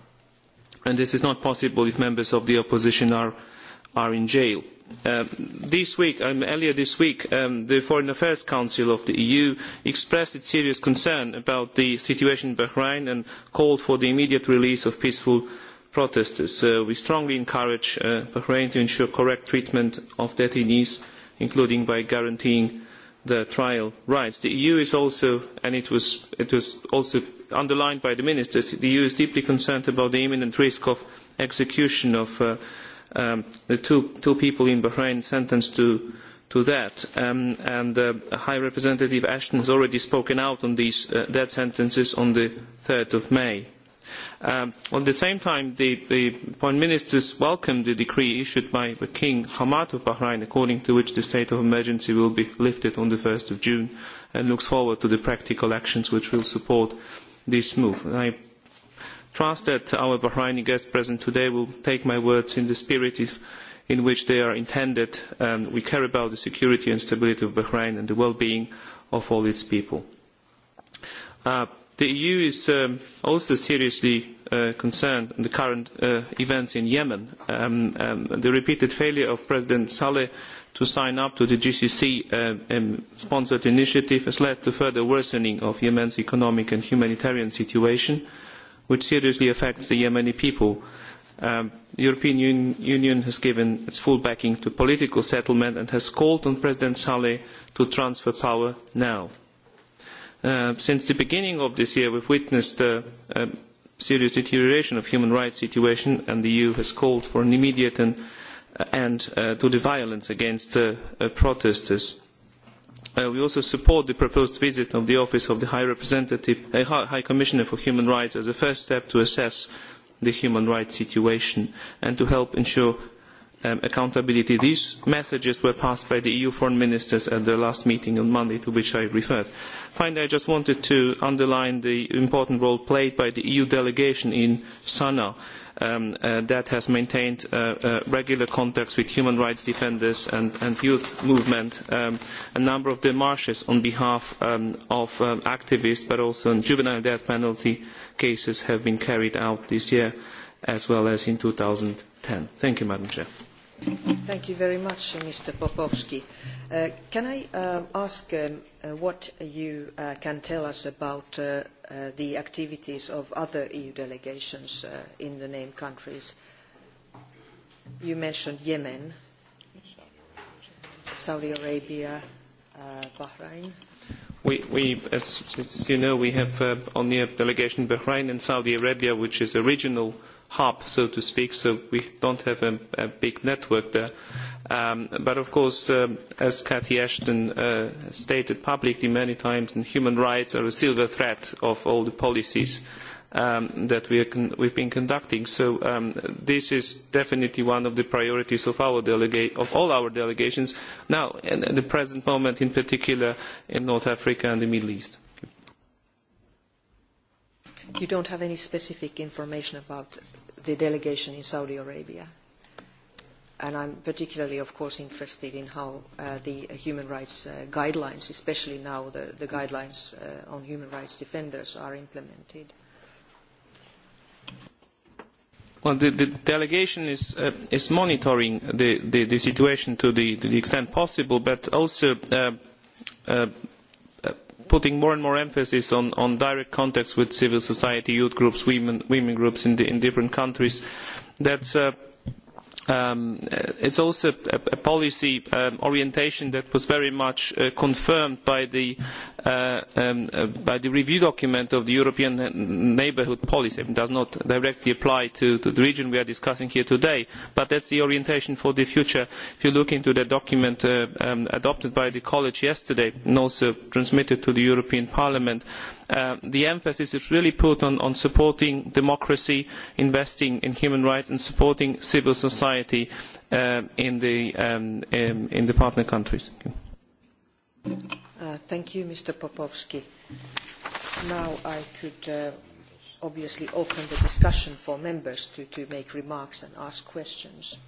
Speaker 15: and this is not possible if members of the opposition are in jail. Earlier this week, the Foreign Affairs Council of the EU expressed its serious concern about the situation in Bahrain and called for the immediate release of peaceful protesters. We strongly encourage Bahrain to ensure correct treatment of detainees, including by guaranteeing their trial rights. The EU is also, and it was also underlined by the ministers, the EU is deeply concerned about the imminent risk of execution of the two people in Bahrain sentenced to that. And High Representative Ashton has already spoken out on these death sentences on the 3rd of May. At the same time, the Prime Ministers welcomed the decree issued by King Hamad of Bahrain, according to which the state of emergency will be lifted on the 1st of June, and looks forward to the practical actions which will support this move. I trust that our Bahraini guests present today will take my words in the spirit in which they are intended and we care about the security and stability of Bahrain and the well-being of all its people. The EU is also seriously concerned on the current events in Yemen. The repeated failure of President Saleh to sign up to the GCC-sponsored initiative has led to further worsening of Yemen's economic and humanitarian situation, which seriously affects the Yemeni people. The European Union has given its full backing to political settlement and has called on President Saleh to transfer power now. Since the beginning of this year, we have witnessed a serious deterioration of human rights situation, and the EU has called for an immediate and and to the violence against protesters. We also support the proposed visit of the Office of the High Representative, High Commissioner for Human Rights as a first step to assess the human rights situation and to help ensure accountability. These messages were passed by the EU foreign ministers at their last meeting on Monday to which I referred. Finally, I just wanted to underline the important role played by the EU delegation in Sana'a that has maintained regular contacts with human rights defenders and youth movement, a number of demarches on behalf of activists, but also on juvenile death penalty cases have been carried out this year as well as in 2010. Thank you, Madam Chair.
Speaker 1: Thank you very much, Mr. Popovsky. Can I ask what you can tell us about the activities of other EU delegations in the named countries? You mentioned Yemen, Saudi Arabia, Bahrain.
Speaker 15: We, as you know, we have on the delegation Bahrain and Saudi Arabia, which is a regional hub, so to speak, so we don't have a big network there. But of course, as Cathy Ashton stated publicly many times, human rights are a silver thread of all the policies that we have been conducting. So this is definitely one of the priorities of all our delegations now, at the present moment in particular in North Africa and the Middle East.
Speaker 1: You don't have any specific information about the delegation in Saudi Arabia. And I'm particularly, of course, interested in how the human rights guidelines, especially now the guidelines on human rights defenders, are implemented.
Speaker 15: Well, the delegation is is monitoring the situation to the extent possible, but also putting more and more emphasis on direct contacts with civil society, youth groups, women groups in different countries. That's it is also a policy orientation that was very much confirmed by the review document of the European Neighbourhood Policy. It does not directly apply to the region we are discussing here today, but that is the orientation for the future. If you look into the document adopted by the College yesterday and also transmitted to the European Parliament, the emphasis is really put on supporting democracy investing in human rights and supporting civil society in the partner countries.
Speaker 1: Thank you, Mr. Popovsky. Now I could obviously open the discussion for members to make remarks and ask questions.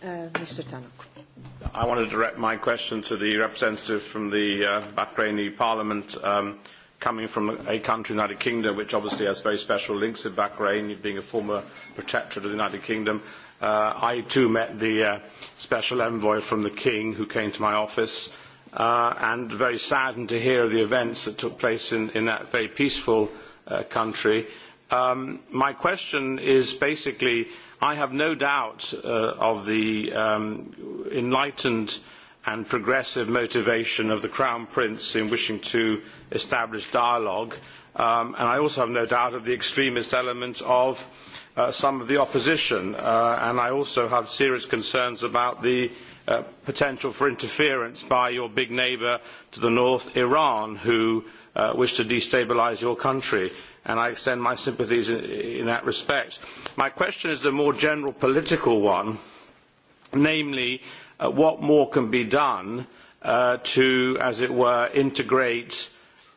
Speaker 1: Mr. Tannock.
Speaker 8: I want to direct my question to the representative from the Bahraini Parliament, coming from a country, the United Kingdom, which obviously has very special links with Bahrain, being a former protectorate of the United Kingdom. I too met the special envoy from the King, who came to my office, and very saddened to hear the events that took place in that very peaceful country. My question is basically I have no doubt of the enlightened and progressive motivation of the Crown Prince in wishing to establish dialogue, and I also have no doubt of the extremist elements of some of the opposition, and I also have serious concerns about the potential for interference by your big neighbour to the north, Iran, who wish to destabilise your country, and I extend my sympathies in that respect. My question is a more general political one, namely, what more can be done to, as it were, integrate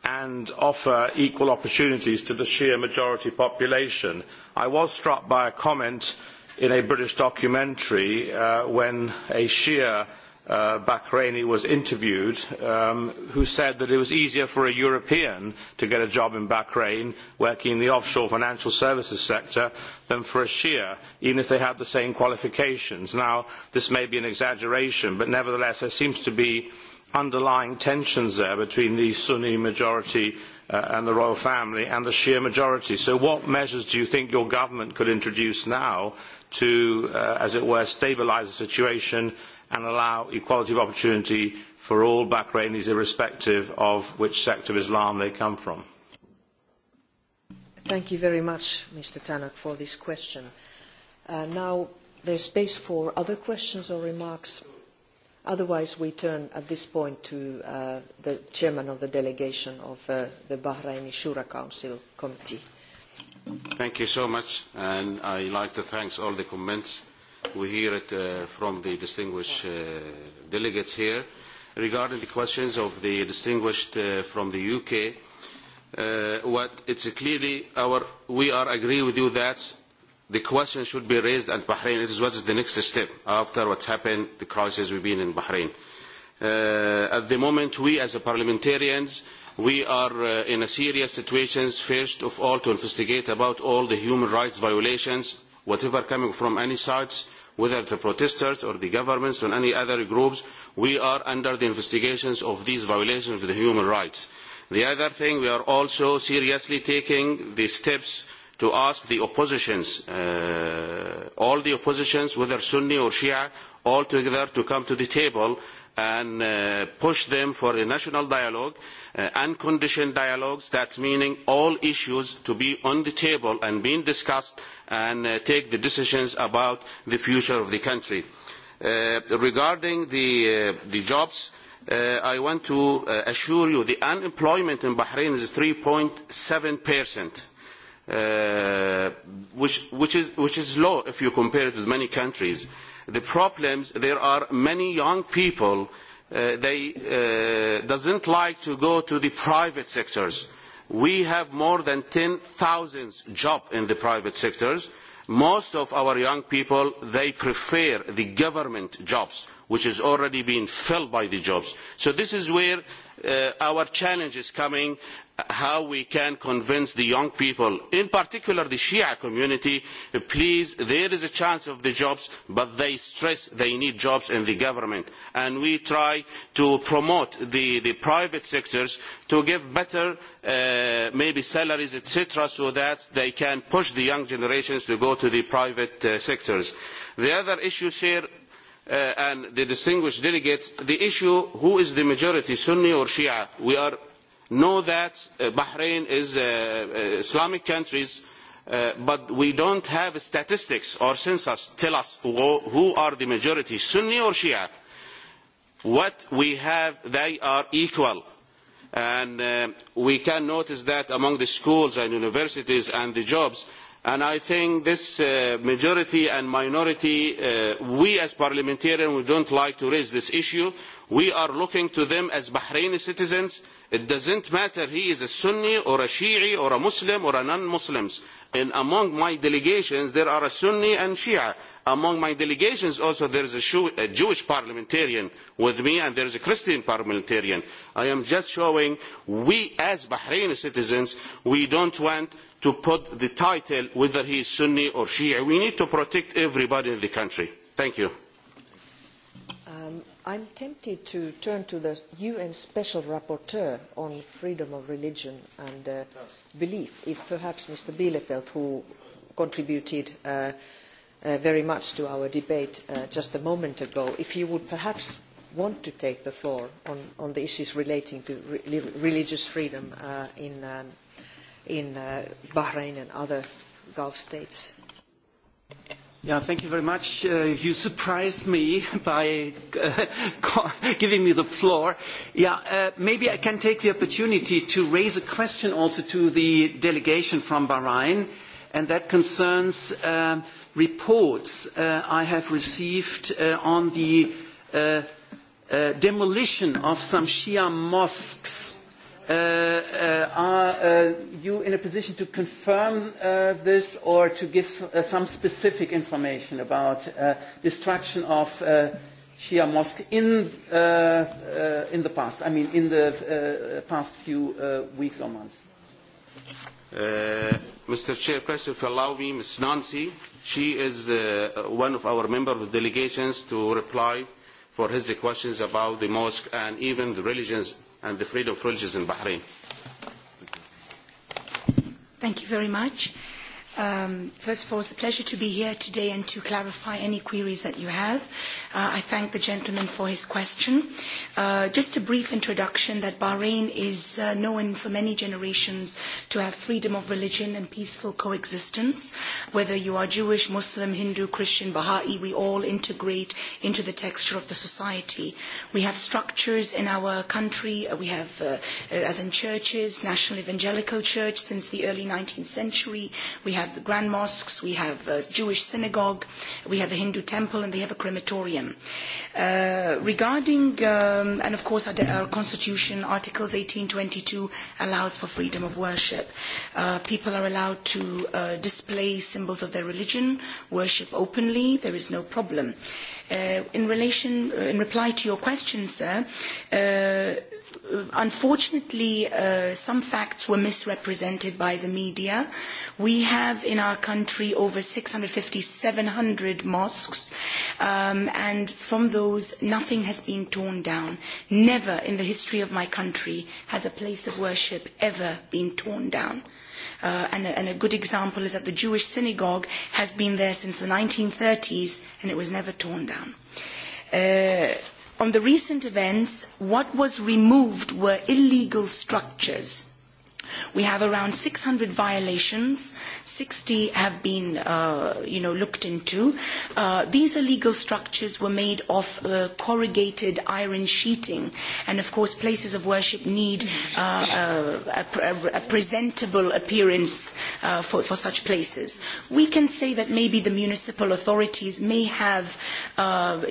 Speaker 8: and offer equal opportunities to the Shia majority population. I was struck by a comment in a British documentary when a Shia Bahraini was interviewed, who said that it was easier for a European to get a job in Bahrain working in the offshore financial services sector than for a Shia, even if they had the same qualifications. Now, this may be an exaggeration, but nevertheless there seems to be underlying tensions there between the Sunni majority and the royal family and the Shia majority. So what measures do you think your government could introduce now to, as it were, stabilise the situation and allow equality of opportunity for all Bahrainis irrespective of which sect of Islam they come from.
Speaker 1: Thank you very much, Mr. Tannock, for this question. Now there is space for other questions or remarks. Otherwise, we turn at this point to the chairman of the delegation of the Bahraini Shura Council Committee.
Speaker 14: Thank you so much, and I like to thank all the comments we hear it from the distinguished delegates here. Regarding the questions of the distinguished from the UK, what it's clearly our we are agree with you that the question should be raised at Bahrain. It is what is the next step after what happened, the crisis we've been in Bahrain. At the moment, we as parliamentarians, we are in a serious situation. First of all, to investigate about all the human rights violations, whatever coming from any sides whether the protesters or the governments or any other groups, we are under the investigations of these violations of human rights. The other thing, we are also seriously taking the steps to ask the oppositions, all the oppositions, whether Sunni or Shia, all together to come to the table and push them for a national dialogue, unconditioned dialogues, that's meaning all issues to be on the table and being discussed and take the decisions about the future of the country. Regarding the jobs, I want to assure you the unemployment in Bahrain is 3.7% which is low if you compare it with many countries the problems there are many young people they not like to go to the private sectors we have more than 10000 jobs in the private sectors most of our young people they prefer the government jobs which is already been filled by the jobs so this is where our challenge is coming how we can convince the young people, in particular the Shia community, please, there is a chance of the jobs, but they stress they need jobs in the government. And we try to promote the private sectors to give better, maybe salaries, etc., so that they can push the young generations to go to the private sectors. The other issue here and the distinguished delegates the issue who is the majority sunni or shia we know that bahrain is islamic countries but we don't have statistics or census tell us who are the majority sunni or shia what we have they are equal and we can notice that among the schools and universities and the jobs and i think this majority and minority we as parliamentarians we not like to raise this issue we are looking to them as bahraini citizens it does not matter he is a sunni or a shi'i or a muslim or a non muslim and among my delegations there are sunni and shia among my delegations also there is a jewish parliamentarian with me and there is a christian parliamentarian i am just showing we as bahraini citizens we don't want to put the title whether he is sunni or shia we need to protect everybody in the country thank you
Speaker 1: I am tempted to turn to the UN Special Rapporteur on freedom of religion and belief, if perhaps Mr. Bielefeld, who contributed very much to our debate just a moment ago, if you would perhaps want to take the floor on the issues relating to religious freedom in Bahrain and other Gulf states.
Speaker 2: Yeah, thank you very much. You surprised me by giving me the floor. Yeah, maybe I can take the opportunity to raise a question also to the delegation from Bahrain, and that concerns reports I have received on the demolition of some Shia mosques are you in a position to confirm this or to give some specific information about the destruction of Shia mosque in the past, I mean in the past few weeks or months?
Speaker 14: Mr. Chair, if you allow me, Ms. Nancy, she is one of our member of delegations to reply for his questions about the mosque and even the religions and the freedom of religion in Bahrain.
Speaker 16: Thank you very much. First of all, it's a pleasure to be here today and to clarify any queries that you have. I thank the gentleman for his question. Just a brief introduction that Bahrain is known for many generations to have freedom of religion and peaceful coexistence. Whether you are Jewish, Muslim, Hindu, Christian, Baha'i, we all integrate into the texture of the society. We have structures in our country. We have, as in churches, National Evangelical Church since the early 19th century. We have We have the grand mosques, we have a Jewish synagogue, we have a Hindu temple, and they have a crematorium. Regarding, and of course our constitution, Articles 1822 allows for freedom of worship. People are allowed to display symbols of their religion, worship openly, there is no problem. In relation, in reply to your question, sir, Unfortunately, some facts were misrepresented by the media. We have in our country over 650, 700 mosques, and from those, nothing has been torn down. Never in the history of my country has a place of worship ever been torn down. And a good example is that the Jewish synagogue has been there since the 1930s, and it was never torn down on the recent events, what was removed were illegal structures We have around 600 violations. 60 have been, you know, looked into. These illegal structures were made of corrugated iron sheeting, and of course places of worship need a presentable appearance for such places. We can say that maybe the municipal authorities may have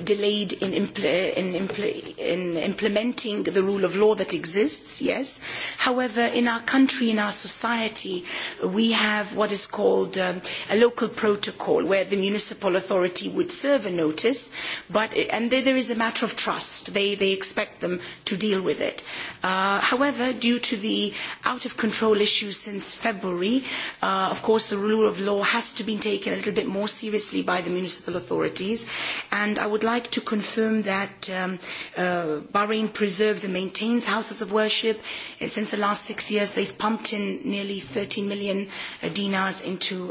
Speaker 16: delayed in implementing the rule of law that exists. Yes, however, in our country in our society, we have what is called a local protocol where the municipal authority would serve a notice, and there is a matter of trust. They expect them to deal with it. However, due to the out-of-control issues since February, of course, the rule of law has to be taken a little bit more seriously by the municipal authorities, and I would like to confirm that Bahrain preserves and maintains houses of worship. Since the last six years, they've pumped in nearly 30 million dinars into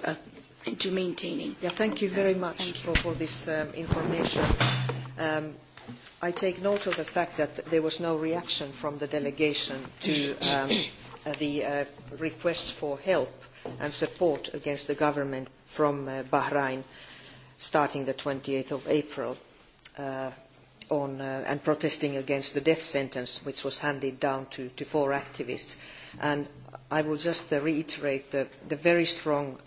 Speaker 1: into maintaining. Thank you very much for this information. I take note of the fact that there was no reaction from the delegation to the requests for help and support against the government from Bahrain starting the 28th of April and protesting against the death sentence which was handed down to four activists. And I will just reiterate the very strong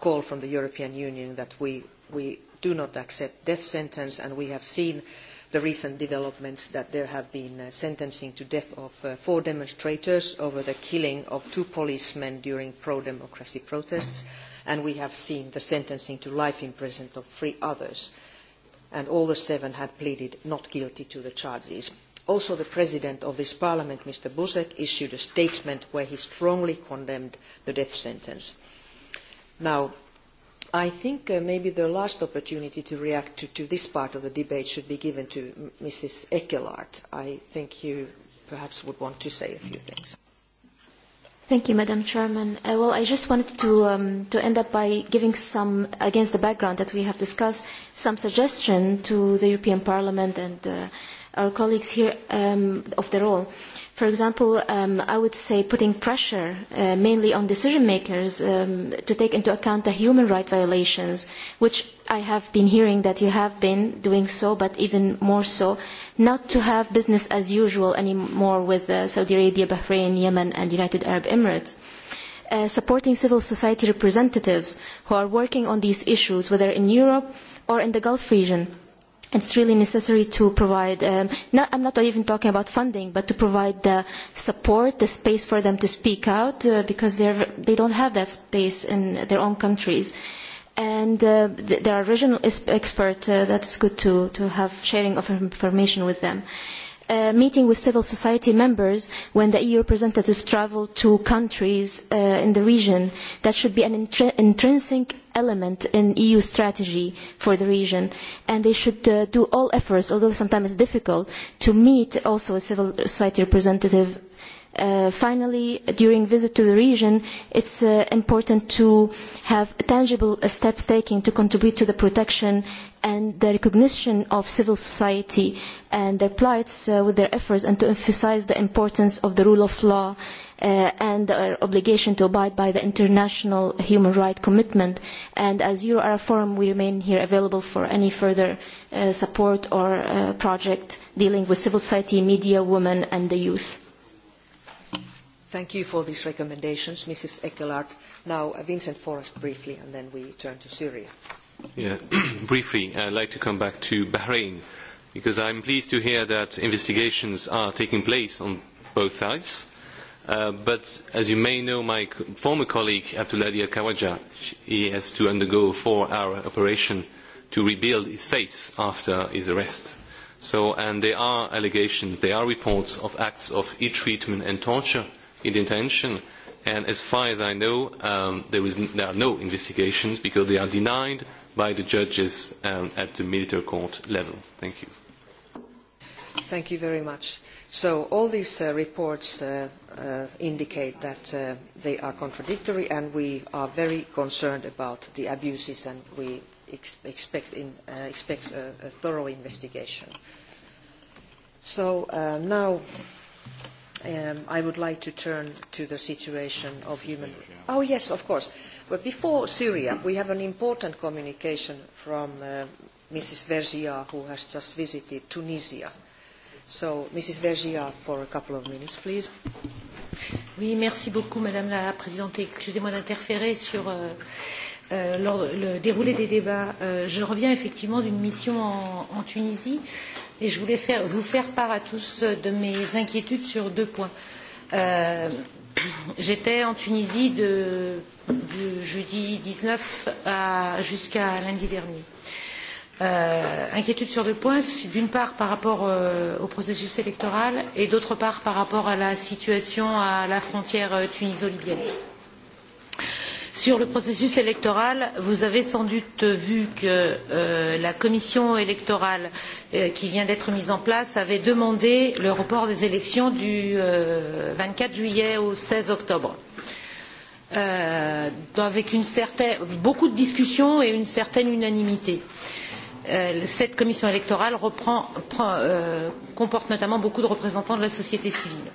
Speaker 1: call from the European Union that we do not accept death sentence, and we have seen the recent developments that there have been sentencing to death of four demonstrators over the killing of two policemen during pro-democracy protests, and we have seen the sentencing to life imprisonment of three others, and all the seven had pleaded not guilty to the charges. Also the President of this Parliament, Mr Buzek, issued a statement where he strongly condemned the death sentence. Now, I think maybe the last opportunity to react to this part of the debate should be given to Mrs Ekelart. I think you perhaps would want to say a few things.
Speaker 13: Thank you, Madam Chairman. Well, I just wanted to end up by giving some, against the background that we have discussed, some suggestion to the European Parliament and our colleagues here of the role. For example, I would say putting pressure mainly on decision makers to take into account the human rights violations, which I have been hearing that you have been doing so, but even more so, not to have business as usual anymore with Saudi Arabia, Bahrain, Yemen and United Arab Emirates supporting civil society representatives who are working on these issues, whether in Europe or in the Gulf region It's really necessary to provide, I'm not even talking about funding, but to provide the support, the space for them to speak out, because they don't have that space in their own countries. And there are regional experts that's good to have sharing of information with them meeting with civil society members when the EU representative travel to countries in the region. That should be an intrinsic element in EU strategy for the region. And they should do all efforts, although sometimes it's difficult, to meet also a civil society representative. Finally, during visit to the region, it's important to have tangible steps taken to contribute to the protection and the recognition of civil society and their plights with their efforts and to emphasise the importance of the rule of law and our obligation to abide by the international human rights commitment. And as a Forum, we remain here available for any further support or project dealing with civil society, media, women and the youth.
Speaker 1: Thank you for these recommendations, Mrs. Ekelard. Now, Vincent Forrest briefly, and then we turn to Syria.
Speaker 12: Briefly, I'd like to come back to Bahrain, because I'm pleased to hear that investigations are taking place on both sides. But as you may know, my former colleague Abdullah Al Kawaja, he has to undergo a four-hour operation to rebuild his face after his arrest. So, and there are allegations, there are reports of acts of ill-treatment and torture in detention. And as far as I know, there are no investigations because they are denied by the judges at the military court level. Thank you.
Speaker 1: Thank you very much. So all these reports indicate that they are contradictory and we are very concerned about the abuses and we expect a thorough investigation. So now I would like to turn to the situation of human. Oh yes, of course. But before Syria, we have an important communication from Mrs. Vergia, who has just visited Tunisia. So, Mrs. Vergia, for a couple of minutes, please.
Speaker 10: Oui, merci beaucoup, Madame la Présidente. Excusez-moi d'interférer sur le déroulé des débats. Je reviens effectivement d'une mission en Tunisie et je voulais vous faire part à tous de mes inquiétudes sur deux points. J'étais en Tunisie de jeudi 19 jusqu'à lundi dernier. Inquiétude sur deux points, d'une part par rapport au processus électoral et d'autre part par rapport à la situation à la frontière tuniso-libyenne Sur le processus électoral, vous avez sans doute vu que la commission électorale qui vient d'être mise en place avait demandé le report des élections du 24 juillet au 16 octobre avec beaucoup de discussions et une certaine unanimité. Cette commission électorale comporte notamment beaucoup de représentants de la société civile.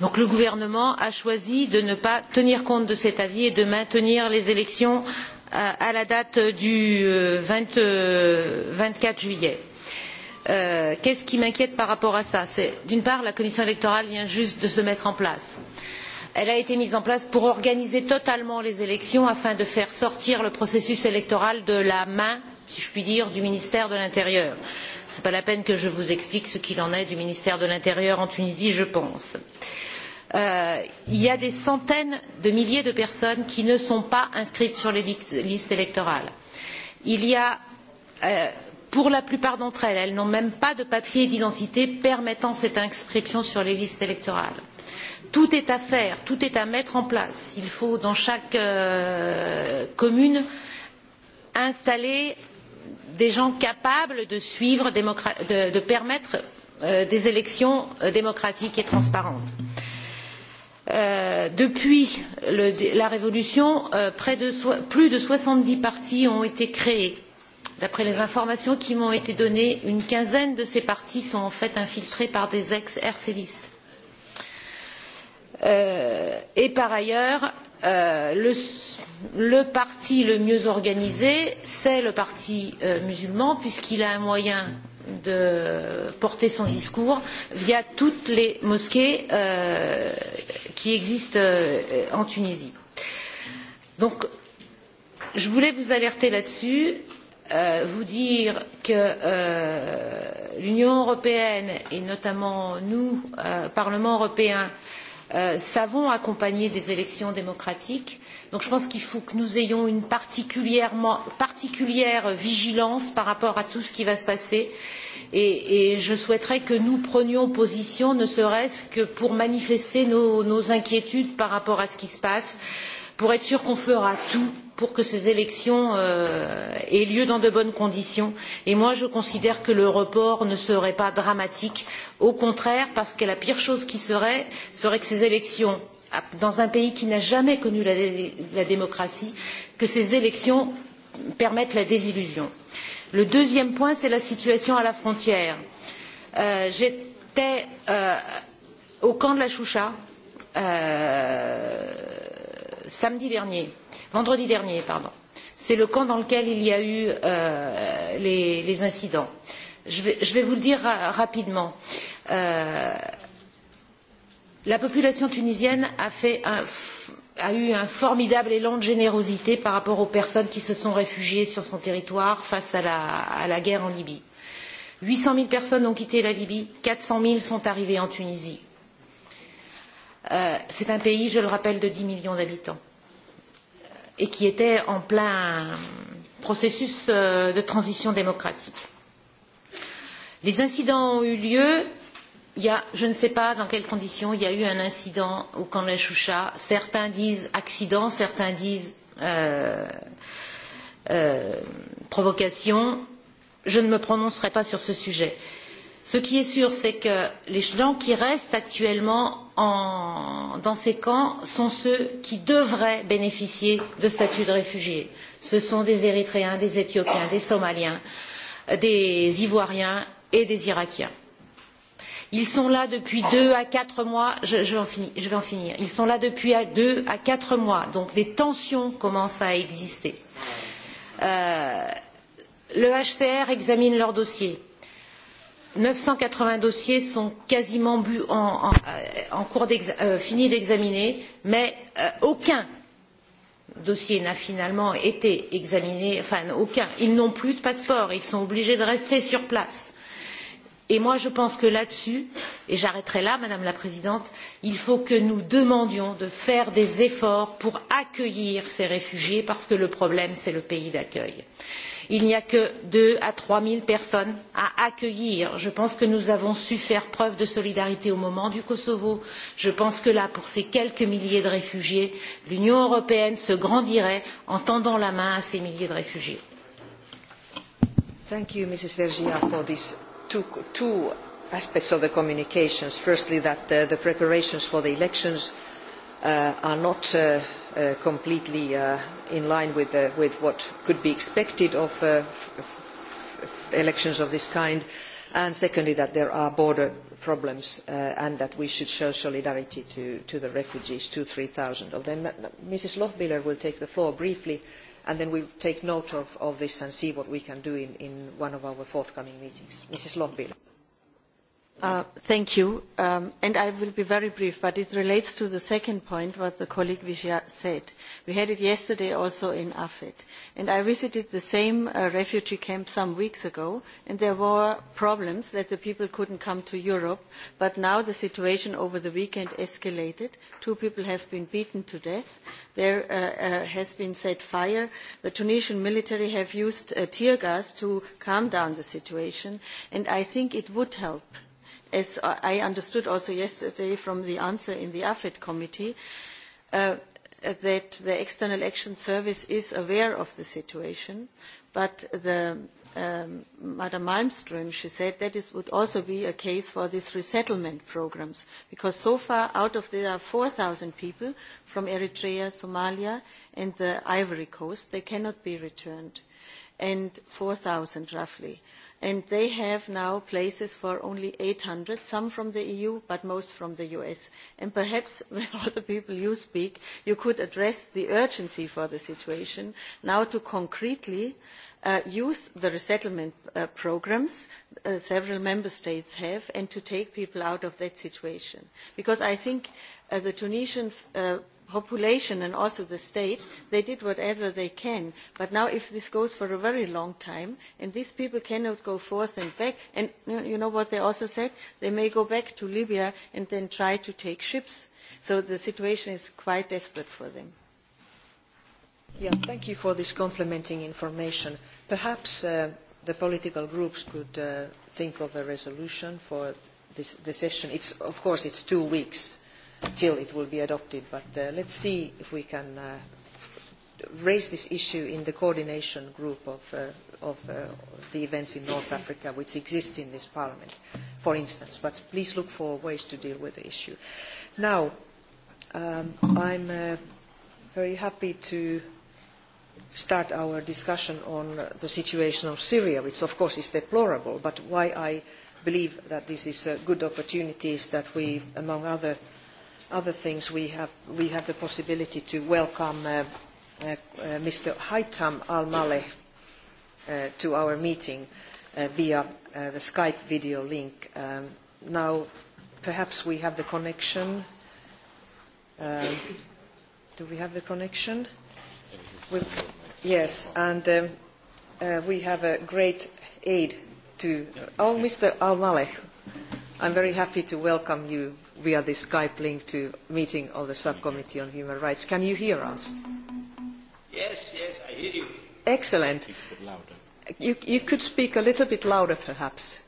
Speaker 10: Donc le gouvernement a choisi de ne pas tenir compte de cet avis et de maintenir les élections à la date du vingt quatre juillet. qu'est ce qui m'inquiète par rapport à cela? c'est d'une part la commission électorale vient juste de se mettre en place. elle a été mise en place pour organiser totalement les élections afin de faire sortir le processus électoral de la main si je puis dire du ministère de l'intérieur ce n'est pas la peine que je vous explique ce qu'il en est du ministère de l'intérieur en tunisie je pense. il y a des centaines de milliers de personnes qui ne sont pas inscrites sur les listes électorales. il y a pour la plupart d'entre elles elles n'ont même pas de papier d'identité permettant cette inscription sur les listes électorales. tout est à faire tout est à mettre en place. il faut dans chaque commune installer des gens capables de suivre de permettre des élections démocratiques et transparentes. depuis la révolution plus de soixante dix partis ont été créés. d'après les informations qui m'ont été données une quinzaine de ces partis sont en fait infiltrés par des ex rcdistes. et par ailleurs le parti le mieux organisé c'est le parti musulman puisqu'il a un moyen de porter son discours via toutes les mosquées qui existent en Tunisie. Donc je voulais vous alerter là-dessus, vous dire que l'Union européenne et notamment nous, Parlement européen, savons accompagner des élections démocratiques. Donc je pense qu'il faut que nous ayons une particulière vigilance par rapport à tout ce qui va se passer et je souhaiterais que nous prenions position ne serait-ce que pour manifester nos inquiétudes par rapport à ce qui se passe pour être sûr qu'on fera tout pour que ces élections aient lieu dans de bonnes conditions et moi je considère que le report ne serait pas dramatique au contraire parce que la pire chose qui serait serait que ces élections dans un pays qui n'a jamais connu la démocratie que ces élections permettent la désillusion. le deuxième point c'est la situation à la frontière. j'étais au camp de la choucha samedi dernier, vendredi dernier, C'est le camp dans lequel il y a eu les incidents. Je vais vous le dire rapidement. La population tunisienne a eu un formidable élan de générosité par rapport aux personnes qui se sont réfugiées sur son territoire face à la guerre en Libye. 800 personnes ont quitté la Libye, 400 sont arrivées en Tunisie C'est un pays, je le rappelle, de 10 millions d'habitants et qui était en plein processus de transition démocratique. Les incidents ont eu lieu. Il y a, je ne sais pas dans quelles conditions, il y a eu un incident au camp de la Choucha. Certains disent accident, certains disent provocation. Je ne me prononcerai pas sur ce sujet. Ce qui est sûr, c'est que les gens qui restent actuellement dans ces camps sont ceux qui devraient bénéficier de statut de réfugiés. Ce sont des Érythréens, des Éthiopiens, des Somaliens, des Ivoiriens et des Irakiens. Ils sont là depuis deux à quatre mois. Je vais en finir. Ils sont là depuis deux à quatre mois. Donc des tensions commencent à exister. Le HCR examine leur dossier neuf cent quatre vingts dossiers sont quasiment finis d'examiner mais aucun dossier n'a finalement été examiné enfin aucun ils n'ont plus de passeport ils sont obligés de rester sur place et moi je pense que là dessus et j'arrêterai là madame la présidente il faut que nous demandions de faire des efforts pour accueillir ces réfugiés parce que le problème c'est le pays d'accueil il n'y a que deux à trois zéro personnes à accueillir. je pense que nous avons su faire preuve de solidarité au moment du kosovo. je pense que là pour ces quelques milliers de réfugiés l'union européenne se grandirait en tendant la main à ces milliers de réfugiés
Speaker 1: in line with what could be expected of elections of this kind and secondly that there are border problems and that we should show solidarity to the refugees two three of them. Mrs Lochbihler will take the floor briefly and then we'll take note of this and see what we can do in one of our forthcoming meetings. Mrs Lochbihler.
Speaker 17: Thank you. And I will be very brief, but it relates to the second point, what the colleague Vigia said. We had it yesterday also in AFET. And I visited the same refugee camp some weeks ago, and there were problems that the people couldn't come to Europe. But now the situation over the weekend escalated. Two people have been beaten to death. There has been set fire. The Tunisian military have used tear gas to calm down the situation. And I think it would help as I understood also yesterday from the answer in the Afet committee, that the External Action Service is aware of the situation, but Madam Malmström, she said that this would also be a case for these resettlement programs, because so far out of the are 4,000 people from Eritrea, Somalia and the Ivory Coast, they cannot be returned, and 4,000 roughly and they have now places for only 800, some from the EU, but most from the US. And perhaps, with all the people you speak, you could address the urgency for the situation now to concretely use the resettlement programmes several member states have and to take people out of that situation. Because I think the Tunisian population and also the state, they did whatever they can. But now if this goes for a very long time, and these people cannot go forth and back, and you know what they also said? They may go back to Libya and then try to take ships. So the situation is quite desperate for them.
Speaker 1: Thank you for this complementing information. Perhaps the political groups could think of a resolution for this session. Of course, it's two weeks till it will be adopted. But let's see if we can raise this issue in the coordination group of the events in North Africa which exists in this Parliament, for instance. But please look for ways to deal with the issue. Now, I'm very happy to start our discussion on the situation of Syria, which of course is deplorable, but why I believe that this is a good opportunity is that we, among other other things, we have the possibility to welcome Mr. Haitam Al-Maleh to our meeting via the Skype video link. Now, perhaps we have the connection. Do we have the connection? Yes, and we have a great aid to... Oh, Mr. Al-Maleh, I'm very happy to welcome you via this Skype link to meeting of the Subcommittee on Human Rights. Can you hear us?
Speaker 18: Yes, yes, I hear you. Excellent.
Speaker 1: You could speak a little bit louder, perhaps.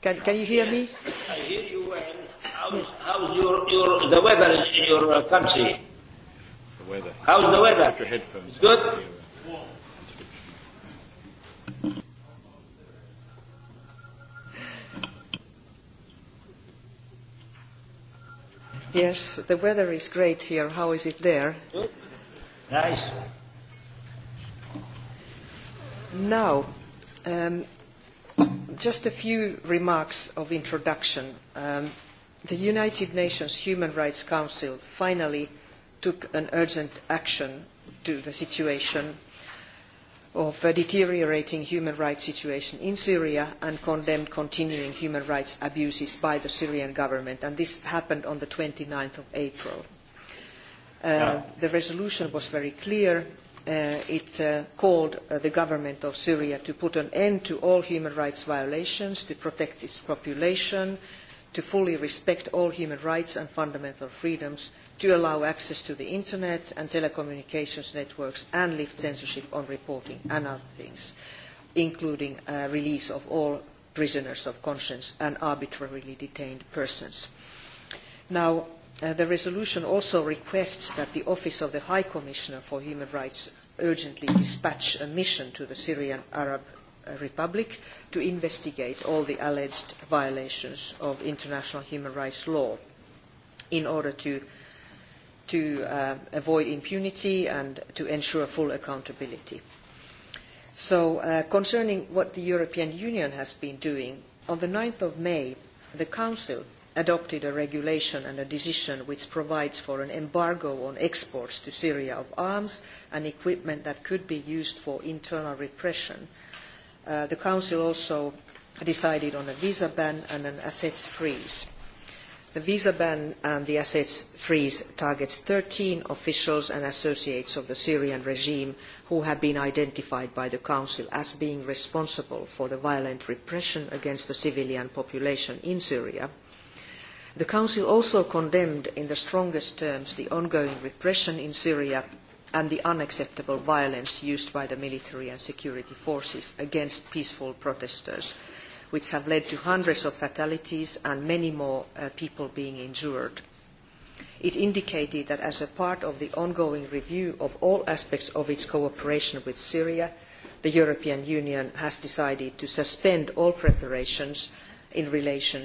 Speaker 1: Can can you hear me?
Speaker 18: I hear you. How's the weather in your country? The weather. How's the weather?
Speaker 14: Good.
Speaker 1: Yes, the weather is great here. How is it there? Nice. Now, just a few remarks of introduction. The United Nations Human Rights Council finally took an urgent action to the situation of a deteriorating human rights situation in Syria and condemned continuing human rights abuses by the Syrian government. And this happened on the 29th of April. The resolution was very clear. It called the government of Syria to put an end to all human rights violations, to protect its population, to fully respect all human rights and fundamental freedoms to allow access to the internet and telecommunications networks and lift censorship on reporting and other things including release of all prisoners of conscience and arbitrarily detained persons. Now, the resolution also requests that the Office of the High Commissioner for Human Rights urgently dispatch a mission to the Syrian Arab Republic to investigate all the alleged violations of international human rights law in order to to avoid impunity and to ensure full accountability. So concerning what the European Union has been doing, on the 9th of May the Council adopted a regulation and a decision which provides for an embargo on exports to Syria of arms and equipment that could be used for internal repression. The Council also decided on a visa ban and an assets freeze. The visa ban and the assets freeze targets 13 officials and associates of the Syrian regime who have been identified by the Council as being responsible for the violent repression against the civilian population in Syria. The Council also condemned in the strongest terms the ongoing repression in Syria and the unacceptable violence used by the military and security forces against peaceful protesters which have led to hundreds of fatalities and many more people being injured. It indicated that as a part of the ongoing review of all aspects of its cooperation with Syria, the European Union has decided to suspend all preparations in relation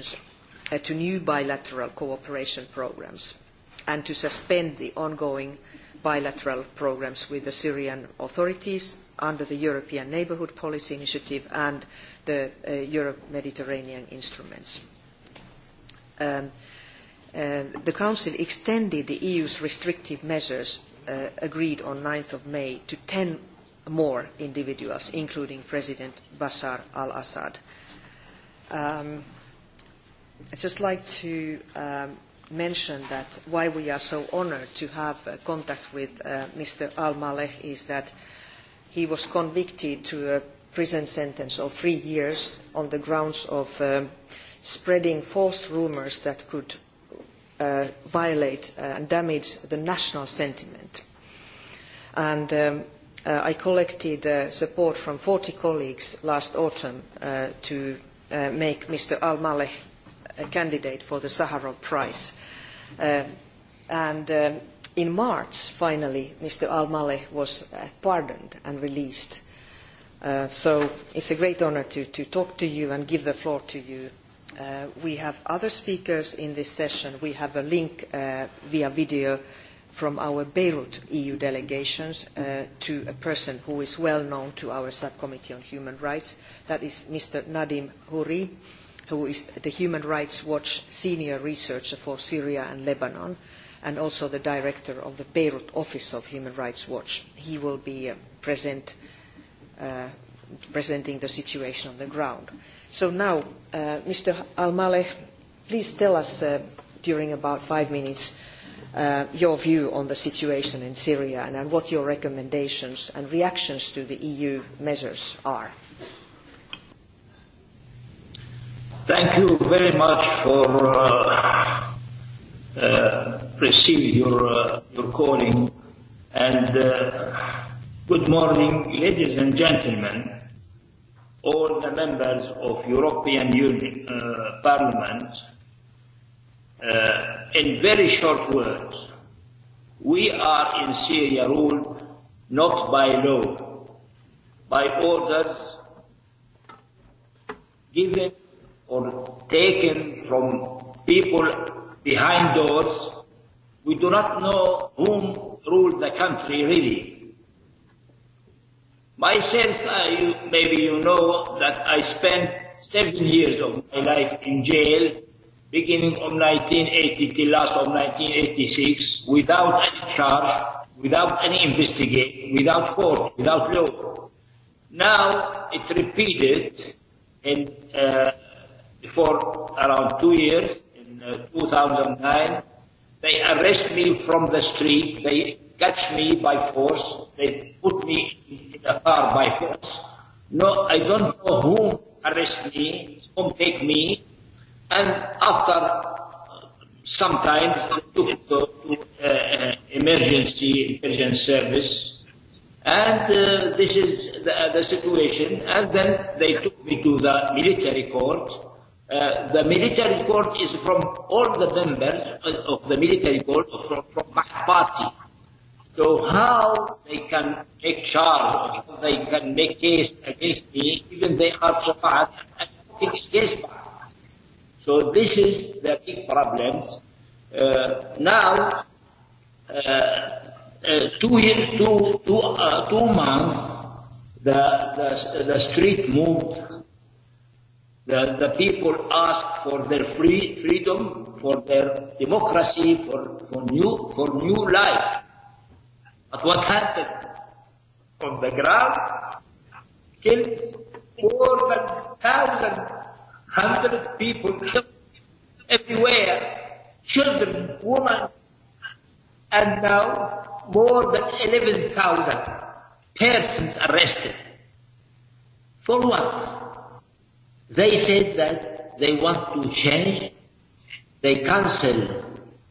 Speaker 1: to new bilateral cooperation programmes and to suspend the ongoing bilateral programmes with the Syrian authorities under the European Neighbourhood Policy Initiative and the Europe-Mediterranean instruments. The Council extended the EU's restrictive measures agreed on 9 May to 10 more individuals, including President Bashar al-Assad. I'd just like to mention that why we are so honoured to have contact with Mr. al-Maleh is that he was convicted to a prison sentence of three years on the grounds of spreading false rumours that could violate and damage the national sentiment. And I collected support from 40 colleagues last autumn to make Mr. Al-Maleh a candidate for the Saharov Prize. And in March, finally, Mr. Al-Maleh was pardoned and released. So it's a great honor to talk to you and give the floor to you. We have other speakers in this session. We have a link via video from our Beirut EU delegations to a person who is well known to our Subcommittee on Human Rights. That is Mr. Nadim Houri, who is the Human Rights Watch Senior Researcher for Syria and Lebanon and also the director of the Beirut office of Human Rights Watch. He will be presenting the situation on the ground. So now, Mr. Almaleh, please tell us during about five minutes your view on the situation in Syria and what your recommendations and reactions to the EU measures are.
Speaker 18: Thank you very much for receive your your calling and good morning ladies and gentlemen all the members of European Union Parliament uh in very short words we are in Syria ruled not by law by orders given or taken from people behind doors. We do not know whom ruled the country really. Myself, I, maybe you know that I spent seven years of my life in jail, beginning of 1980 till last of 1986, without any charge, without any investigation, without court, without law. Now it repeated, and uh, for around two years, 2009. They arrest me from the street. They catch me by force. They
Speaker 19: put me in the car by force. No, I don't know who arrest
Speaker 18: me, who take me. And after some time, they took to, to emergency intelligence service. And this is the, the situation. And then they took me to the military court the military court is from all the members of the military court from, from my party. So how they can take charge, they can make case against me, even they are so bad, and against me. So this is the big problem. Uh, now, uh, two years, two, two, uh, two months, the, the, the street moved The, people ask for their free freedom, for their democracy, for, for new for new life. But what happened on the ground? Killed more than thousand hundred people killed everywhere, children, women, and now more than eleven thousand persons arrested. For what? They said that they want to change. They cancel.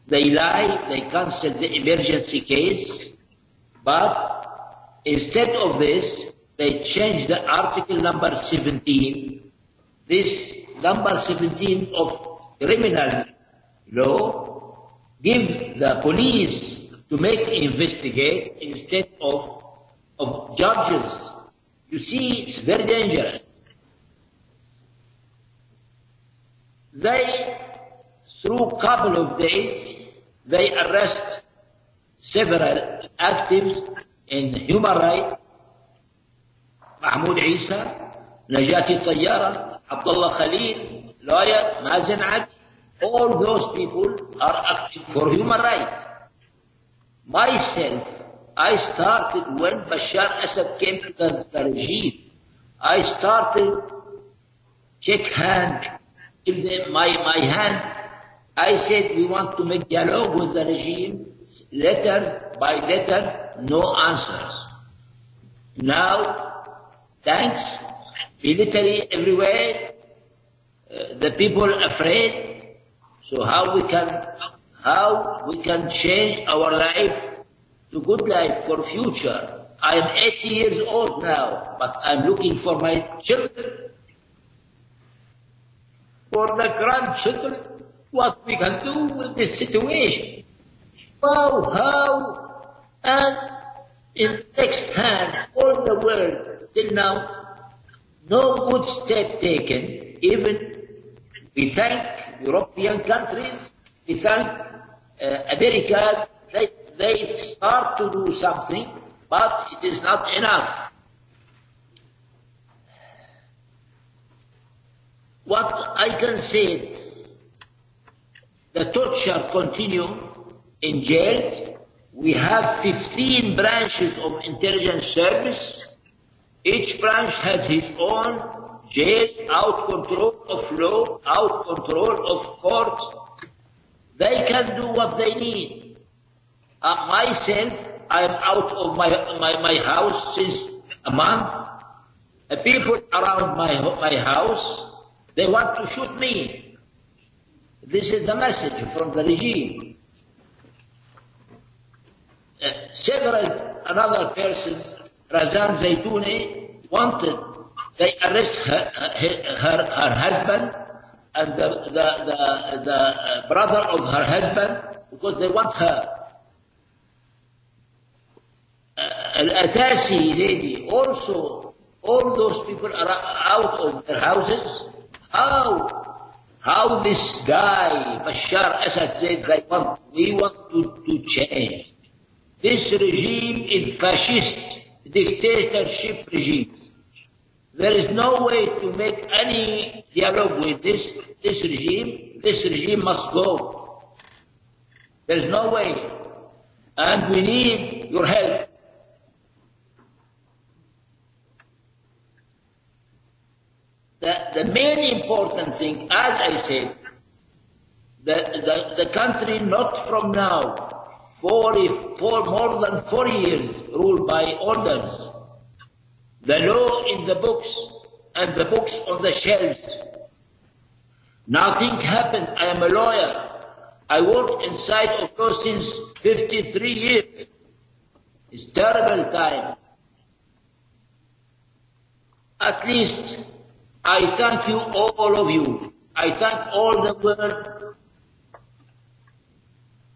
Speaker 18: They lie. They cancel the emergency case. But instead of this, they change the article number 17. This number 17 of criminal law give the police to make investigate instead of of judges. You see, it's very dangerous. They, through couple of days, they arrest several actives in human rights, Mahmoud Isa, Najati الطيارة Abdullah Khalil, lawyer مازن all those people are active for human rights myself I started when Bashar Assad came to the regime I started check hand Give my, my hand. I said we want to make dialogue with the regime, letter by letter, no answers. Now, thanks, military everywhere, uh, the people afraid, so how we can, how we can change our life to good life for future. I'm 80 years old now, but I'm looking for my children for the grandchildren what we can do with this situation. How, how, and in next hand, all the world till now, no good step taken. Even we thank European countries, we thank uh, America, they, they start to do something, but it is not enough. What I can say, the torture continue in jails. We have 15 branches of intelligence service. Each branch has his own jail, out control of law, out control of court. They can do what they need. Uh, myself, I'm out of my, my, my house since a month. The people around my, my house, They want to shoot me. This is the message from the regime. Uh, several another person, Razan Zaytouni, wanted. They arrest her, her, her, husband and the, the, the, the brother of her husband because they want her. Uh, Al-Atasi lady also, all those people are out of their houses How? How this guy, Bashar Assad, said they want, we want to, to change. This regime is fascist dictatorship regime. There is no way to make any dialogue with this, this regime. This regime must go. There is no way. And we need your help. The, the main important thing, as I said, the, the, the country not from now, if for more than four years ruled by orders, the law in the books and the books on the shelves. Nothing happened. I am a lawyer. I work inside of those since 53 years. It's terrible time. At least I thank you, all of you. I thank all the world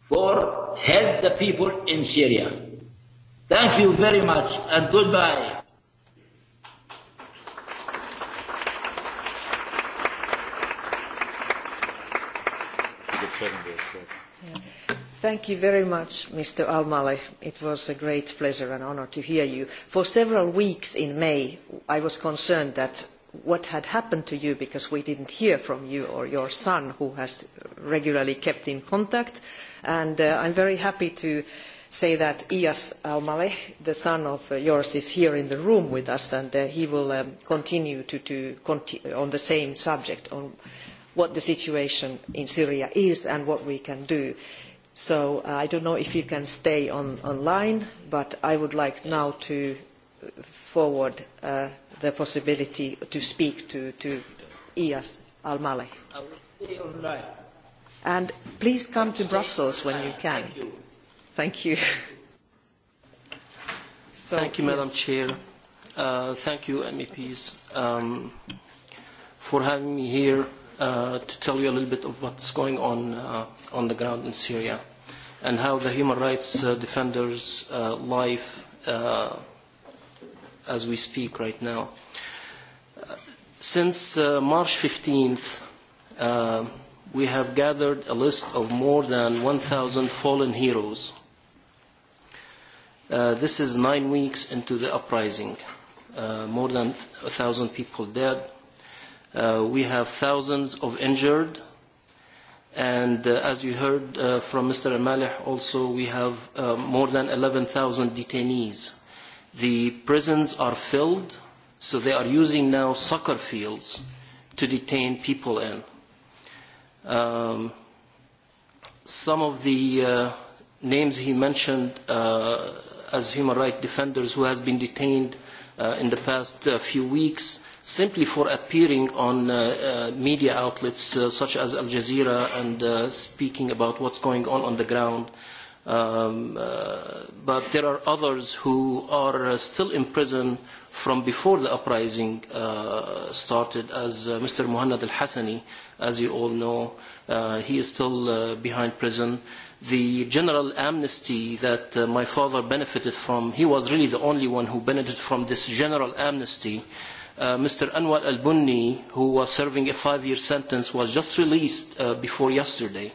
Speaker 18: for help the people in Syria. Thank you very much and goodbye.
Speaker 1: Thank you very much, Mr. Almale. It was a great pleasure and honor to hear you. For several weeks in May, I was concerned that what had happened to you because we didn't hear from you or your son who has regularly kept in contact and I'm very happy to say that Iyas Al-Maleh, the son of yours, is here in the room with us and he will continue to on the same subject on what the situation in Syria is and what we can do. So I don't know if you can stay online, but I would like now to forward the possibility to speak to Ias Al-Maleh. And please come to Brussels when you can. Thank you. Thank you, Madam
Speaker 20: Chair. Thank you, MEPs, for having me here to tell you a little bit of what's going on on the ground in Syria and how the human rights defenders' life as we speak right now. Since March 15th, we have gathered a list of more than 1,000 fallen heroes. This is nine weeks into the uprising. More than 1,000 people dead. We have thousands of injured. And as you heard from Mr. Amalih, also, we have more than 11,000 detainees The prisons are filled, so they are using now soccer fields to detain people in. Some of the names he mentioned as human rights defenders who has been detained in the past few weeks simply for appearing on media outlets such as Al Jazeera and speaking about what's going on on the ground but there are others who are still in prison from before the uprising started, as Mr. Muhammad al-Hassani, as you all know, he is still behind prison. The general amnesty that my father benefited from, he was really the only one who benefited from this general amnesty. Mr. Anwar al-Bunni, who was serving a five-year sentence, was just released before yesterday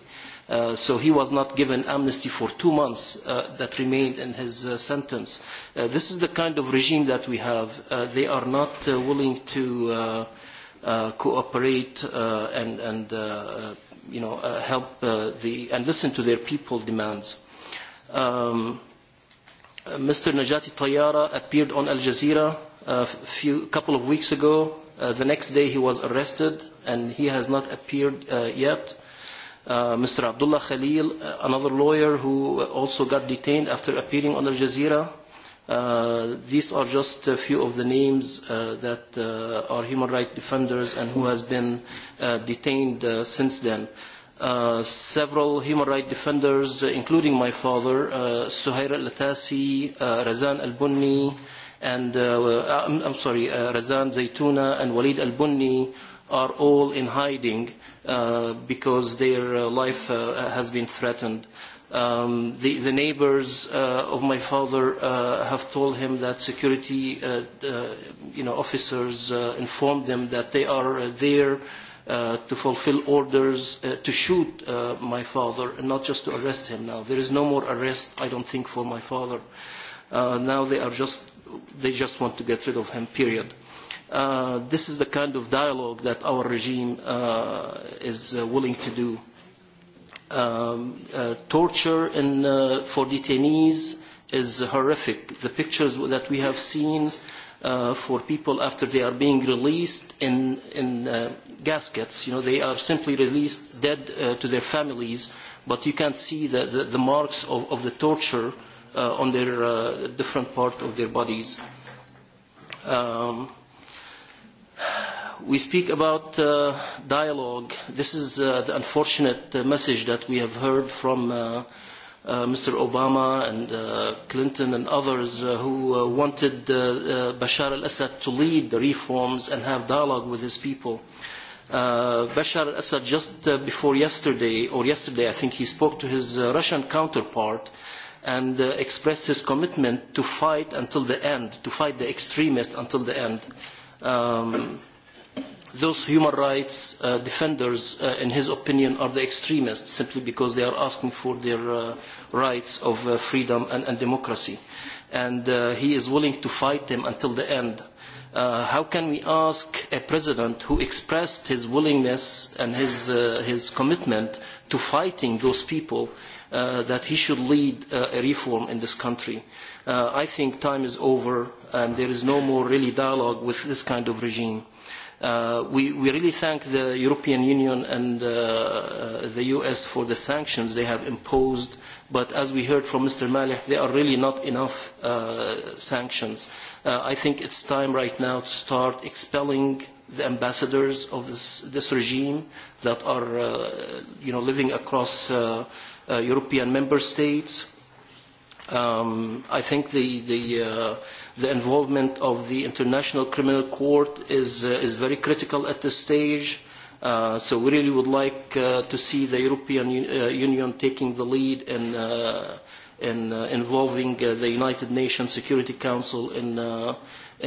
Speaker 20: So he was not given amnesty for two months that remained in his sentence. This is the kind of regime that we have. They are not willing to cooperate and help and listen to their people demands. Mr. Najati Tayara appeared on Al Jazeera a couple of weeks ago. The next day he was arrested and he has not appeared yet. Mr. Abdullah Khalil, another lawyer who also got detained after appearing on Al Jazeera. These are just a few of the names that are human rights defenders and who has been detained since then. Several human rights defenders, including my father, Suhair al Razan Al-Bunni, and I'm sorry, Razan Zaytuna and Walid Al-Bunni are all in hiding because their life has been threatened. The neighbors of my father have told him that security officers informed them that they are there to fulfill orders to shoot my father and not just to arrest him now. There is no more arrest, I don't think, for my father. Now they are just, they just want to get rid of him, period. This is the kind of dialogue that our regime is willing to do. Torture for detainees is horrific. The pictures that we have seen for people after they are being released in gaskets, you know, they are simply released dead to their families, but you can see the marks of the torture on their different part of their bodies. We speak about dialogue. This is the unfortunate message that we have heard from Mr. Obama and Clinton and others who wanted Bashar al-Assad to lead the reforms and have dialogue with his people. Bashar al-Assad just before yesterday, or yesterday I think he spoke to his Russian counterpart and expressed his commitment to fight until the end, to fight the extremists until the end those human rights defenders, in his opinion, are the extremists simply because they are asking for their rights of freedom and democracy. And he is willing to fight them until the end. How can we ask a president who expressed his willingness and his commitment to fighting those people that he should lead a reform in this country? I think time is over and there is no more really dialogue with this kind of regime. We really thank the European Union and the US for the sanctions they have imposed, but as we heard from Mr. Malik, there are really not enough sanctions. I think it's time right now to start expelling the ambassadors of this regime that are living across European member states. I think the The involvement of the International Criminal Court is very critical at this stage. So we really would like to see the European Union taking the lead in involving the United Nations Security Council in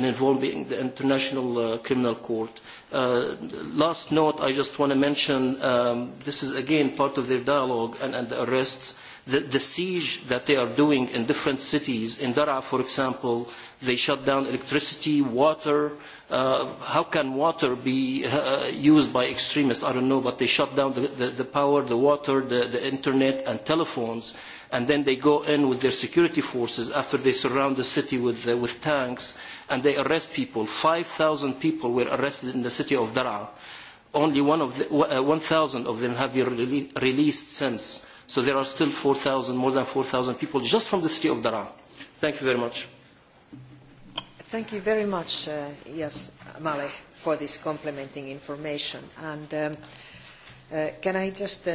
Speaker 20: involving the International Criminal Court. Last note, I just want to mention, this is again part of their dialogue and the arrests, the siege that they are doing in different cities. In Dara, for example They shut down electricity, water. How can water be used by extremists? I don't know, but they shut down the power, the water, the internet and telephones, and then they go in with their security forces after they surround the city with tanks and they arrest people. 5,000 people were arrested in the city of Daraa. Only 1,000 of them have been released since. So there are still 4,000, more than 4,000 people just from the city of Daraa. Thank you very much.
Speaker 1: Thank you very much, Yas Maleh, for this complimenting information. And can I just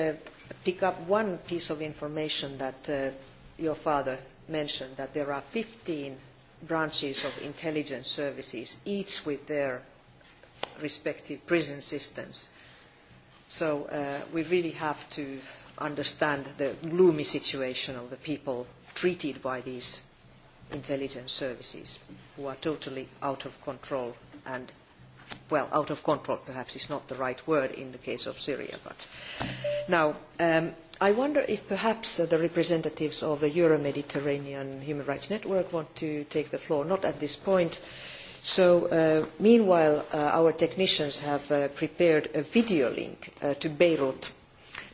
Speaker 1: pick up one piece of information that your father mentioned, that there are 15 branches of intelligence services, each with their respective prison systems. So we really have to understand the gloomy situation of the people treated by these intelligence services who are totally out of control and well out of control perhaps is not the right word in the case of Syria but now I wonder if perhaps the representatives of the Euro-Mediterranean Human Rights Network want to take the floor not at this point so meanwhile our technicians have prepared a video link to Beirut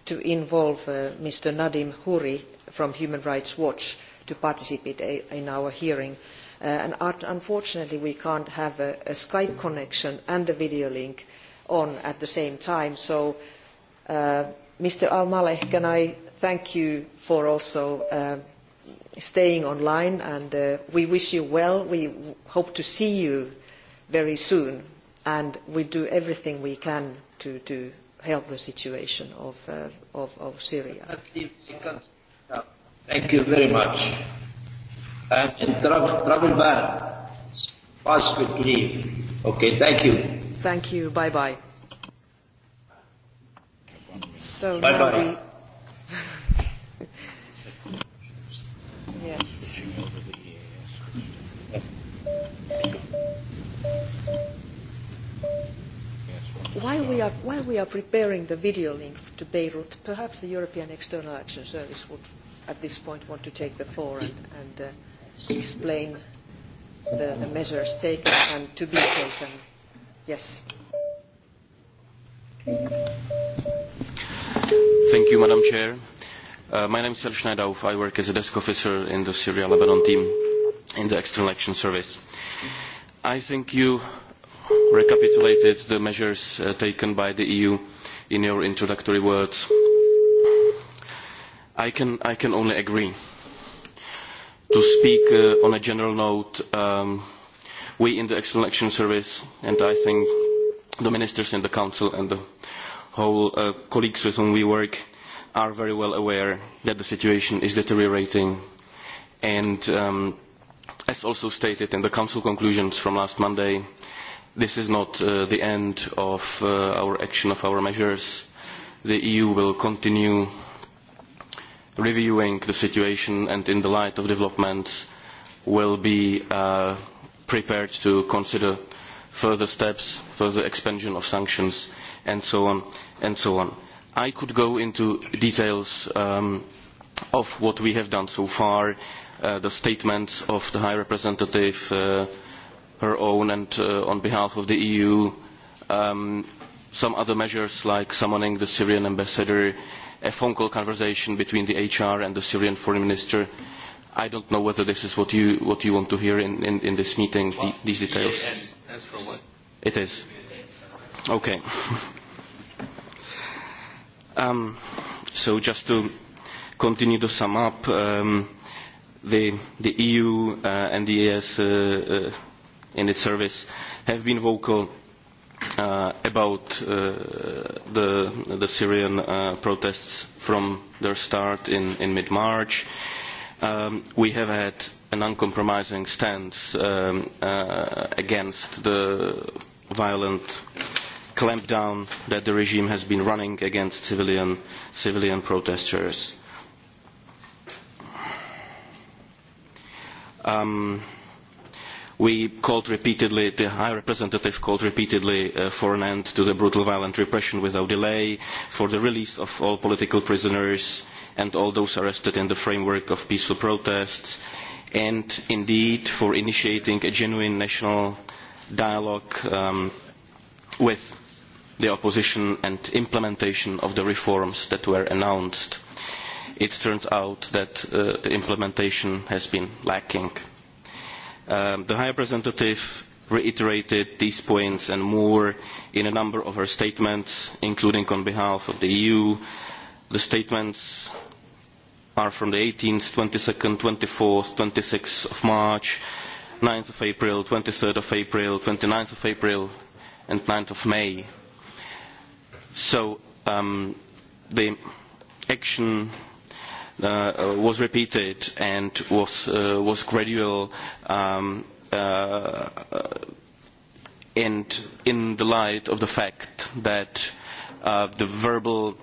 Speaker 1: to involve Mr Nadim Houri from Human Rights Watch to participate in our hearing. And unfortunately, we can't have a Skype connection and the video link on at the same time. So, Mr. Al-Maleh, can I thank you for also staying online and we wish you well. We hope to see you very soon and we do everything we can to help the situation of Syria.
Speaker 18: Thank you very much. I'm in trouble,
Speaker 1: bar.
Speaker 18: Pass leave. Okay, thank you.
Speaker 1: Thank you. Bye bye. So bye bye. we. yes. While we, are, while we are preparing the video link to Beirut, perhaps the European External Action Service would at this point want to take the floor and explain the measures taken and to be taken. Yes.
Speaker 19: Thank you, Madam Chair. My name is El Schneidauf. I work as a desk officer in the Syria-Lebanon team in the External Action Service. I think you recapitulated the measures taken by the EU in your introductory words I can only agree. To speak on a general note, we in the External Action Service, and I think the ministers in the Council and the whole colleagues with whom we work, are very well aware that the situation is deteriorating. And as also stated in the Council conclusions from last Monday, this is not the end of our action, of our measures. The EU will continue reviewing the situation and in the light of developments will be prepared to consider further steps, further expansion of sanctions and so on and so on. I could go into details of what we have done so far, the statements of the High Representative, her own and on behalf of the EU, some other measures like summoning the Syrian ambassador a phone call conversation between the HR and the Syrian foreign minister. I don't know whether this is what you what you want to hear in in this meeting. These details. It is. Okay. So just to continue to sum up, the EU and the ES in its service have been vocal about the Syrian protests from their start in mid-March. We have had an uncompromising stance against the violent clampdown that the regime has been running against civilian protesters. We called repeatedly, the High Representative called repeatedly for an end to the brutal violent repression without delay, for the release of all political prisoners and all those arrested in the framework of peaceful protests, and indeed for initiating a genuine national dialogue with the opposition and implementation of the reforms that were announced. It turned out that the implementation has been lacking. The High Representative reiterated these points and more in a number of her statements, including on behalf of the EU. The statements are from the 18th, 22nd, 24th, 26th of March, 9th of April, 23rd of April, 29th of April and 9th of May. So the action was repeated and was gradual and in the light of the fact that the verbal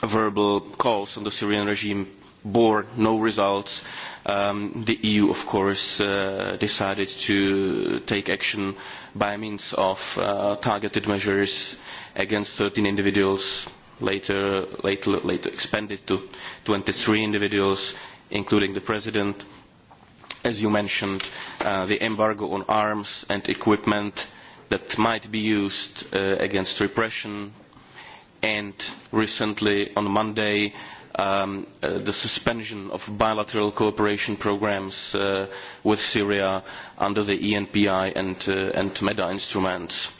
Speaker 19: verbal calls on the Syrian regime bore no results, the EU, of course, decided to take action by means of targeted measures against 13 individuals later later later expanded to 23 individuals including the president as you mentioned the embargo on arms and equipment that might be used against repression and recently on monday the suspension of bilateral cooperation programmes with syria under the enpi and meda instruments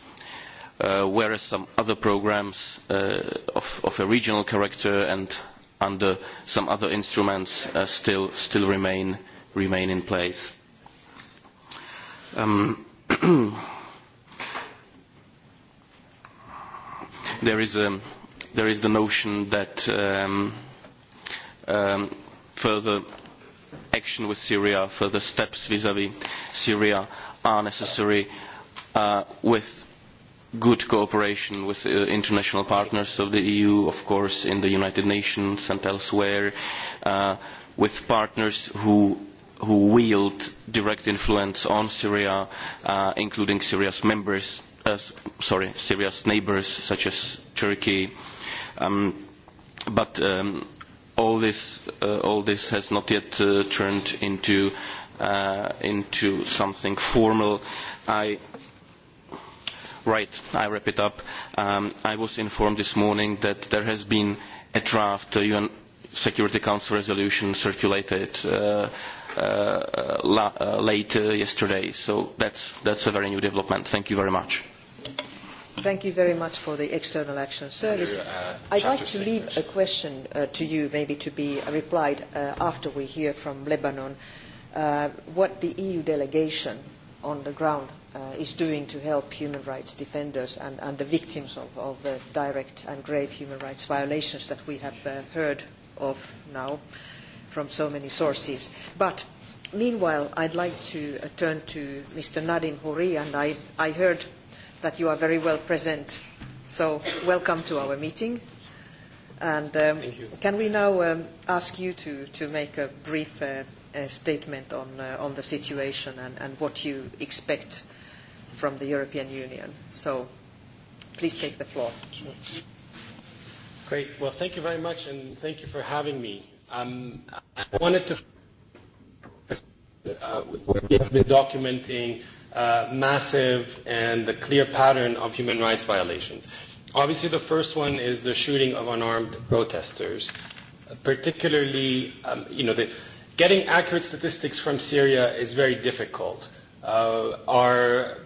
Speaker 19: whereas some other programs of a regional character and under some other instruments still remain in place. There is there is the notion that further action with Syria, further steps vis-à-vis Syria are necessary with good cooperation with international partners of the EU, of course, in the United Nations and elsewhere, with partners who wield direct influence on Syria, including Syria's members, sorry, Syria's neighbors, such as Turkey. But all this has not yet turned into something formal. I Right, I wrap it up. I was informed this morning that there has been a draft UN Security Council resolution circulated late yesterday. So that's a very new development. Thank you very much.
Speaker 1: Thank you very much for the External Action Service. I'd like to leave a question to you, maybe to be replied after we hear from Lebanon, what the EU delegation on the ground is doing to help human rights defenders and the victims of the direct and grave human rights violations that we have heard of now from so many sources. But meanwhile, I'd like to turn to Mr. Nadin Houri, and I heard that you are very well present. So welcome to our meeting. And can we now ask you to make a brief statement on the situation and what you
Speaker 21: expect from the European Union. So please take the floor. Great. Well, thank you very much, and thank you for having me. Um, I wanted to uh, we have been documenting uh, massive and the clear pattern of human rights violations. Obviously, the first one is the shooting of unarmed protesters, particularly, um, you know, the, getting accurate statistics from Syria is very difficult. Uh, our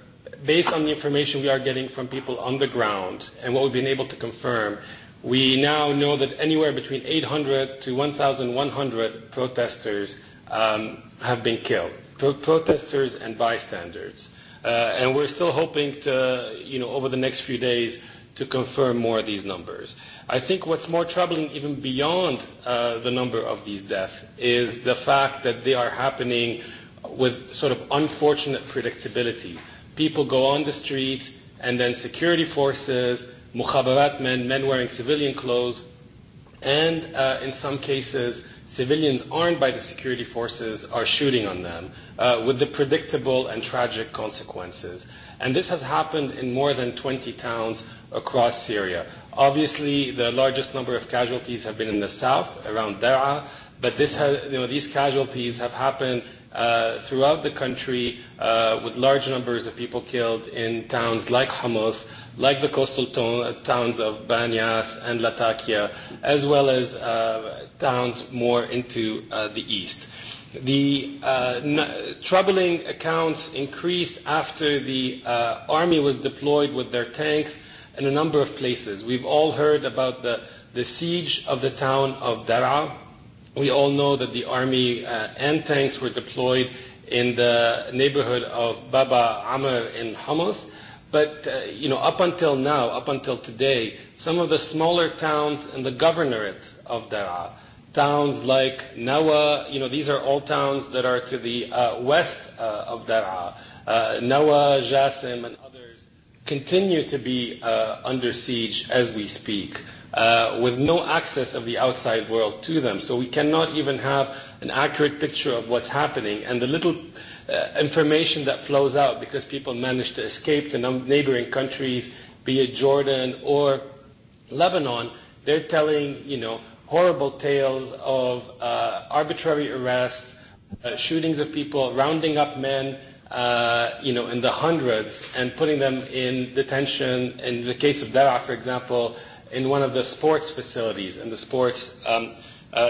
Speaker 21: based on the information we are getting from people on the ground and what we've been able to confirm, we now know that anywhere between 800 to 1,100 protesters um have been killed, protesters and bystanders. And we're still hoping to, you know, over the next few days to confirm more of these numbers. I think what's more troubling even beyond the number of these deaths is the fact that they are happening with sort of unfortunate predictability people go on the streets and then security forces, mukhabarat men, men wearing civilian clothes, and in some cases civilians armed by the security forces are shooting on them with the predictable and tragic consequences. And this has happened in more than 20 towns across Syria. Obviously, the largest number of casualties have been in the south, around Daraa, but this you know, these casualties have happened throughout the country with large numbers of people killed in towns like Hamas, like the coastal towns of Banyas and Latakia, as well as towns more into the east. The troubling accounts increased after the army was deployed with their tanks in a number of places. We've all heard about the siege of the town of Daraa We all know that the army and tanks were deployed in the neighborhood of Baba Amr in Hamas. But, you know, up until now, up until today, some of the smaller towns in the governorate of Daraa, towns like Nawa, you know, these are all towns that are to the west of Daraa. Nawa, Jassim, and others continue to be under siege as we speak with no access of the outside world to them. So we cannot even have an accurate picture of what's happening. And the little information that flows out because people manage to escape to neighboring countries, be it Jordan or Lebanon, they're telling, you know, horrible tales of arbitrary arrests, shootings of people, rounding up men, you know, in the hundreds and putting them in detention. In the case of Daraa, for example, in one of the sports facilities, in the sports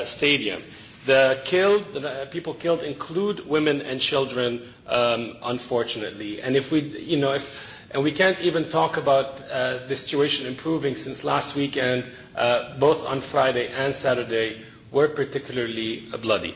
Speaker 21: stadium. The killed, the people killed include women and children, unfortunately. And if we, you know, if and we can't even talk about the situation improving since last weekend, both on Friday and Saturday were particularly bloody.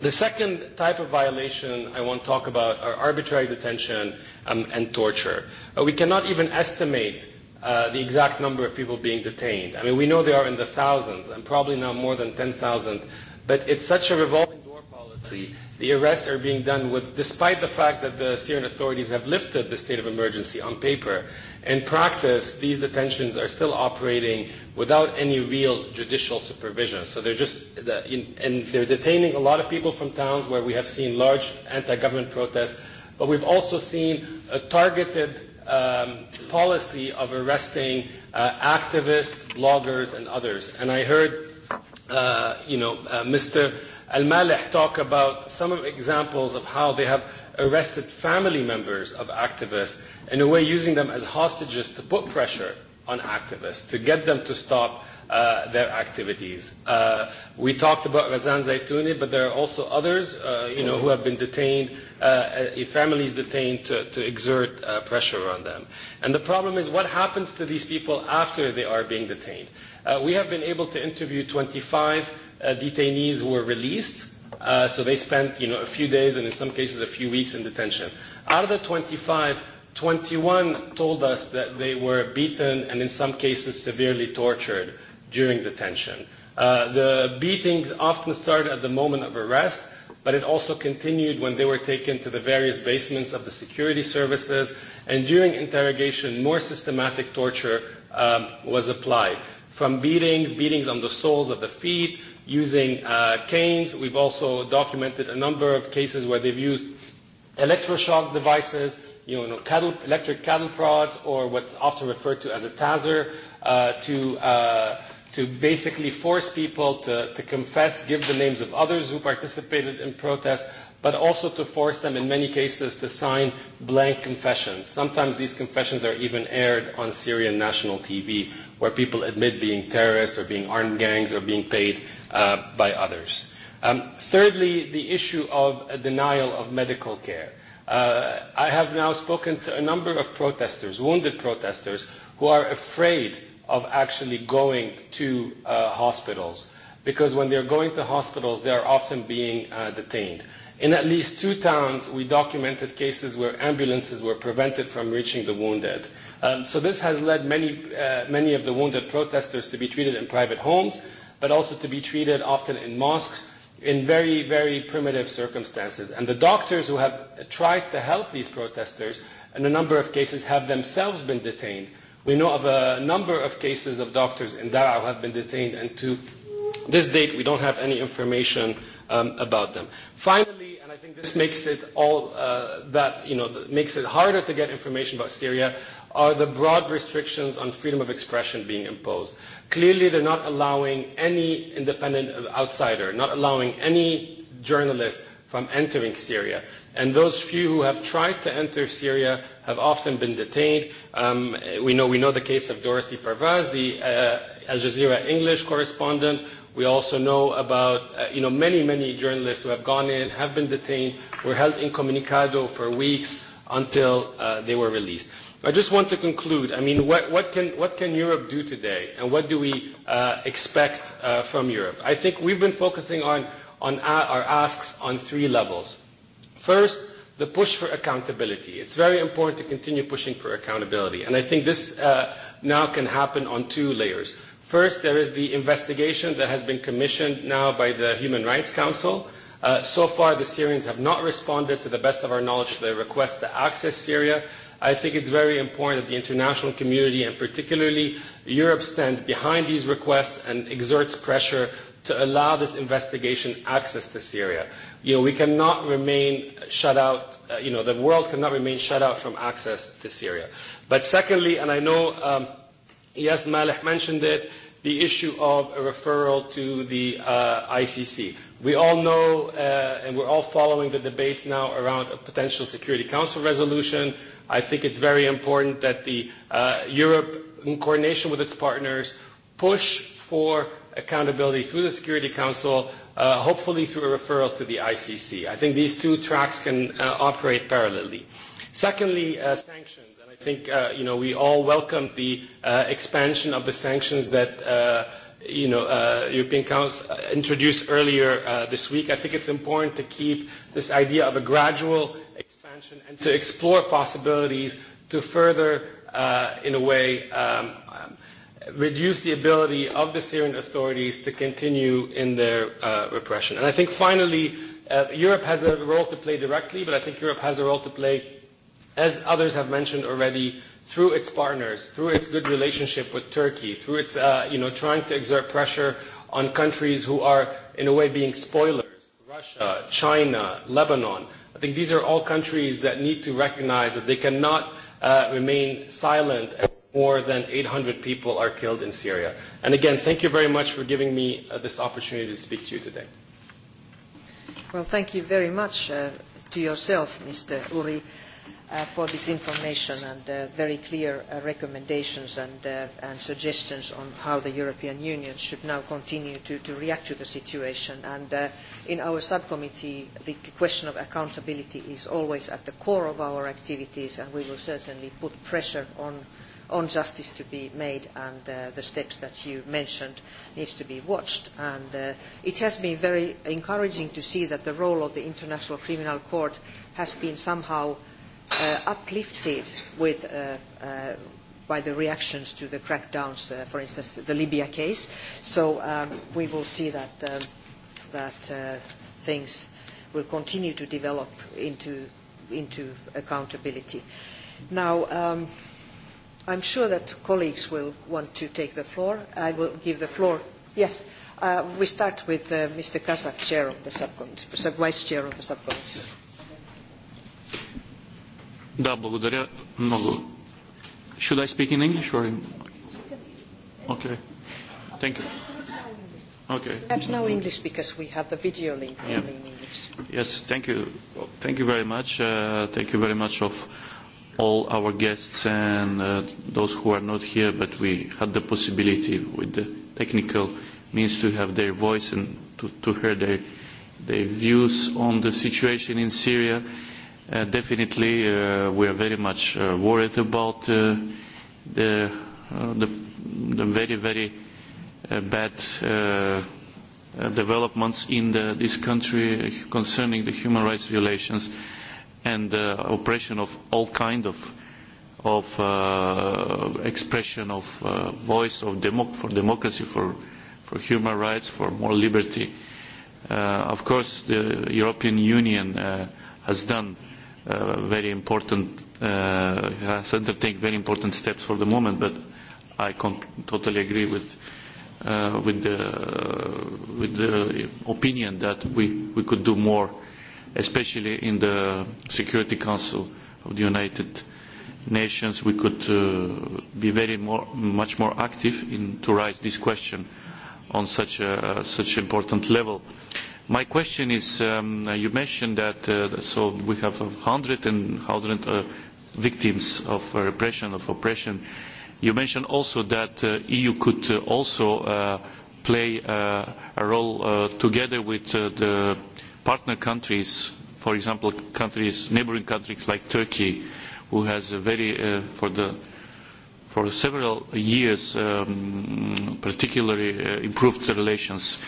Speaker 21: The second type of violation I want to talk about are arbitrary detention and torture. We cannot even estimate the exact number of people being detained. I mean, we know they are in the thousands and probably now more than 10,000, but it's such a revolving door policy. The arrests are being done with, despite the fact that the Syrian authorities have lifted the state of emergency on paper. In practice, these detentions are still operating without any real judicial supervision. So they're just, and they're detaining a lot of people from towns where we have seen large anti-government protests, but we've also seen a targeted policy of arresting activists, bloggers, and others. And I heard, you know, Mr. Al-Malih talk about some examples of how they have arrested family members of activists, in a way using them as hostages to put pressure on activists, to get them to stop their activities. We talked about Razan Zaitouni, but there are also others, you know, who have been detained if families detained to exert pressure on them. And the problem is what happens to these people after they are being detained. We have been able to interview 25 detainees who were released. So they spent you know, a few days and in some cases a few weeks in detention. Out of the 25, 21 told us that they were beaten and in some cases severely tortured during detention. The beatings often start at the moment of arrest but it also continued when they were taken to the various basements of the security services, and during interrogation, more systematic torture was applied. From beatings, beatings on the soles of the feet, using canes. We've also documented a number of cases where they've used electroshock devices, you know, cattle, electric cattle prods, or what's often referred to as a taser, to to basically force people to, to confess, give the names of others who participated in protests, but also to force them, in many cases, to sign blank confessions. Sometimes these confessions are even aired on Syrian national TV, where people admit being terrorists or being armed gangs or being paid by others. Um, thirdly, the issue of a denial of medical care. I have now spoken to a number of protesters, wounded protesters, who are afraid of actually going to hospitals because when they're going to hospitals, they are often being detained. In at least two towns, we documented cases where ambulances were prevented from reaching the wounded. So this has led many of the wounded protesters to be treated in private homes, but also to be treated often in mosques in very, very primitive circumstances. And the doctors who have tried to help these protesters, in a number of cases, have themselves been detained We know of a number of cases of doctors in Dar'a who have been detained, and to this date we don't have any information about them. Finally, and I think this makes it all that you know makes it harder to get information about Syria, are the broad restrictions on freedom of expression being imposed. Clearly, they're not allowing any independent outsider, not allowing any journalist from entering Syria. And those few who have tried to enter Syria have often been detained. We know we know the case of Dorothy Parvaz, the Al Jazeera English correspondent. We also know about you know many many journalists who have gone in, have been detained, were held incommunicado for weeks until they were released. I just want to conclude. I mean, what, what, can, what can Europe do today, and what do we expect from Europe? I think we've been focusing on on our asks on three levels. First, the push for accountability. It's very important to continue pushing for accountability. And I think this now can happen on two layers. First, there is the investigation that has been commissioned now by the Human Rights Council. So far, the Syrians have not responded, to the best of our knowledge, to their request to access Syria. I think it's very important that the international community, and particularly Europe, stands behind these requests and exerts pressure to allow this investigation access to Syria. You know, we cannot remain shut out, you know, the world cannot remain shut out from access to Syria. But secondly, and I know um, Yes Malik mentioned it, the issue of a referral to the ICC. We all know and we're all following the debates now around a potential Security Council resolution. I think it's very important that the Europe, in coordination with its partners, push for accountability through the Security Council, hopefully through a referral to the ICC. I think these two tracks can operate parallelly. Secondly, sanctions. And I think, you know, we all welcome the expansion of the sanctions that, you know, European Council introduced earlier this week. I think it's important to keep this idea of a gradual expansion and to explore possibilities to further, in a way, reduce the ability of the Syrian authorities to continue in their repression. And I think finally, Europe has a role to play directly, but I think Europe has a role to play, as others have mentioned already, through its partners, through its good relationship with Turkey, through its, you know, trying to exert pressure on countries who are, in a way, being spoilers. Russia, China, Lebanon. I think these are all countries that need to recognize that they cannot remain silent more than 800 people are killed in Syria. And again, thank you very much for giving me this opportunity to speak to you today.
Speaker 1: Well, thank you very much to yourself, Mr. Uri, for this information and very clear recommendations and suggestions on how the European Union should now continue to react to the situation. And in our subcommittee, the question of accountability is always at the core of our activities, and we will certainly put pressure on on justice to be made and the steps that you mentioned needs to be watched. And it has been very encouraging to see that the role of the International Criminal Court has been somehow uplifted with by the reactions to the crackdowns, for instance, the Libya case. So we will see that that things will continue to develop into into accountability. Now, I'm sure that colleagues will want to take the floor. I will give the floor. Yes, we start with Mr. Kazak, chair of the subcommittee, vice chair of the subcommittee.
Speaker 22: Да, благодаря Should I speak in English or in... Okay. Thank you. Okay.
Speaker 1: Perhaps now English because we have the video link only in English.
Speaker 22: Yes, thank you. Thank you very much. thank you very much of all our guests and those who are not here, but we had the possibility with the technical means to have their voice and to hear their views on the situation in Syria. Definitely, we are very much worried about the very, very bad developments in this country concerning the human rights violations and the oppression of all kind of of expression of voice for democracy, for human rights, for more liberty. Of course, the European Union has done very important, has undertaken very important steps for the moment, but I totally agree with with the opinion that we could do more especially in the Security Council of the United Nations, we could be very much more active in to raise this question on such an important level. My question is, you mentioned that so we have 100 and 100 victims of repression of oppression. You mentioned also that the EU could also play a role together with the partner countries, for example, countries, neighboring countries like Turkey, who has very, for the for several years, particularly improved relations,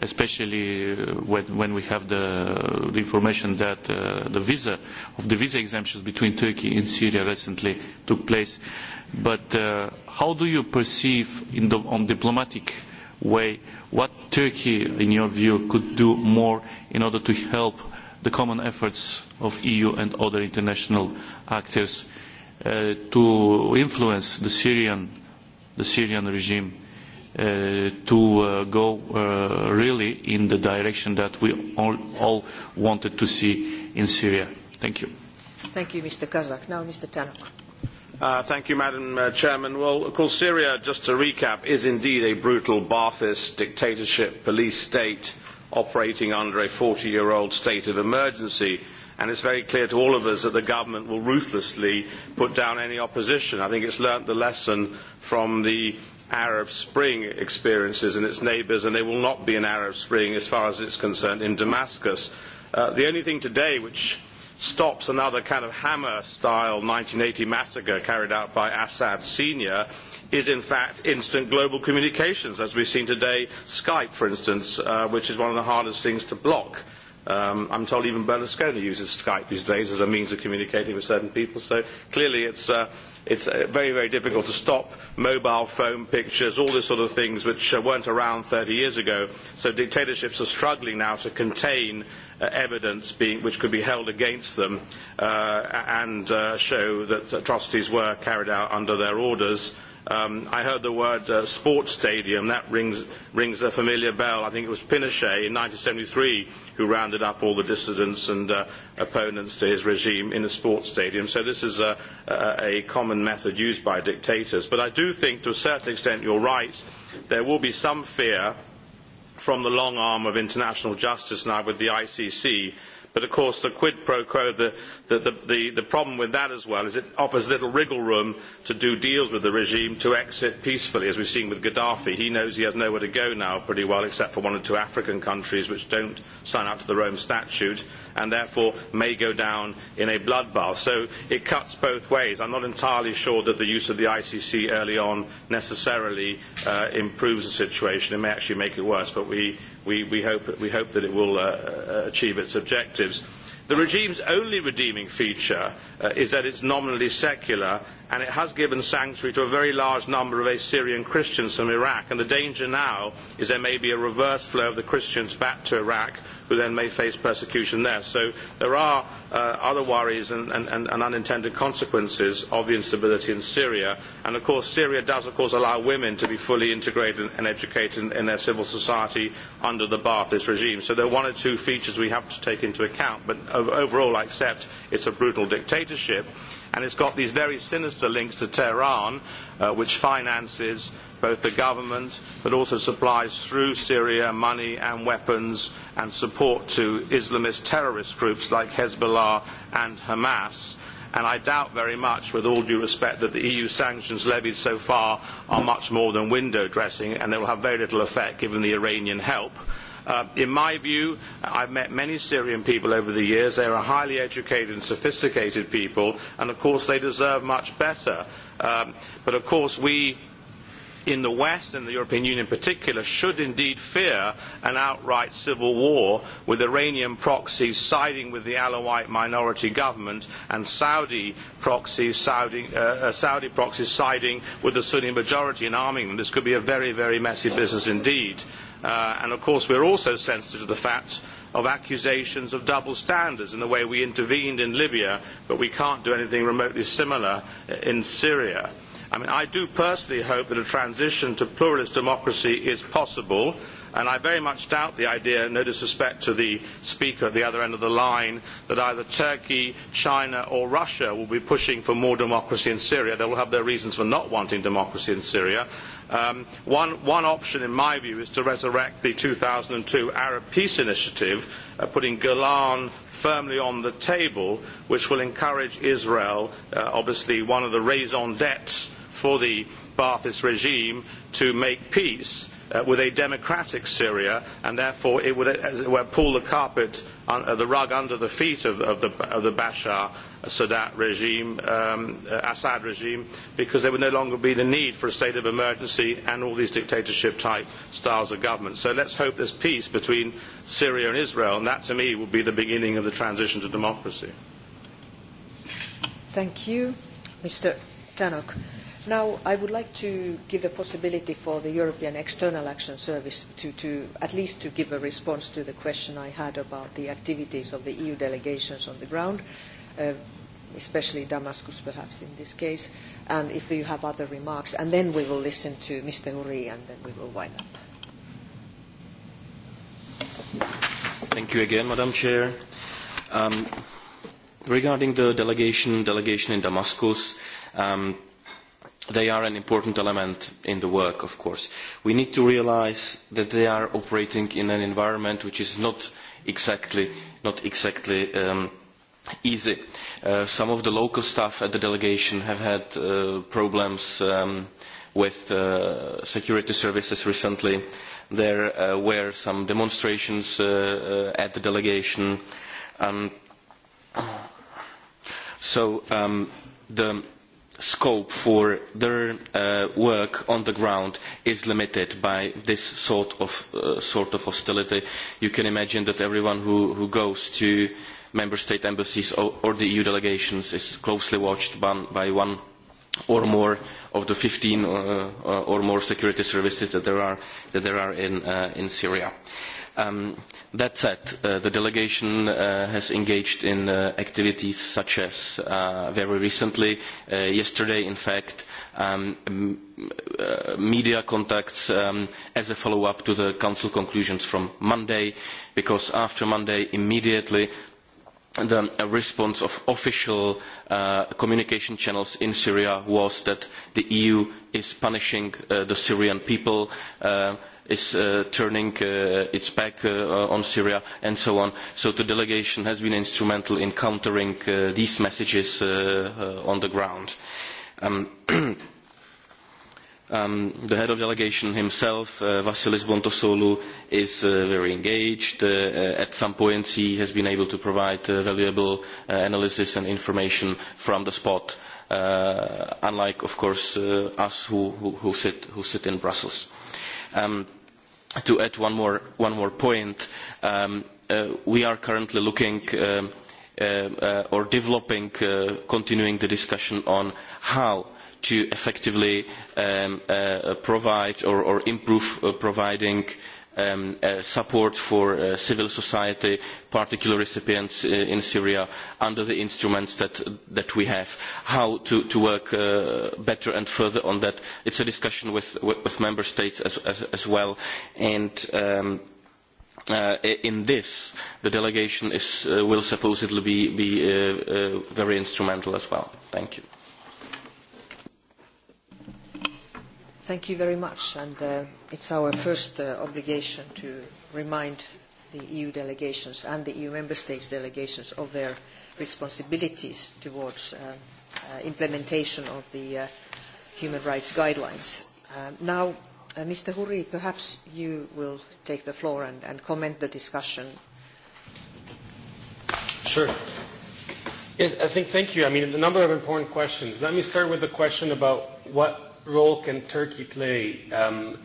Speaker 22: especially when we have the information that the visa of the visa exemptions between Turkey and Syria recently took place. But how do you perceive on diplomatic way what Turkey, in your view, could do more in order to help the common efforts of EU and other international actors to influence the Syrian regime to go really in the direction that we all wanted to see in Syria. Thank you.
Speaker 1: Thank you, Mr. Kazak. Now, Mr.
Speaker 8: Madam President, well, of course, Syria, just to recap, is indeed a brutal Ba'athist dictatorship police state operating under a 40-year-old state of emergency, and it is very clear to all of us that the government will ruthlessly put down any opposition. I think it has learnt the lesson from the Arab Spring experiences in its neighbours, and there will not be an Arab Spring, as far as it is concerned, in Damascus. The only thing today which stops another kind of hammer style 1980 massacre carried out by Assad senior is in fact instant global communications as we've seen today Skype for instance which is one of the hardest things to block I'm told even Berlusconi uses Skype these days as a means of communicating with certain people. So clearly it's is very, very difficult to stop mobile phone pictures, all these sort of things which weren't around 30 years ago. So dictatorships are struggling now to contain evidence which could be held against them and show that atrocities were carried out under their orders I heard the word sports stadium. That rings a familiar bell. I think it was Pinochet in 1973 who rounded up all the dissidents and opponents to his regime in a sports stadium. So this is a common method used by dictators. But I do think, to a certain extent, you're right. There will be some fear from the long arm of international justice now with the ICC but of course the quid pro quo the problem with that as well is it offers little wriggle room to do deals with the regime to exit peacefully as we have seen with gaddafi. he knows he has nowhere to go now pretty well except for one or two african countries which do not sign up to the rome statute and therefore may go down in a bloodbath. so it cuts both ways. i am not entirely sure that the use of the icc early on necessarily improves the situation. it may actually make it worse but we we hope that it will achieve its objectives. The regime's only redeeming feature is that it is nominally secular and it has given sanctuary to a very large number of Assyrian Christians from Iraq. And the danger now is there may be a reverse flow of the Christians back to Iraq, who then may face persecution there. So there are other worries and unintended consequences of the instability in Syria. And of course, Syria does, of course, allow women to be fully integrated and educated in their civil society under the Ba'athist regime. So there are one or two features we have to take into account. But overall, I accept it's a brutal dictatorship and it has got these very sinister links to tehran which finances both the government but also supplies through syria money and weapons and support to islamist terrorist groups like hezbollah and hamas and i doubt very much with all due respect that the eu sanctions levied so far are much more than window dressing and they will have very little effect given the iranian help. In my view, have met many Syrian people over the years. They are highly educated and sophisticated people, and of course they deserve much better. But of course we in the West and the European Union in particular should indeed fear an outright civil war with Iranian proxies siding with the Alawite minority government and Saudi proxies siding with the Sunni majority and arming them. This could be a very, very messy business indeed and of course we are also sensitive to the fact of accusations of double standards in the way we intervened in libya but we cannot do anything remotely similar in syria. i do personally hope that a transition to pluralist democracy is possible and i very much doubt the idea no disrespect to the speaker at the other end of the line that either turkey china or russia will be pushing for more democracy in syria. they will have their reasons for not wanting democracy in syria One option, in my view, is to resurrect the 2002 Arab Peace Initiative, putting Golan firmly on the table, which will encourage Israel, obviously one of the raison d'etre for the Ba'athist regime, to make peace with a democratic Syria and therefore it would as it were pull the carpet the rug under the feet of the Bashar Sadat regime Assad regime because there would no longer be the need for a state of emergency and all these dictatorship type styles of government. So let's hope there's peace between Syria and Israel and that to me would be the beginning of the transition to democracy.
Speaker 1: Thank you. Mr. Now, I would like to give the possibility for the European External Action Service to at least to give a response to the question I had about the activities of the EU delegations on the ground, especially Damascus perhaps in this case, and if you have other remarks. And then we will listen to Mr. Uri and then we will wind up.
Speaker 19: Thank you again, Madam Chair. Regarding the delegation in Damascus, They are an important element in the work, of course. We need to realise that they are operating in an environment which is not exactly easy. Some of the local staff at the delegation have had problems with security services recently. There were some demonstrations at the delegation. So the scope for their work on the ground is limited by this sort of hostility. You can imagine that everyone who goes to member state embassies or the EU delegations is closely watched by one or more of the 15 or more security services that there are in Syria. That said, the delegation has engaged in activities such as very recently, yesterday in fact, media contacts as a follow-up to the Council conclusions from Monday, because after Monday immediately the response of official communication channels in Syria was that the EU is punishing the Syrian people is turning its back on Syria and so on. So the delegation has been instrumental in countering these messages on the ground. The head of delegation himself, Vassilis Bontosolu, is very engaged. At some point he has been able to provide valuable analysis and information from the spot, unlike, of course, us who sit in Brussels to add one more point we are currently looking or developing continuing the discussion on how to effectively provide or improve providing support for civil society, particular recipients in Syria, under the instruments that we have. How to work better and further on that. It's a discussion with member states as well. And in this, the delegation will supposedly be very instrumental as well. Thank you.
Speaker 1: Thank you very much. And it's our first obligation to remind the EU delegations and the EU member states delegations of their responsibilities towards implementation of the human rights guidelines. Now, Mr. Huri, perhaps you will take the floor and comment the discussion.
Speaker 21: Sure. Yes, I think, thank you. I mean, a number of important questions. Let me start with the question about what role can Turkey play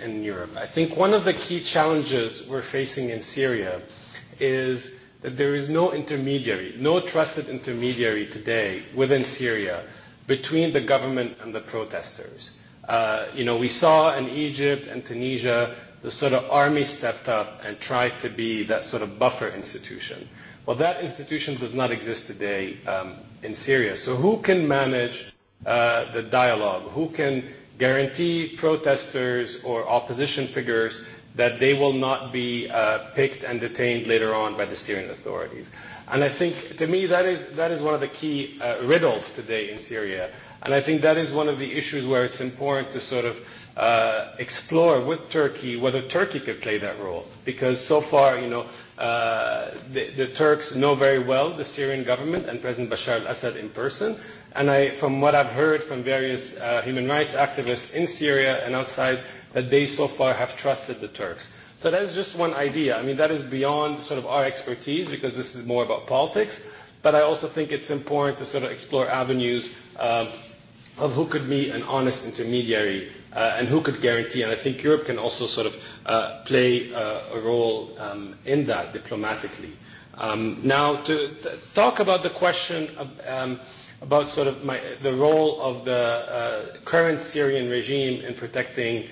Speaker 21: in Europe? I think one of the key challenges we're facing in Syria is that there is no intermediary, no trusted intermediary today within Syria between the government and the protesters. You know, we saw in Egypt and Tunisia the sort of army stepped up and tried to be that sort of buffer institution. Well, that institution does not exist today in Syria. So who can manage the dialogue? Who can guarantee protesters or opposition figures that they will not be picked and detained later on by the Syrian authorities. And I think, to me, that is, that is one of the key riddles today in Syria. And I think that is one of the issues where it's important to sort of explore with Turkey whether Turkey could play that role. Because so far, you know, the Turks know very well the Syrian government and President Bashar al-Assad in person. And I, from what I've heard from various human rights activists in Syria and outside, that they so far have trusted the Turks. So that is just one idea. I mean, that is beyond sort of our expertise because this is more about politics. But I also think it's important to sort of explore avenues of who could be an honest intermediary and who could guarantee. And I think Europe can also sort of play a role in that diplomatically. Now, to talk about the question of about sort of the role of the current Syrian regime in protecting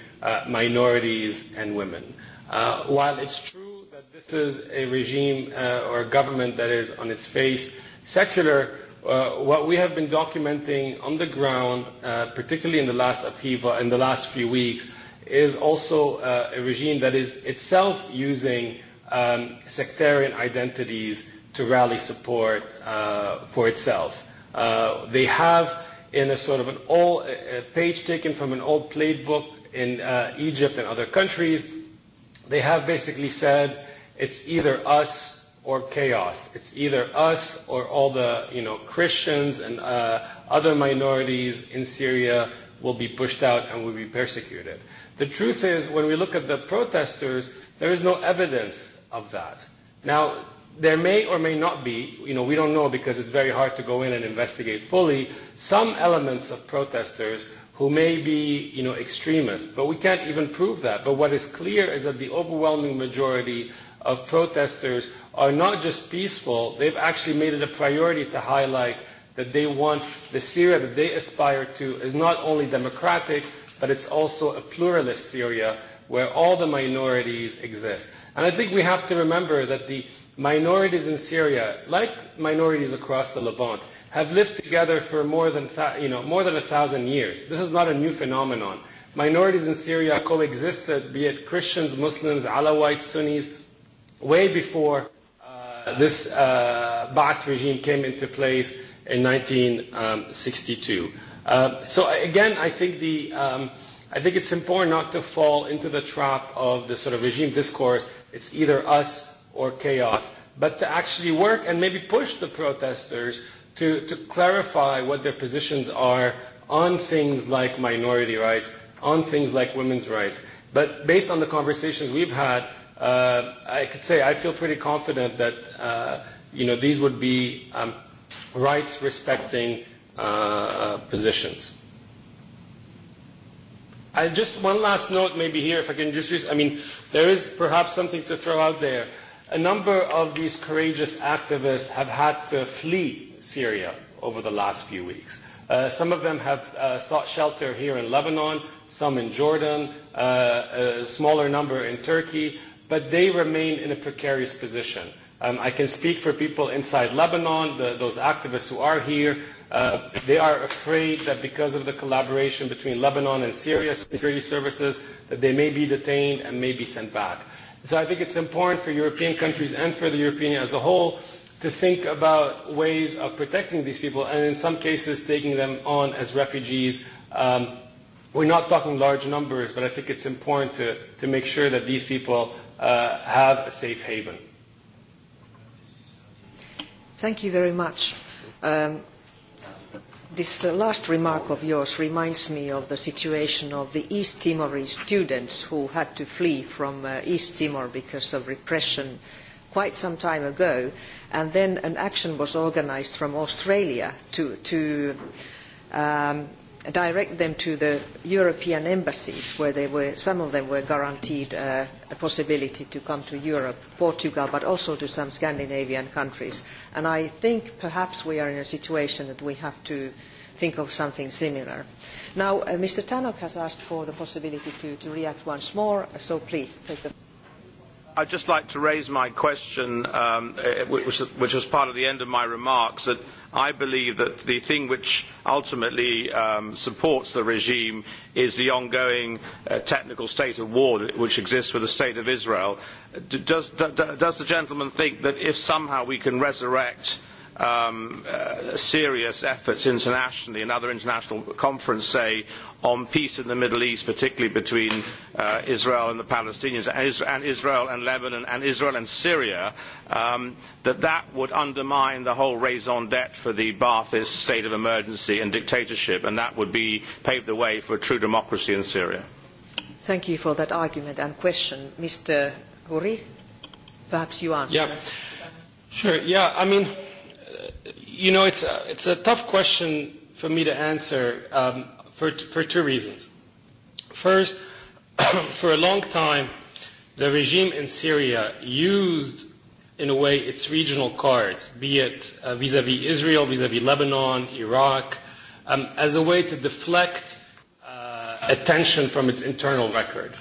Speaker 21: minorities and women. While it's true that this is a regime or a government that is on its face secular, what we have been documenting on the ground, particularly in the last upheaval, in the last few weeks, is also a regime that is itself using sectarian identities to rally support for itself. They have in a sort of an old page taken from an old playbook in Egypt and other countries, they have basically said it's either us or chaos. It's either us or all the you know Christians and other minorities in Syria will be pushed out and will be persecuted. The truth is, when we look at the protesters, there is no evidence of that. Now there may or may not be, you know, we don't know because it's very hard to go in and investigate fully, some elements of protesters who may be, you know, extremists. But we can't even prove that. But what is clear is that the overwhelming majority of protesters are not just peaceful, they've actually made it a priority to highlight that they want the Syria that they aspire to is not only democratic, but it's also a pluralist Syria where all the minorities exist. And I think we have to remember that the minorities in Syria, like minorities across the Levant, have lived together for more than you know more than a thousand years. This is not a new phenomenon. Minorities in Syria coexisted, be it Christians, Muslims, Alawites, Sunnis, way before this Ba'ath regime came into place in 1962. So again, I think the I think it's important not to fall into the trap of the sort of regime discourse. It's either us or chaos, but to actually work and maybe push the protesters to, to clarify what their positions are on things like minority rights, on things like women's rights. But based on the conversations we've had, uh, I could say I feel pretty confident that uh, you know these would be um, rights respecting uh, positions. I just one last note maybe here if I can just use I mean there is perhaps something to throw out there A number of these courageous activists have had to flee Syria over the last few weeks. Some of them have sought shelter here in Lebanon, some in Jordan, a smaller number in Turkey, but they remain in a precarious position. I can speak for people inside Lebanon, those activists who are here. They are afraid that because of the collaboration between Lebanon and Syria security services, that they may be detained and may be sent back. So I think it's important for European countries and for the European as a whole to think about ways of protecting these people and in some cases taking them on as refugees. Um, we're not talking large numbers, but I think it's important to, to make sure that these people uh, have a safe haven.
Speaker 1: Thank you very much. This last remark of yours reminds me of the situation of the East Timorese students who had to flee from East Timor because of repression quite some time ago, and then an action was organised from Australia to direct them to the European embassies, where they were, some of them were guaranteed a possibility to come to Europe, Portugal, but also to some Scandinavian countries. And I think perhaps we are in a situation that we have to think of something similar. Now, Mr. Tannock has asked for the possibility to react once more, so please take the
Speaker 8: would just like to raise my question, which was part of the end of my remarks, that I believe that the thing which ultimately supports the regime is the ongoing technical state of war which exists with the State of Israel. Does the gentleman think that if somehow we can resurrect serious efforts internationally and other international conference say on peace in the Middle East, particularly between Israel and the Palestinians, and Israel and Lebanon, and Israel and Syria, that that would undermine the whole raison d'etre for the Ba'athist state of emergency and dictatorship, and that would be pave the way for a true democracy in Syria.
Speaker 1: Thank you for that argument
Speaker 21: and question. Mr. Huri, perhaps you answer. sure. Yeah, I mean You know, it's a, it's a tough question for me to answer for, for two reasons. First, for a long time, the regime in Syria used, in a way, its regional cards, be it vis-à-vis Israel, vis-à-vis Lebanon, Iraq, as a way to deflect attention from its internal record.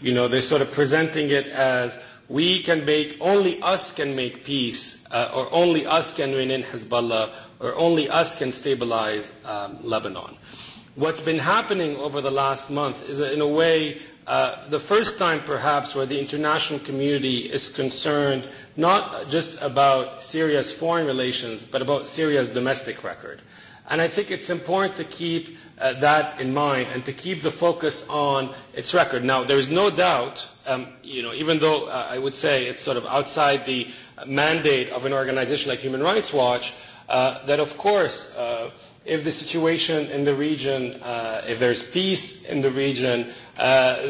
Speaker 21: You know, they're sort of presenting it as we can make, only us can make peace, or only us can win in Hezbollah, or only us can stabilize Lebanon. What's been happening over the last month is, in a way, the first time perhaps where the international community is concerned not just about Syria's foreign relations, but about Syria's domestic record. And I think it's important to keep that in mind and to keep the focus on its record. Now, there is no doubt, you know, even though I would say it's sort of outside the mandate of an organization like Human Rights Watch, that of course, if the situation in the region, if there's peace in the region,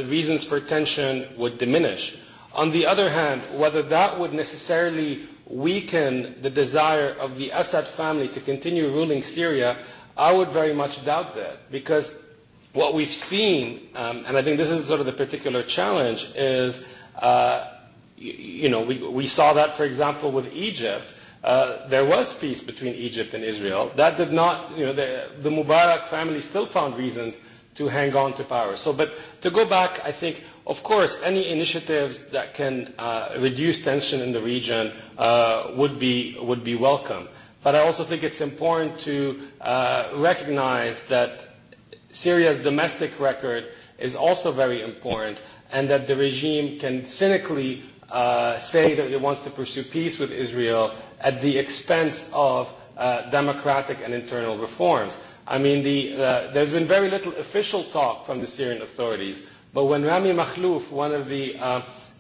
Speaker 21: reasons for tension would diminish. On the other hand, whether that would necessarily weaken the desire of the Assad family to continue ruling Syria I would very much doubt that because what we've seen, and I think this is sort of the particular challenge, is you know we we saw that for example with Egypt. There was peace between Egypt and Israel. That did not, you know, the Mubarak family still found reasons to hang on to power. So, but to go back, I think, of course, any initiatives that can reduce tension in the region would be would be welcome. But I also think it's important to recognize that Syria's domestic record is also very important and that the regime can cynically say that it wants to pursue peace with Israel at the expense of democratic and internal reforms. I mean, there's been very little official talk from the Syrian authorities, but when Rami Makhlouf, one of the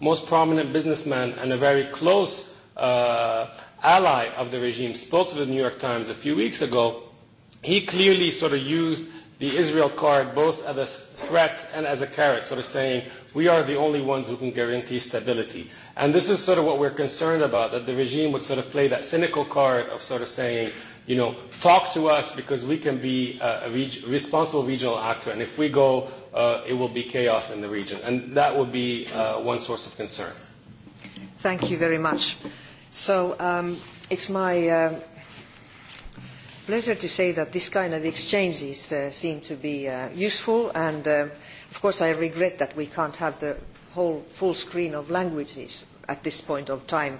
Speaker 21: most prominent businessmen and a very close ally of the regime, spoke to the New York Times a few weeks ago, he clearly sort of used the Israel card both as a threat and as a carrot, sort of saying, we are the only ones who can guarantee stability. And this is sort of what we're concerned about, that the regime would sort of play that cynical card of sort of saying, you know, talk to us because we can be a responsible regional actor, and if we go, it will be chaos in the region. And that would be one source of concern.
Speaker 1: Thank you very much. So it's my pleasure to say that this kind of exchanges seem to be useful and of course I regret that we can't have the whole full screen of languages at this point of time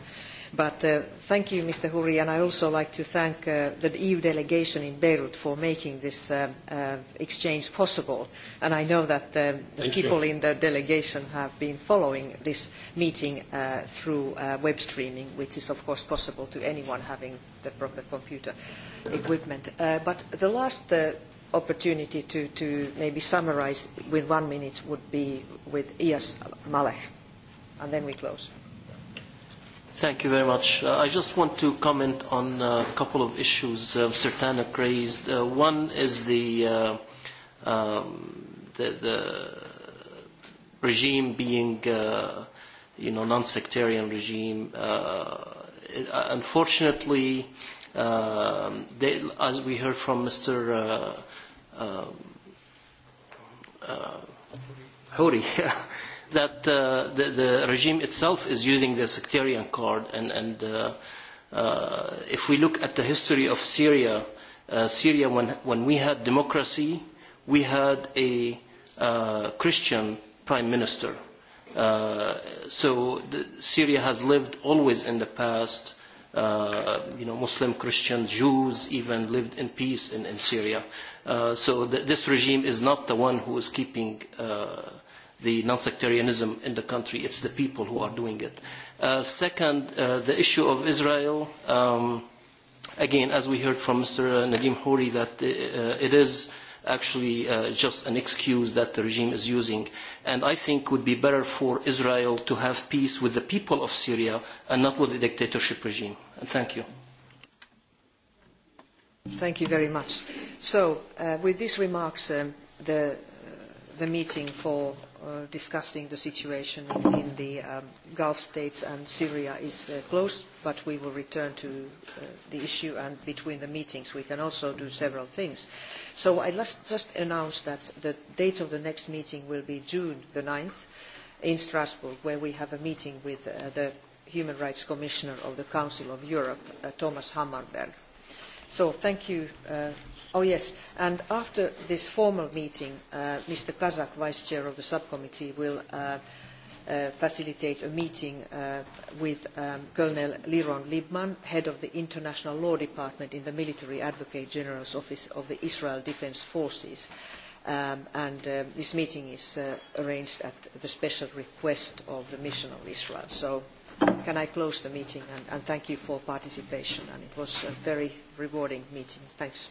Speaker 1: But thank you, Mr. Huri, and I also like to thank the EU delegation in Beirut for making this exchange possible. And I know that the people in the delegation have been following this meeting through web streaming, which is of course possible to anyone having the proper computer equipment. But the last opportunity to maybe summarize with one minute would be with Ias Malek, and then we close.
Speaker 20: Thank you very much. I just want to comment on a couple of issues Mr. Tannock raised. One is the the regime being, you know, non-sectarian regime. Unfortunately, as we heard from Mr. Hori that the regime itself is using the sectarian card. And if we look at the history of Syria, Syria, when we had democracy, we had a Christian prime minister. So Syria has lived always in the past. you know, Muslim, Christian, Jews even lived in peace in Syria. So this regime is not the one who is keeping the non-sectarianism in the country. It's the people who are doing it. Second, the issue of Israel. Again, as we heard from Mr. Nadim Houri, that it is actually just an excuse that the regime is using. And I think it would be better for Israel to have peace with the people of Syria and not with the dictatorship regime. Thank
Speaker 15: you.
Speaker 1: Thank you very much. So, with these remarks, the meeting for discussing the situation in the Gulf states and Syria is closed, but we will return to the issue and between the meetings we can also do several things. So I just announced that the date of the next meeting will be June the 9th in Strasbourg, where we have a meeting with the Human Rights Commissioner of the Council of Europe, Thomas Hammarberg. So thank you Oh yes, and after this formal meeting, Mr. Kazak, Vice Chair of the Subcommittee, will facilitate a meeting with Colonel Liron Libman, Head of the International Law Department in the Military Advocate General's Office of the Israel Defense Forces. And this meeting is arranged at the special request of the Mission of Israel. So can I close the meeting and thank you for participation. And it was a very rewarding meeting. Thanks.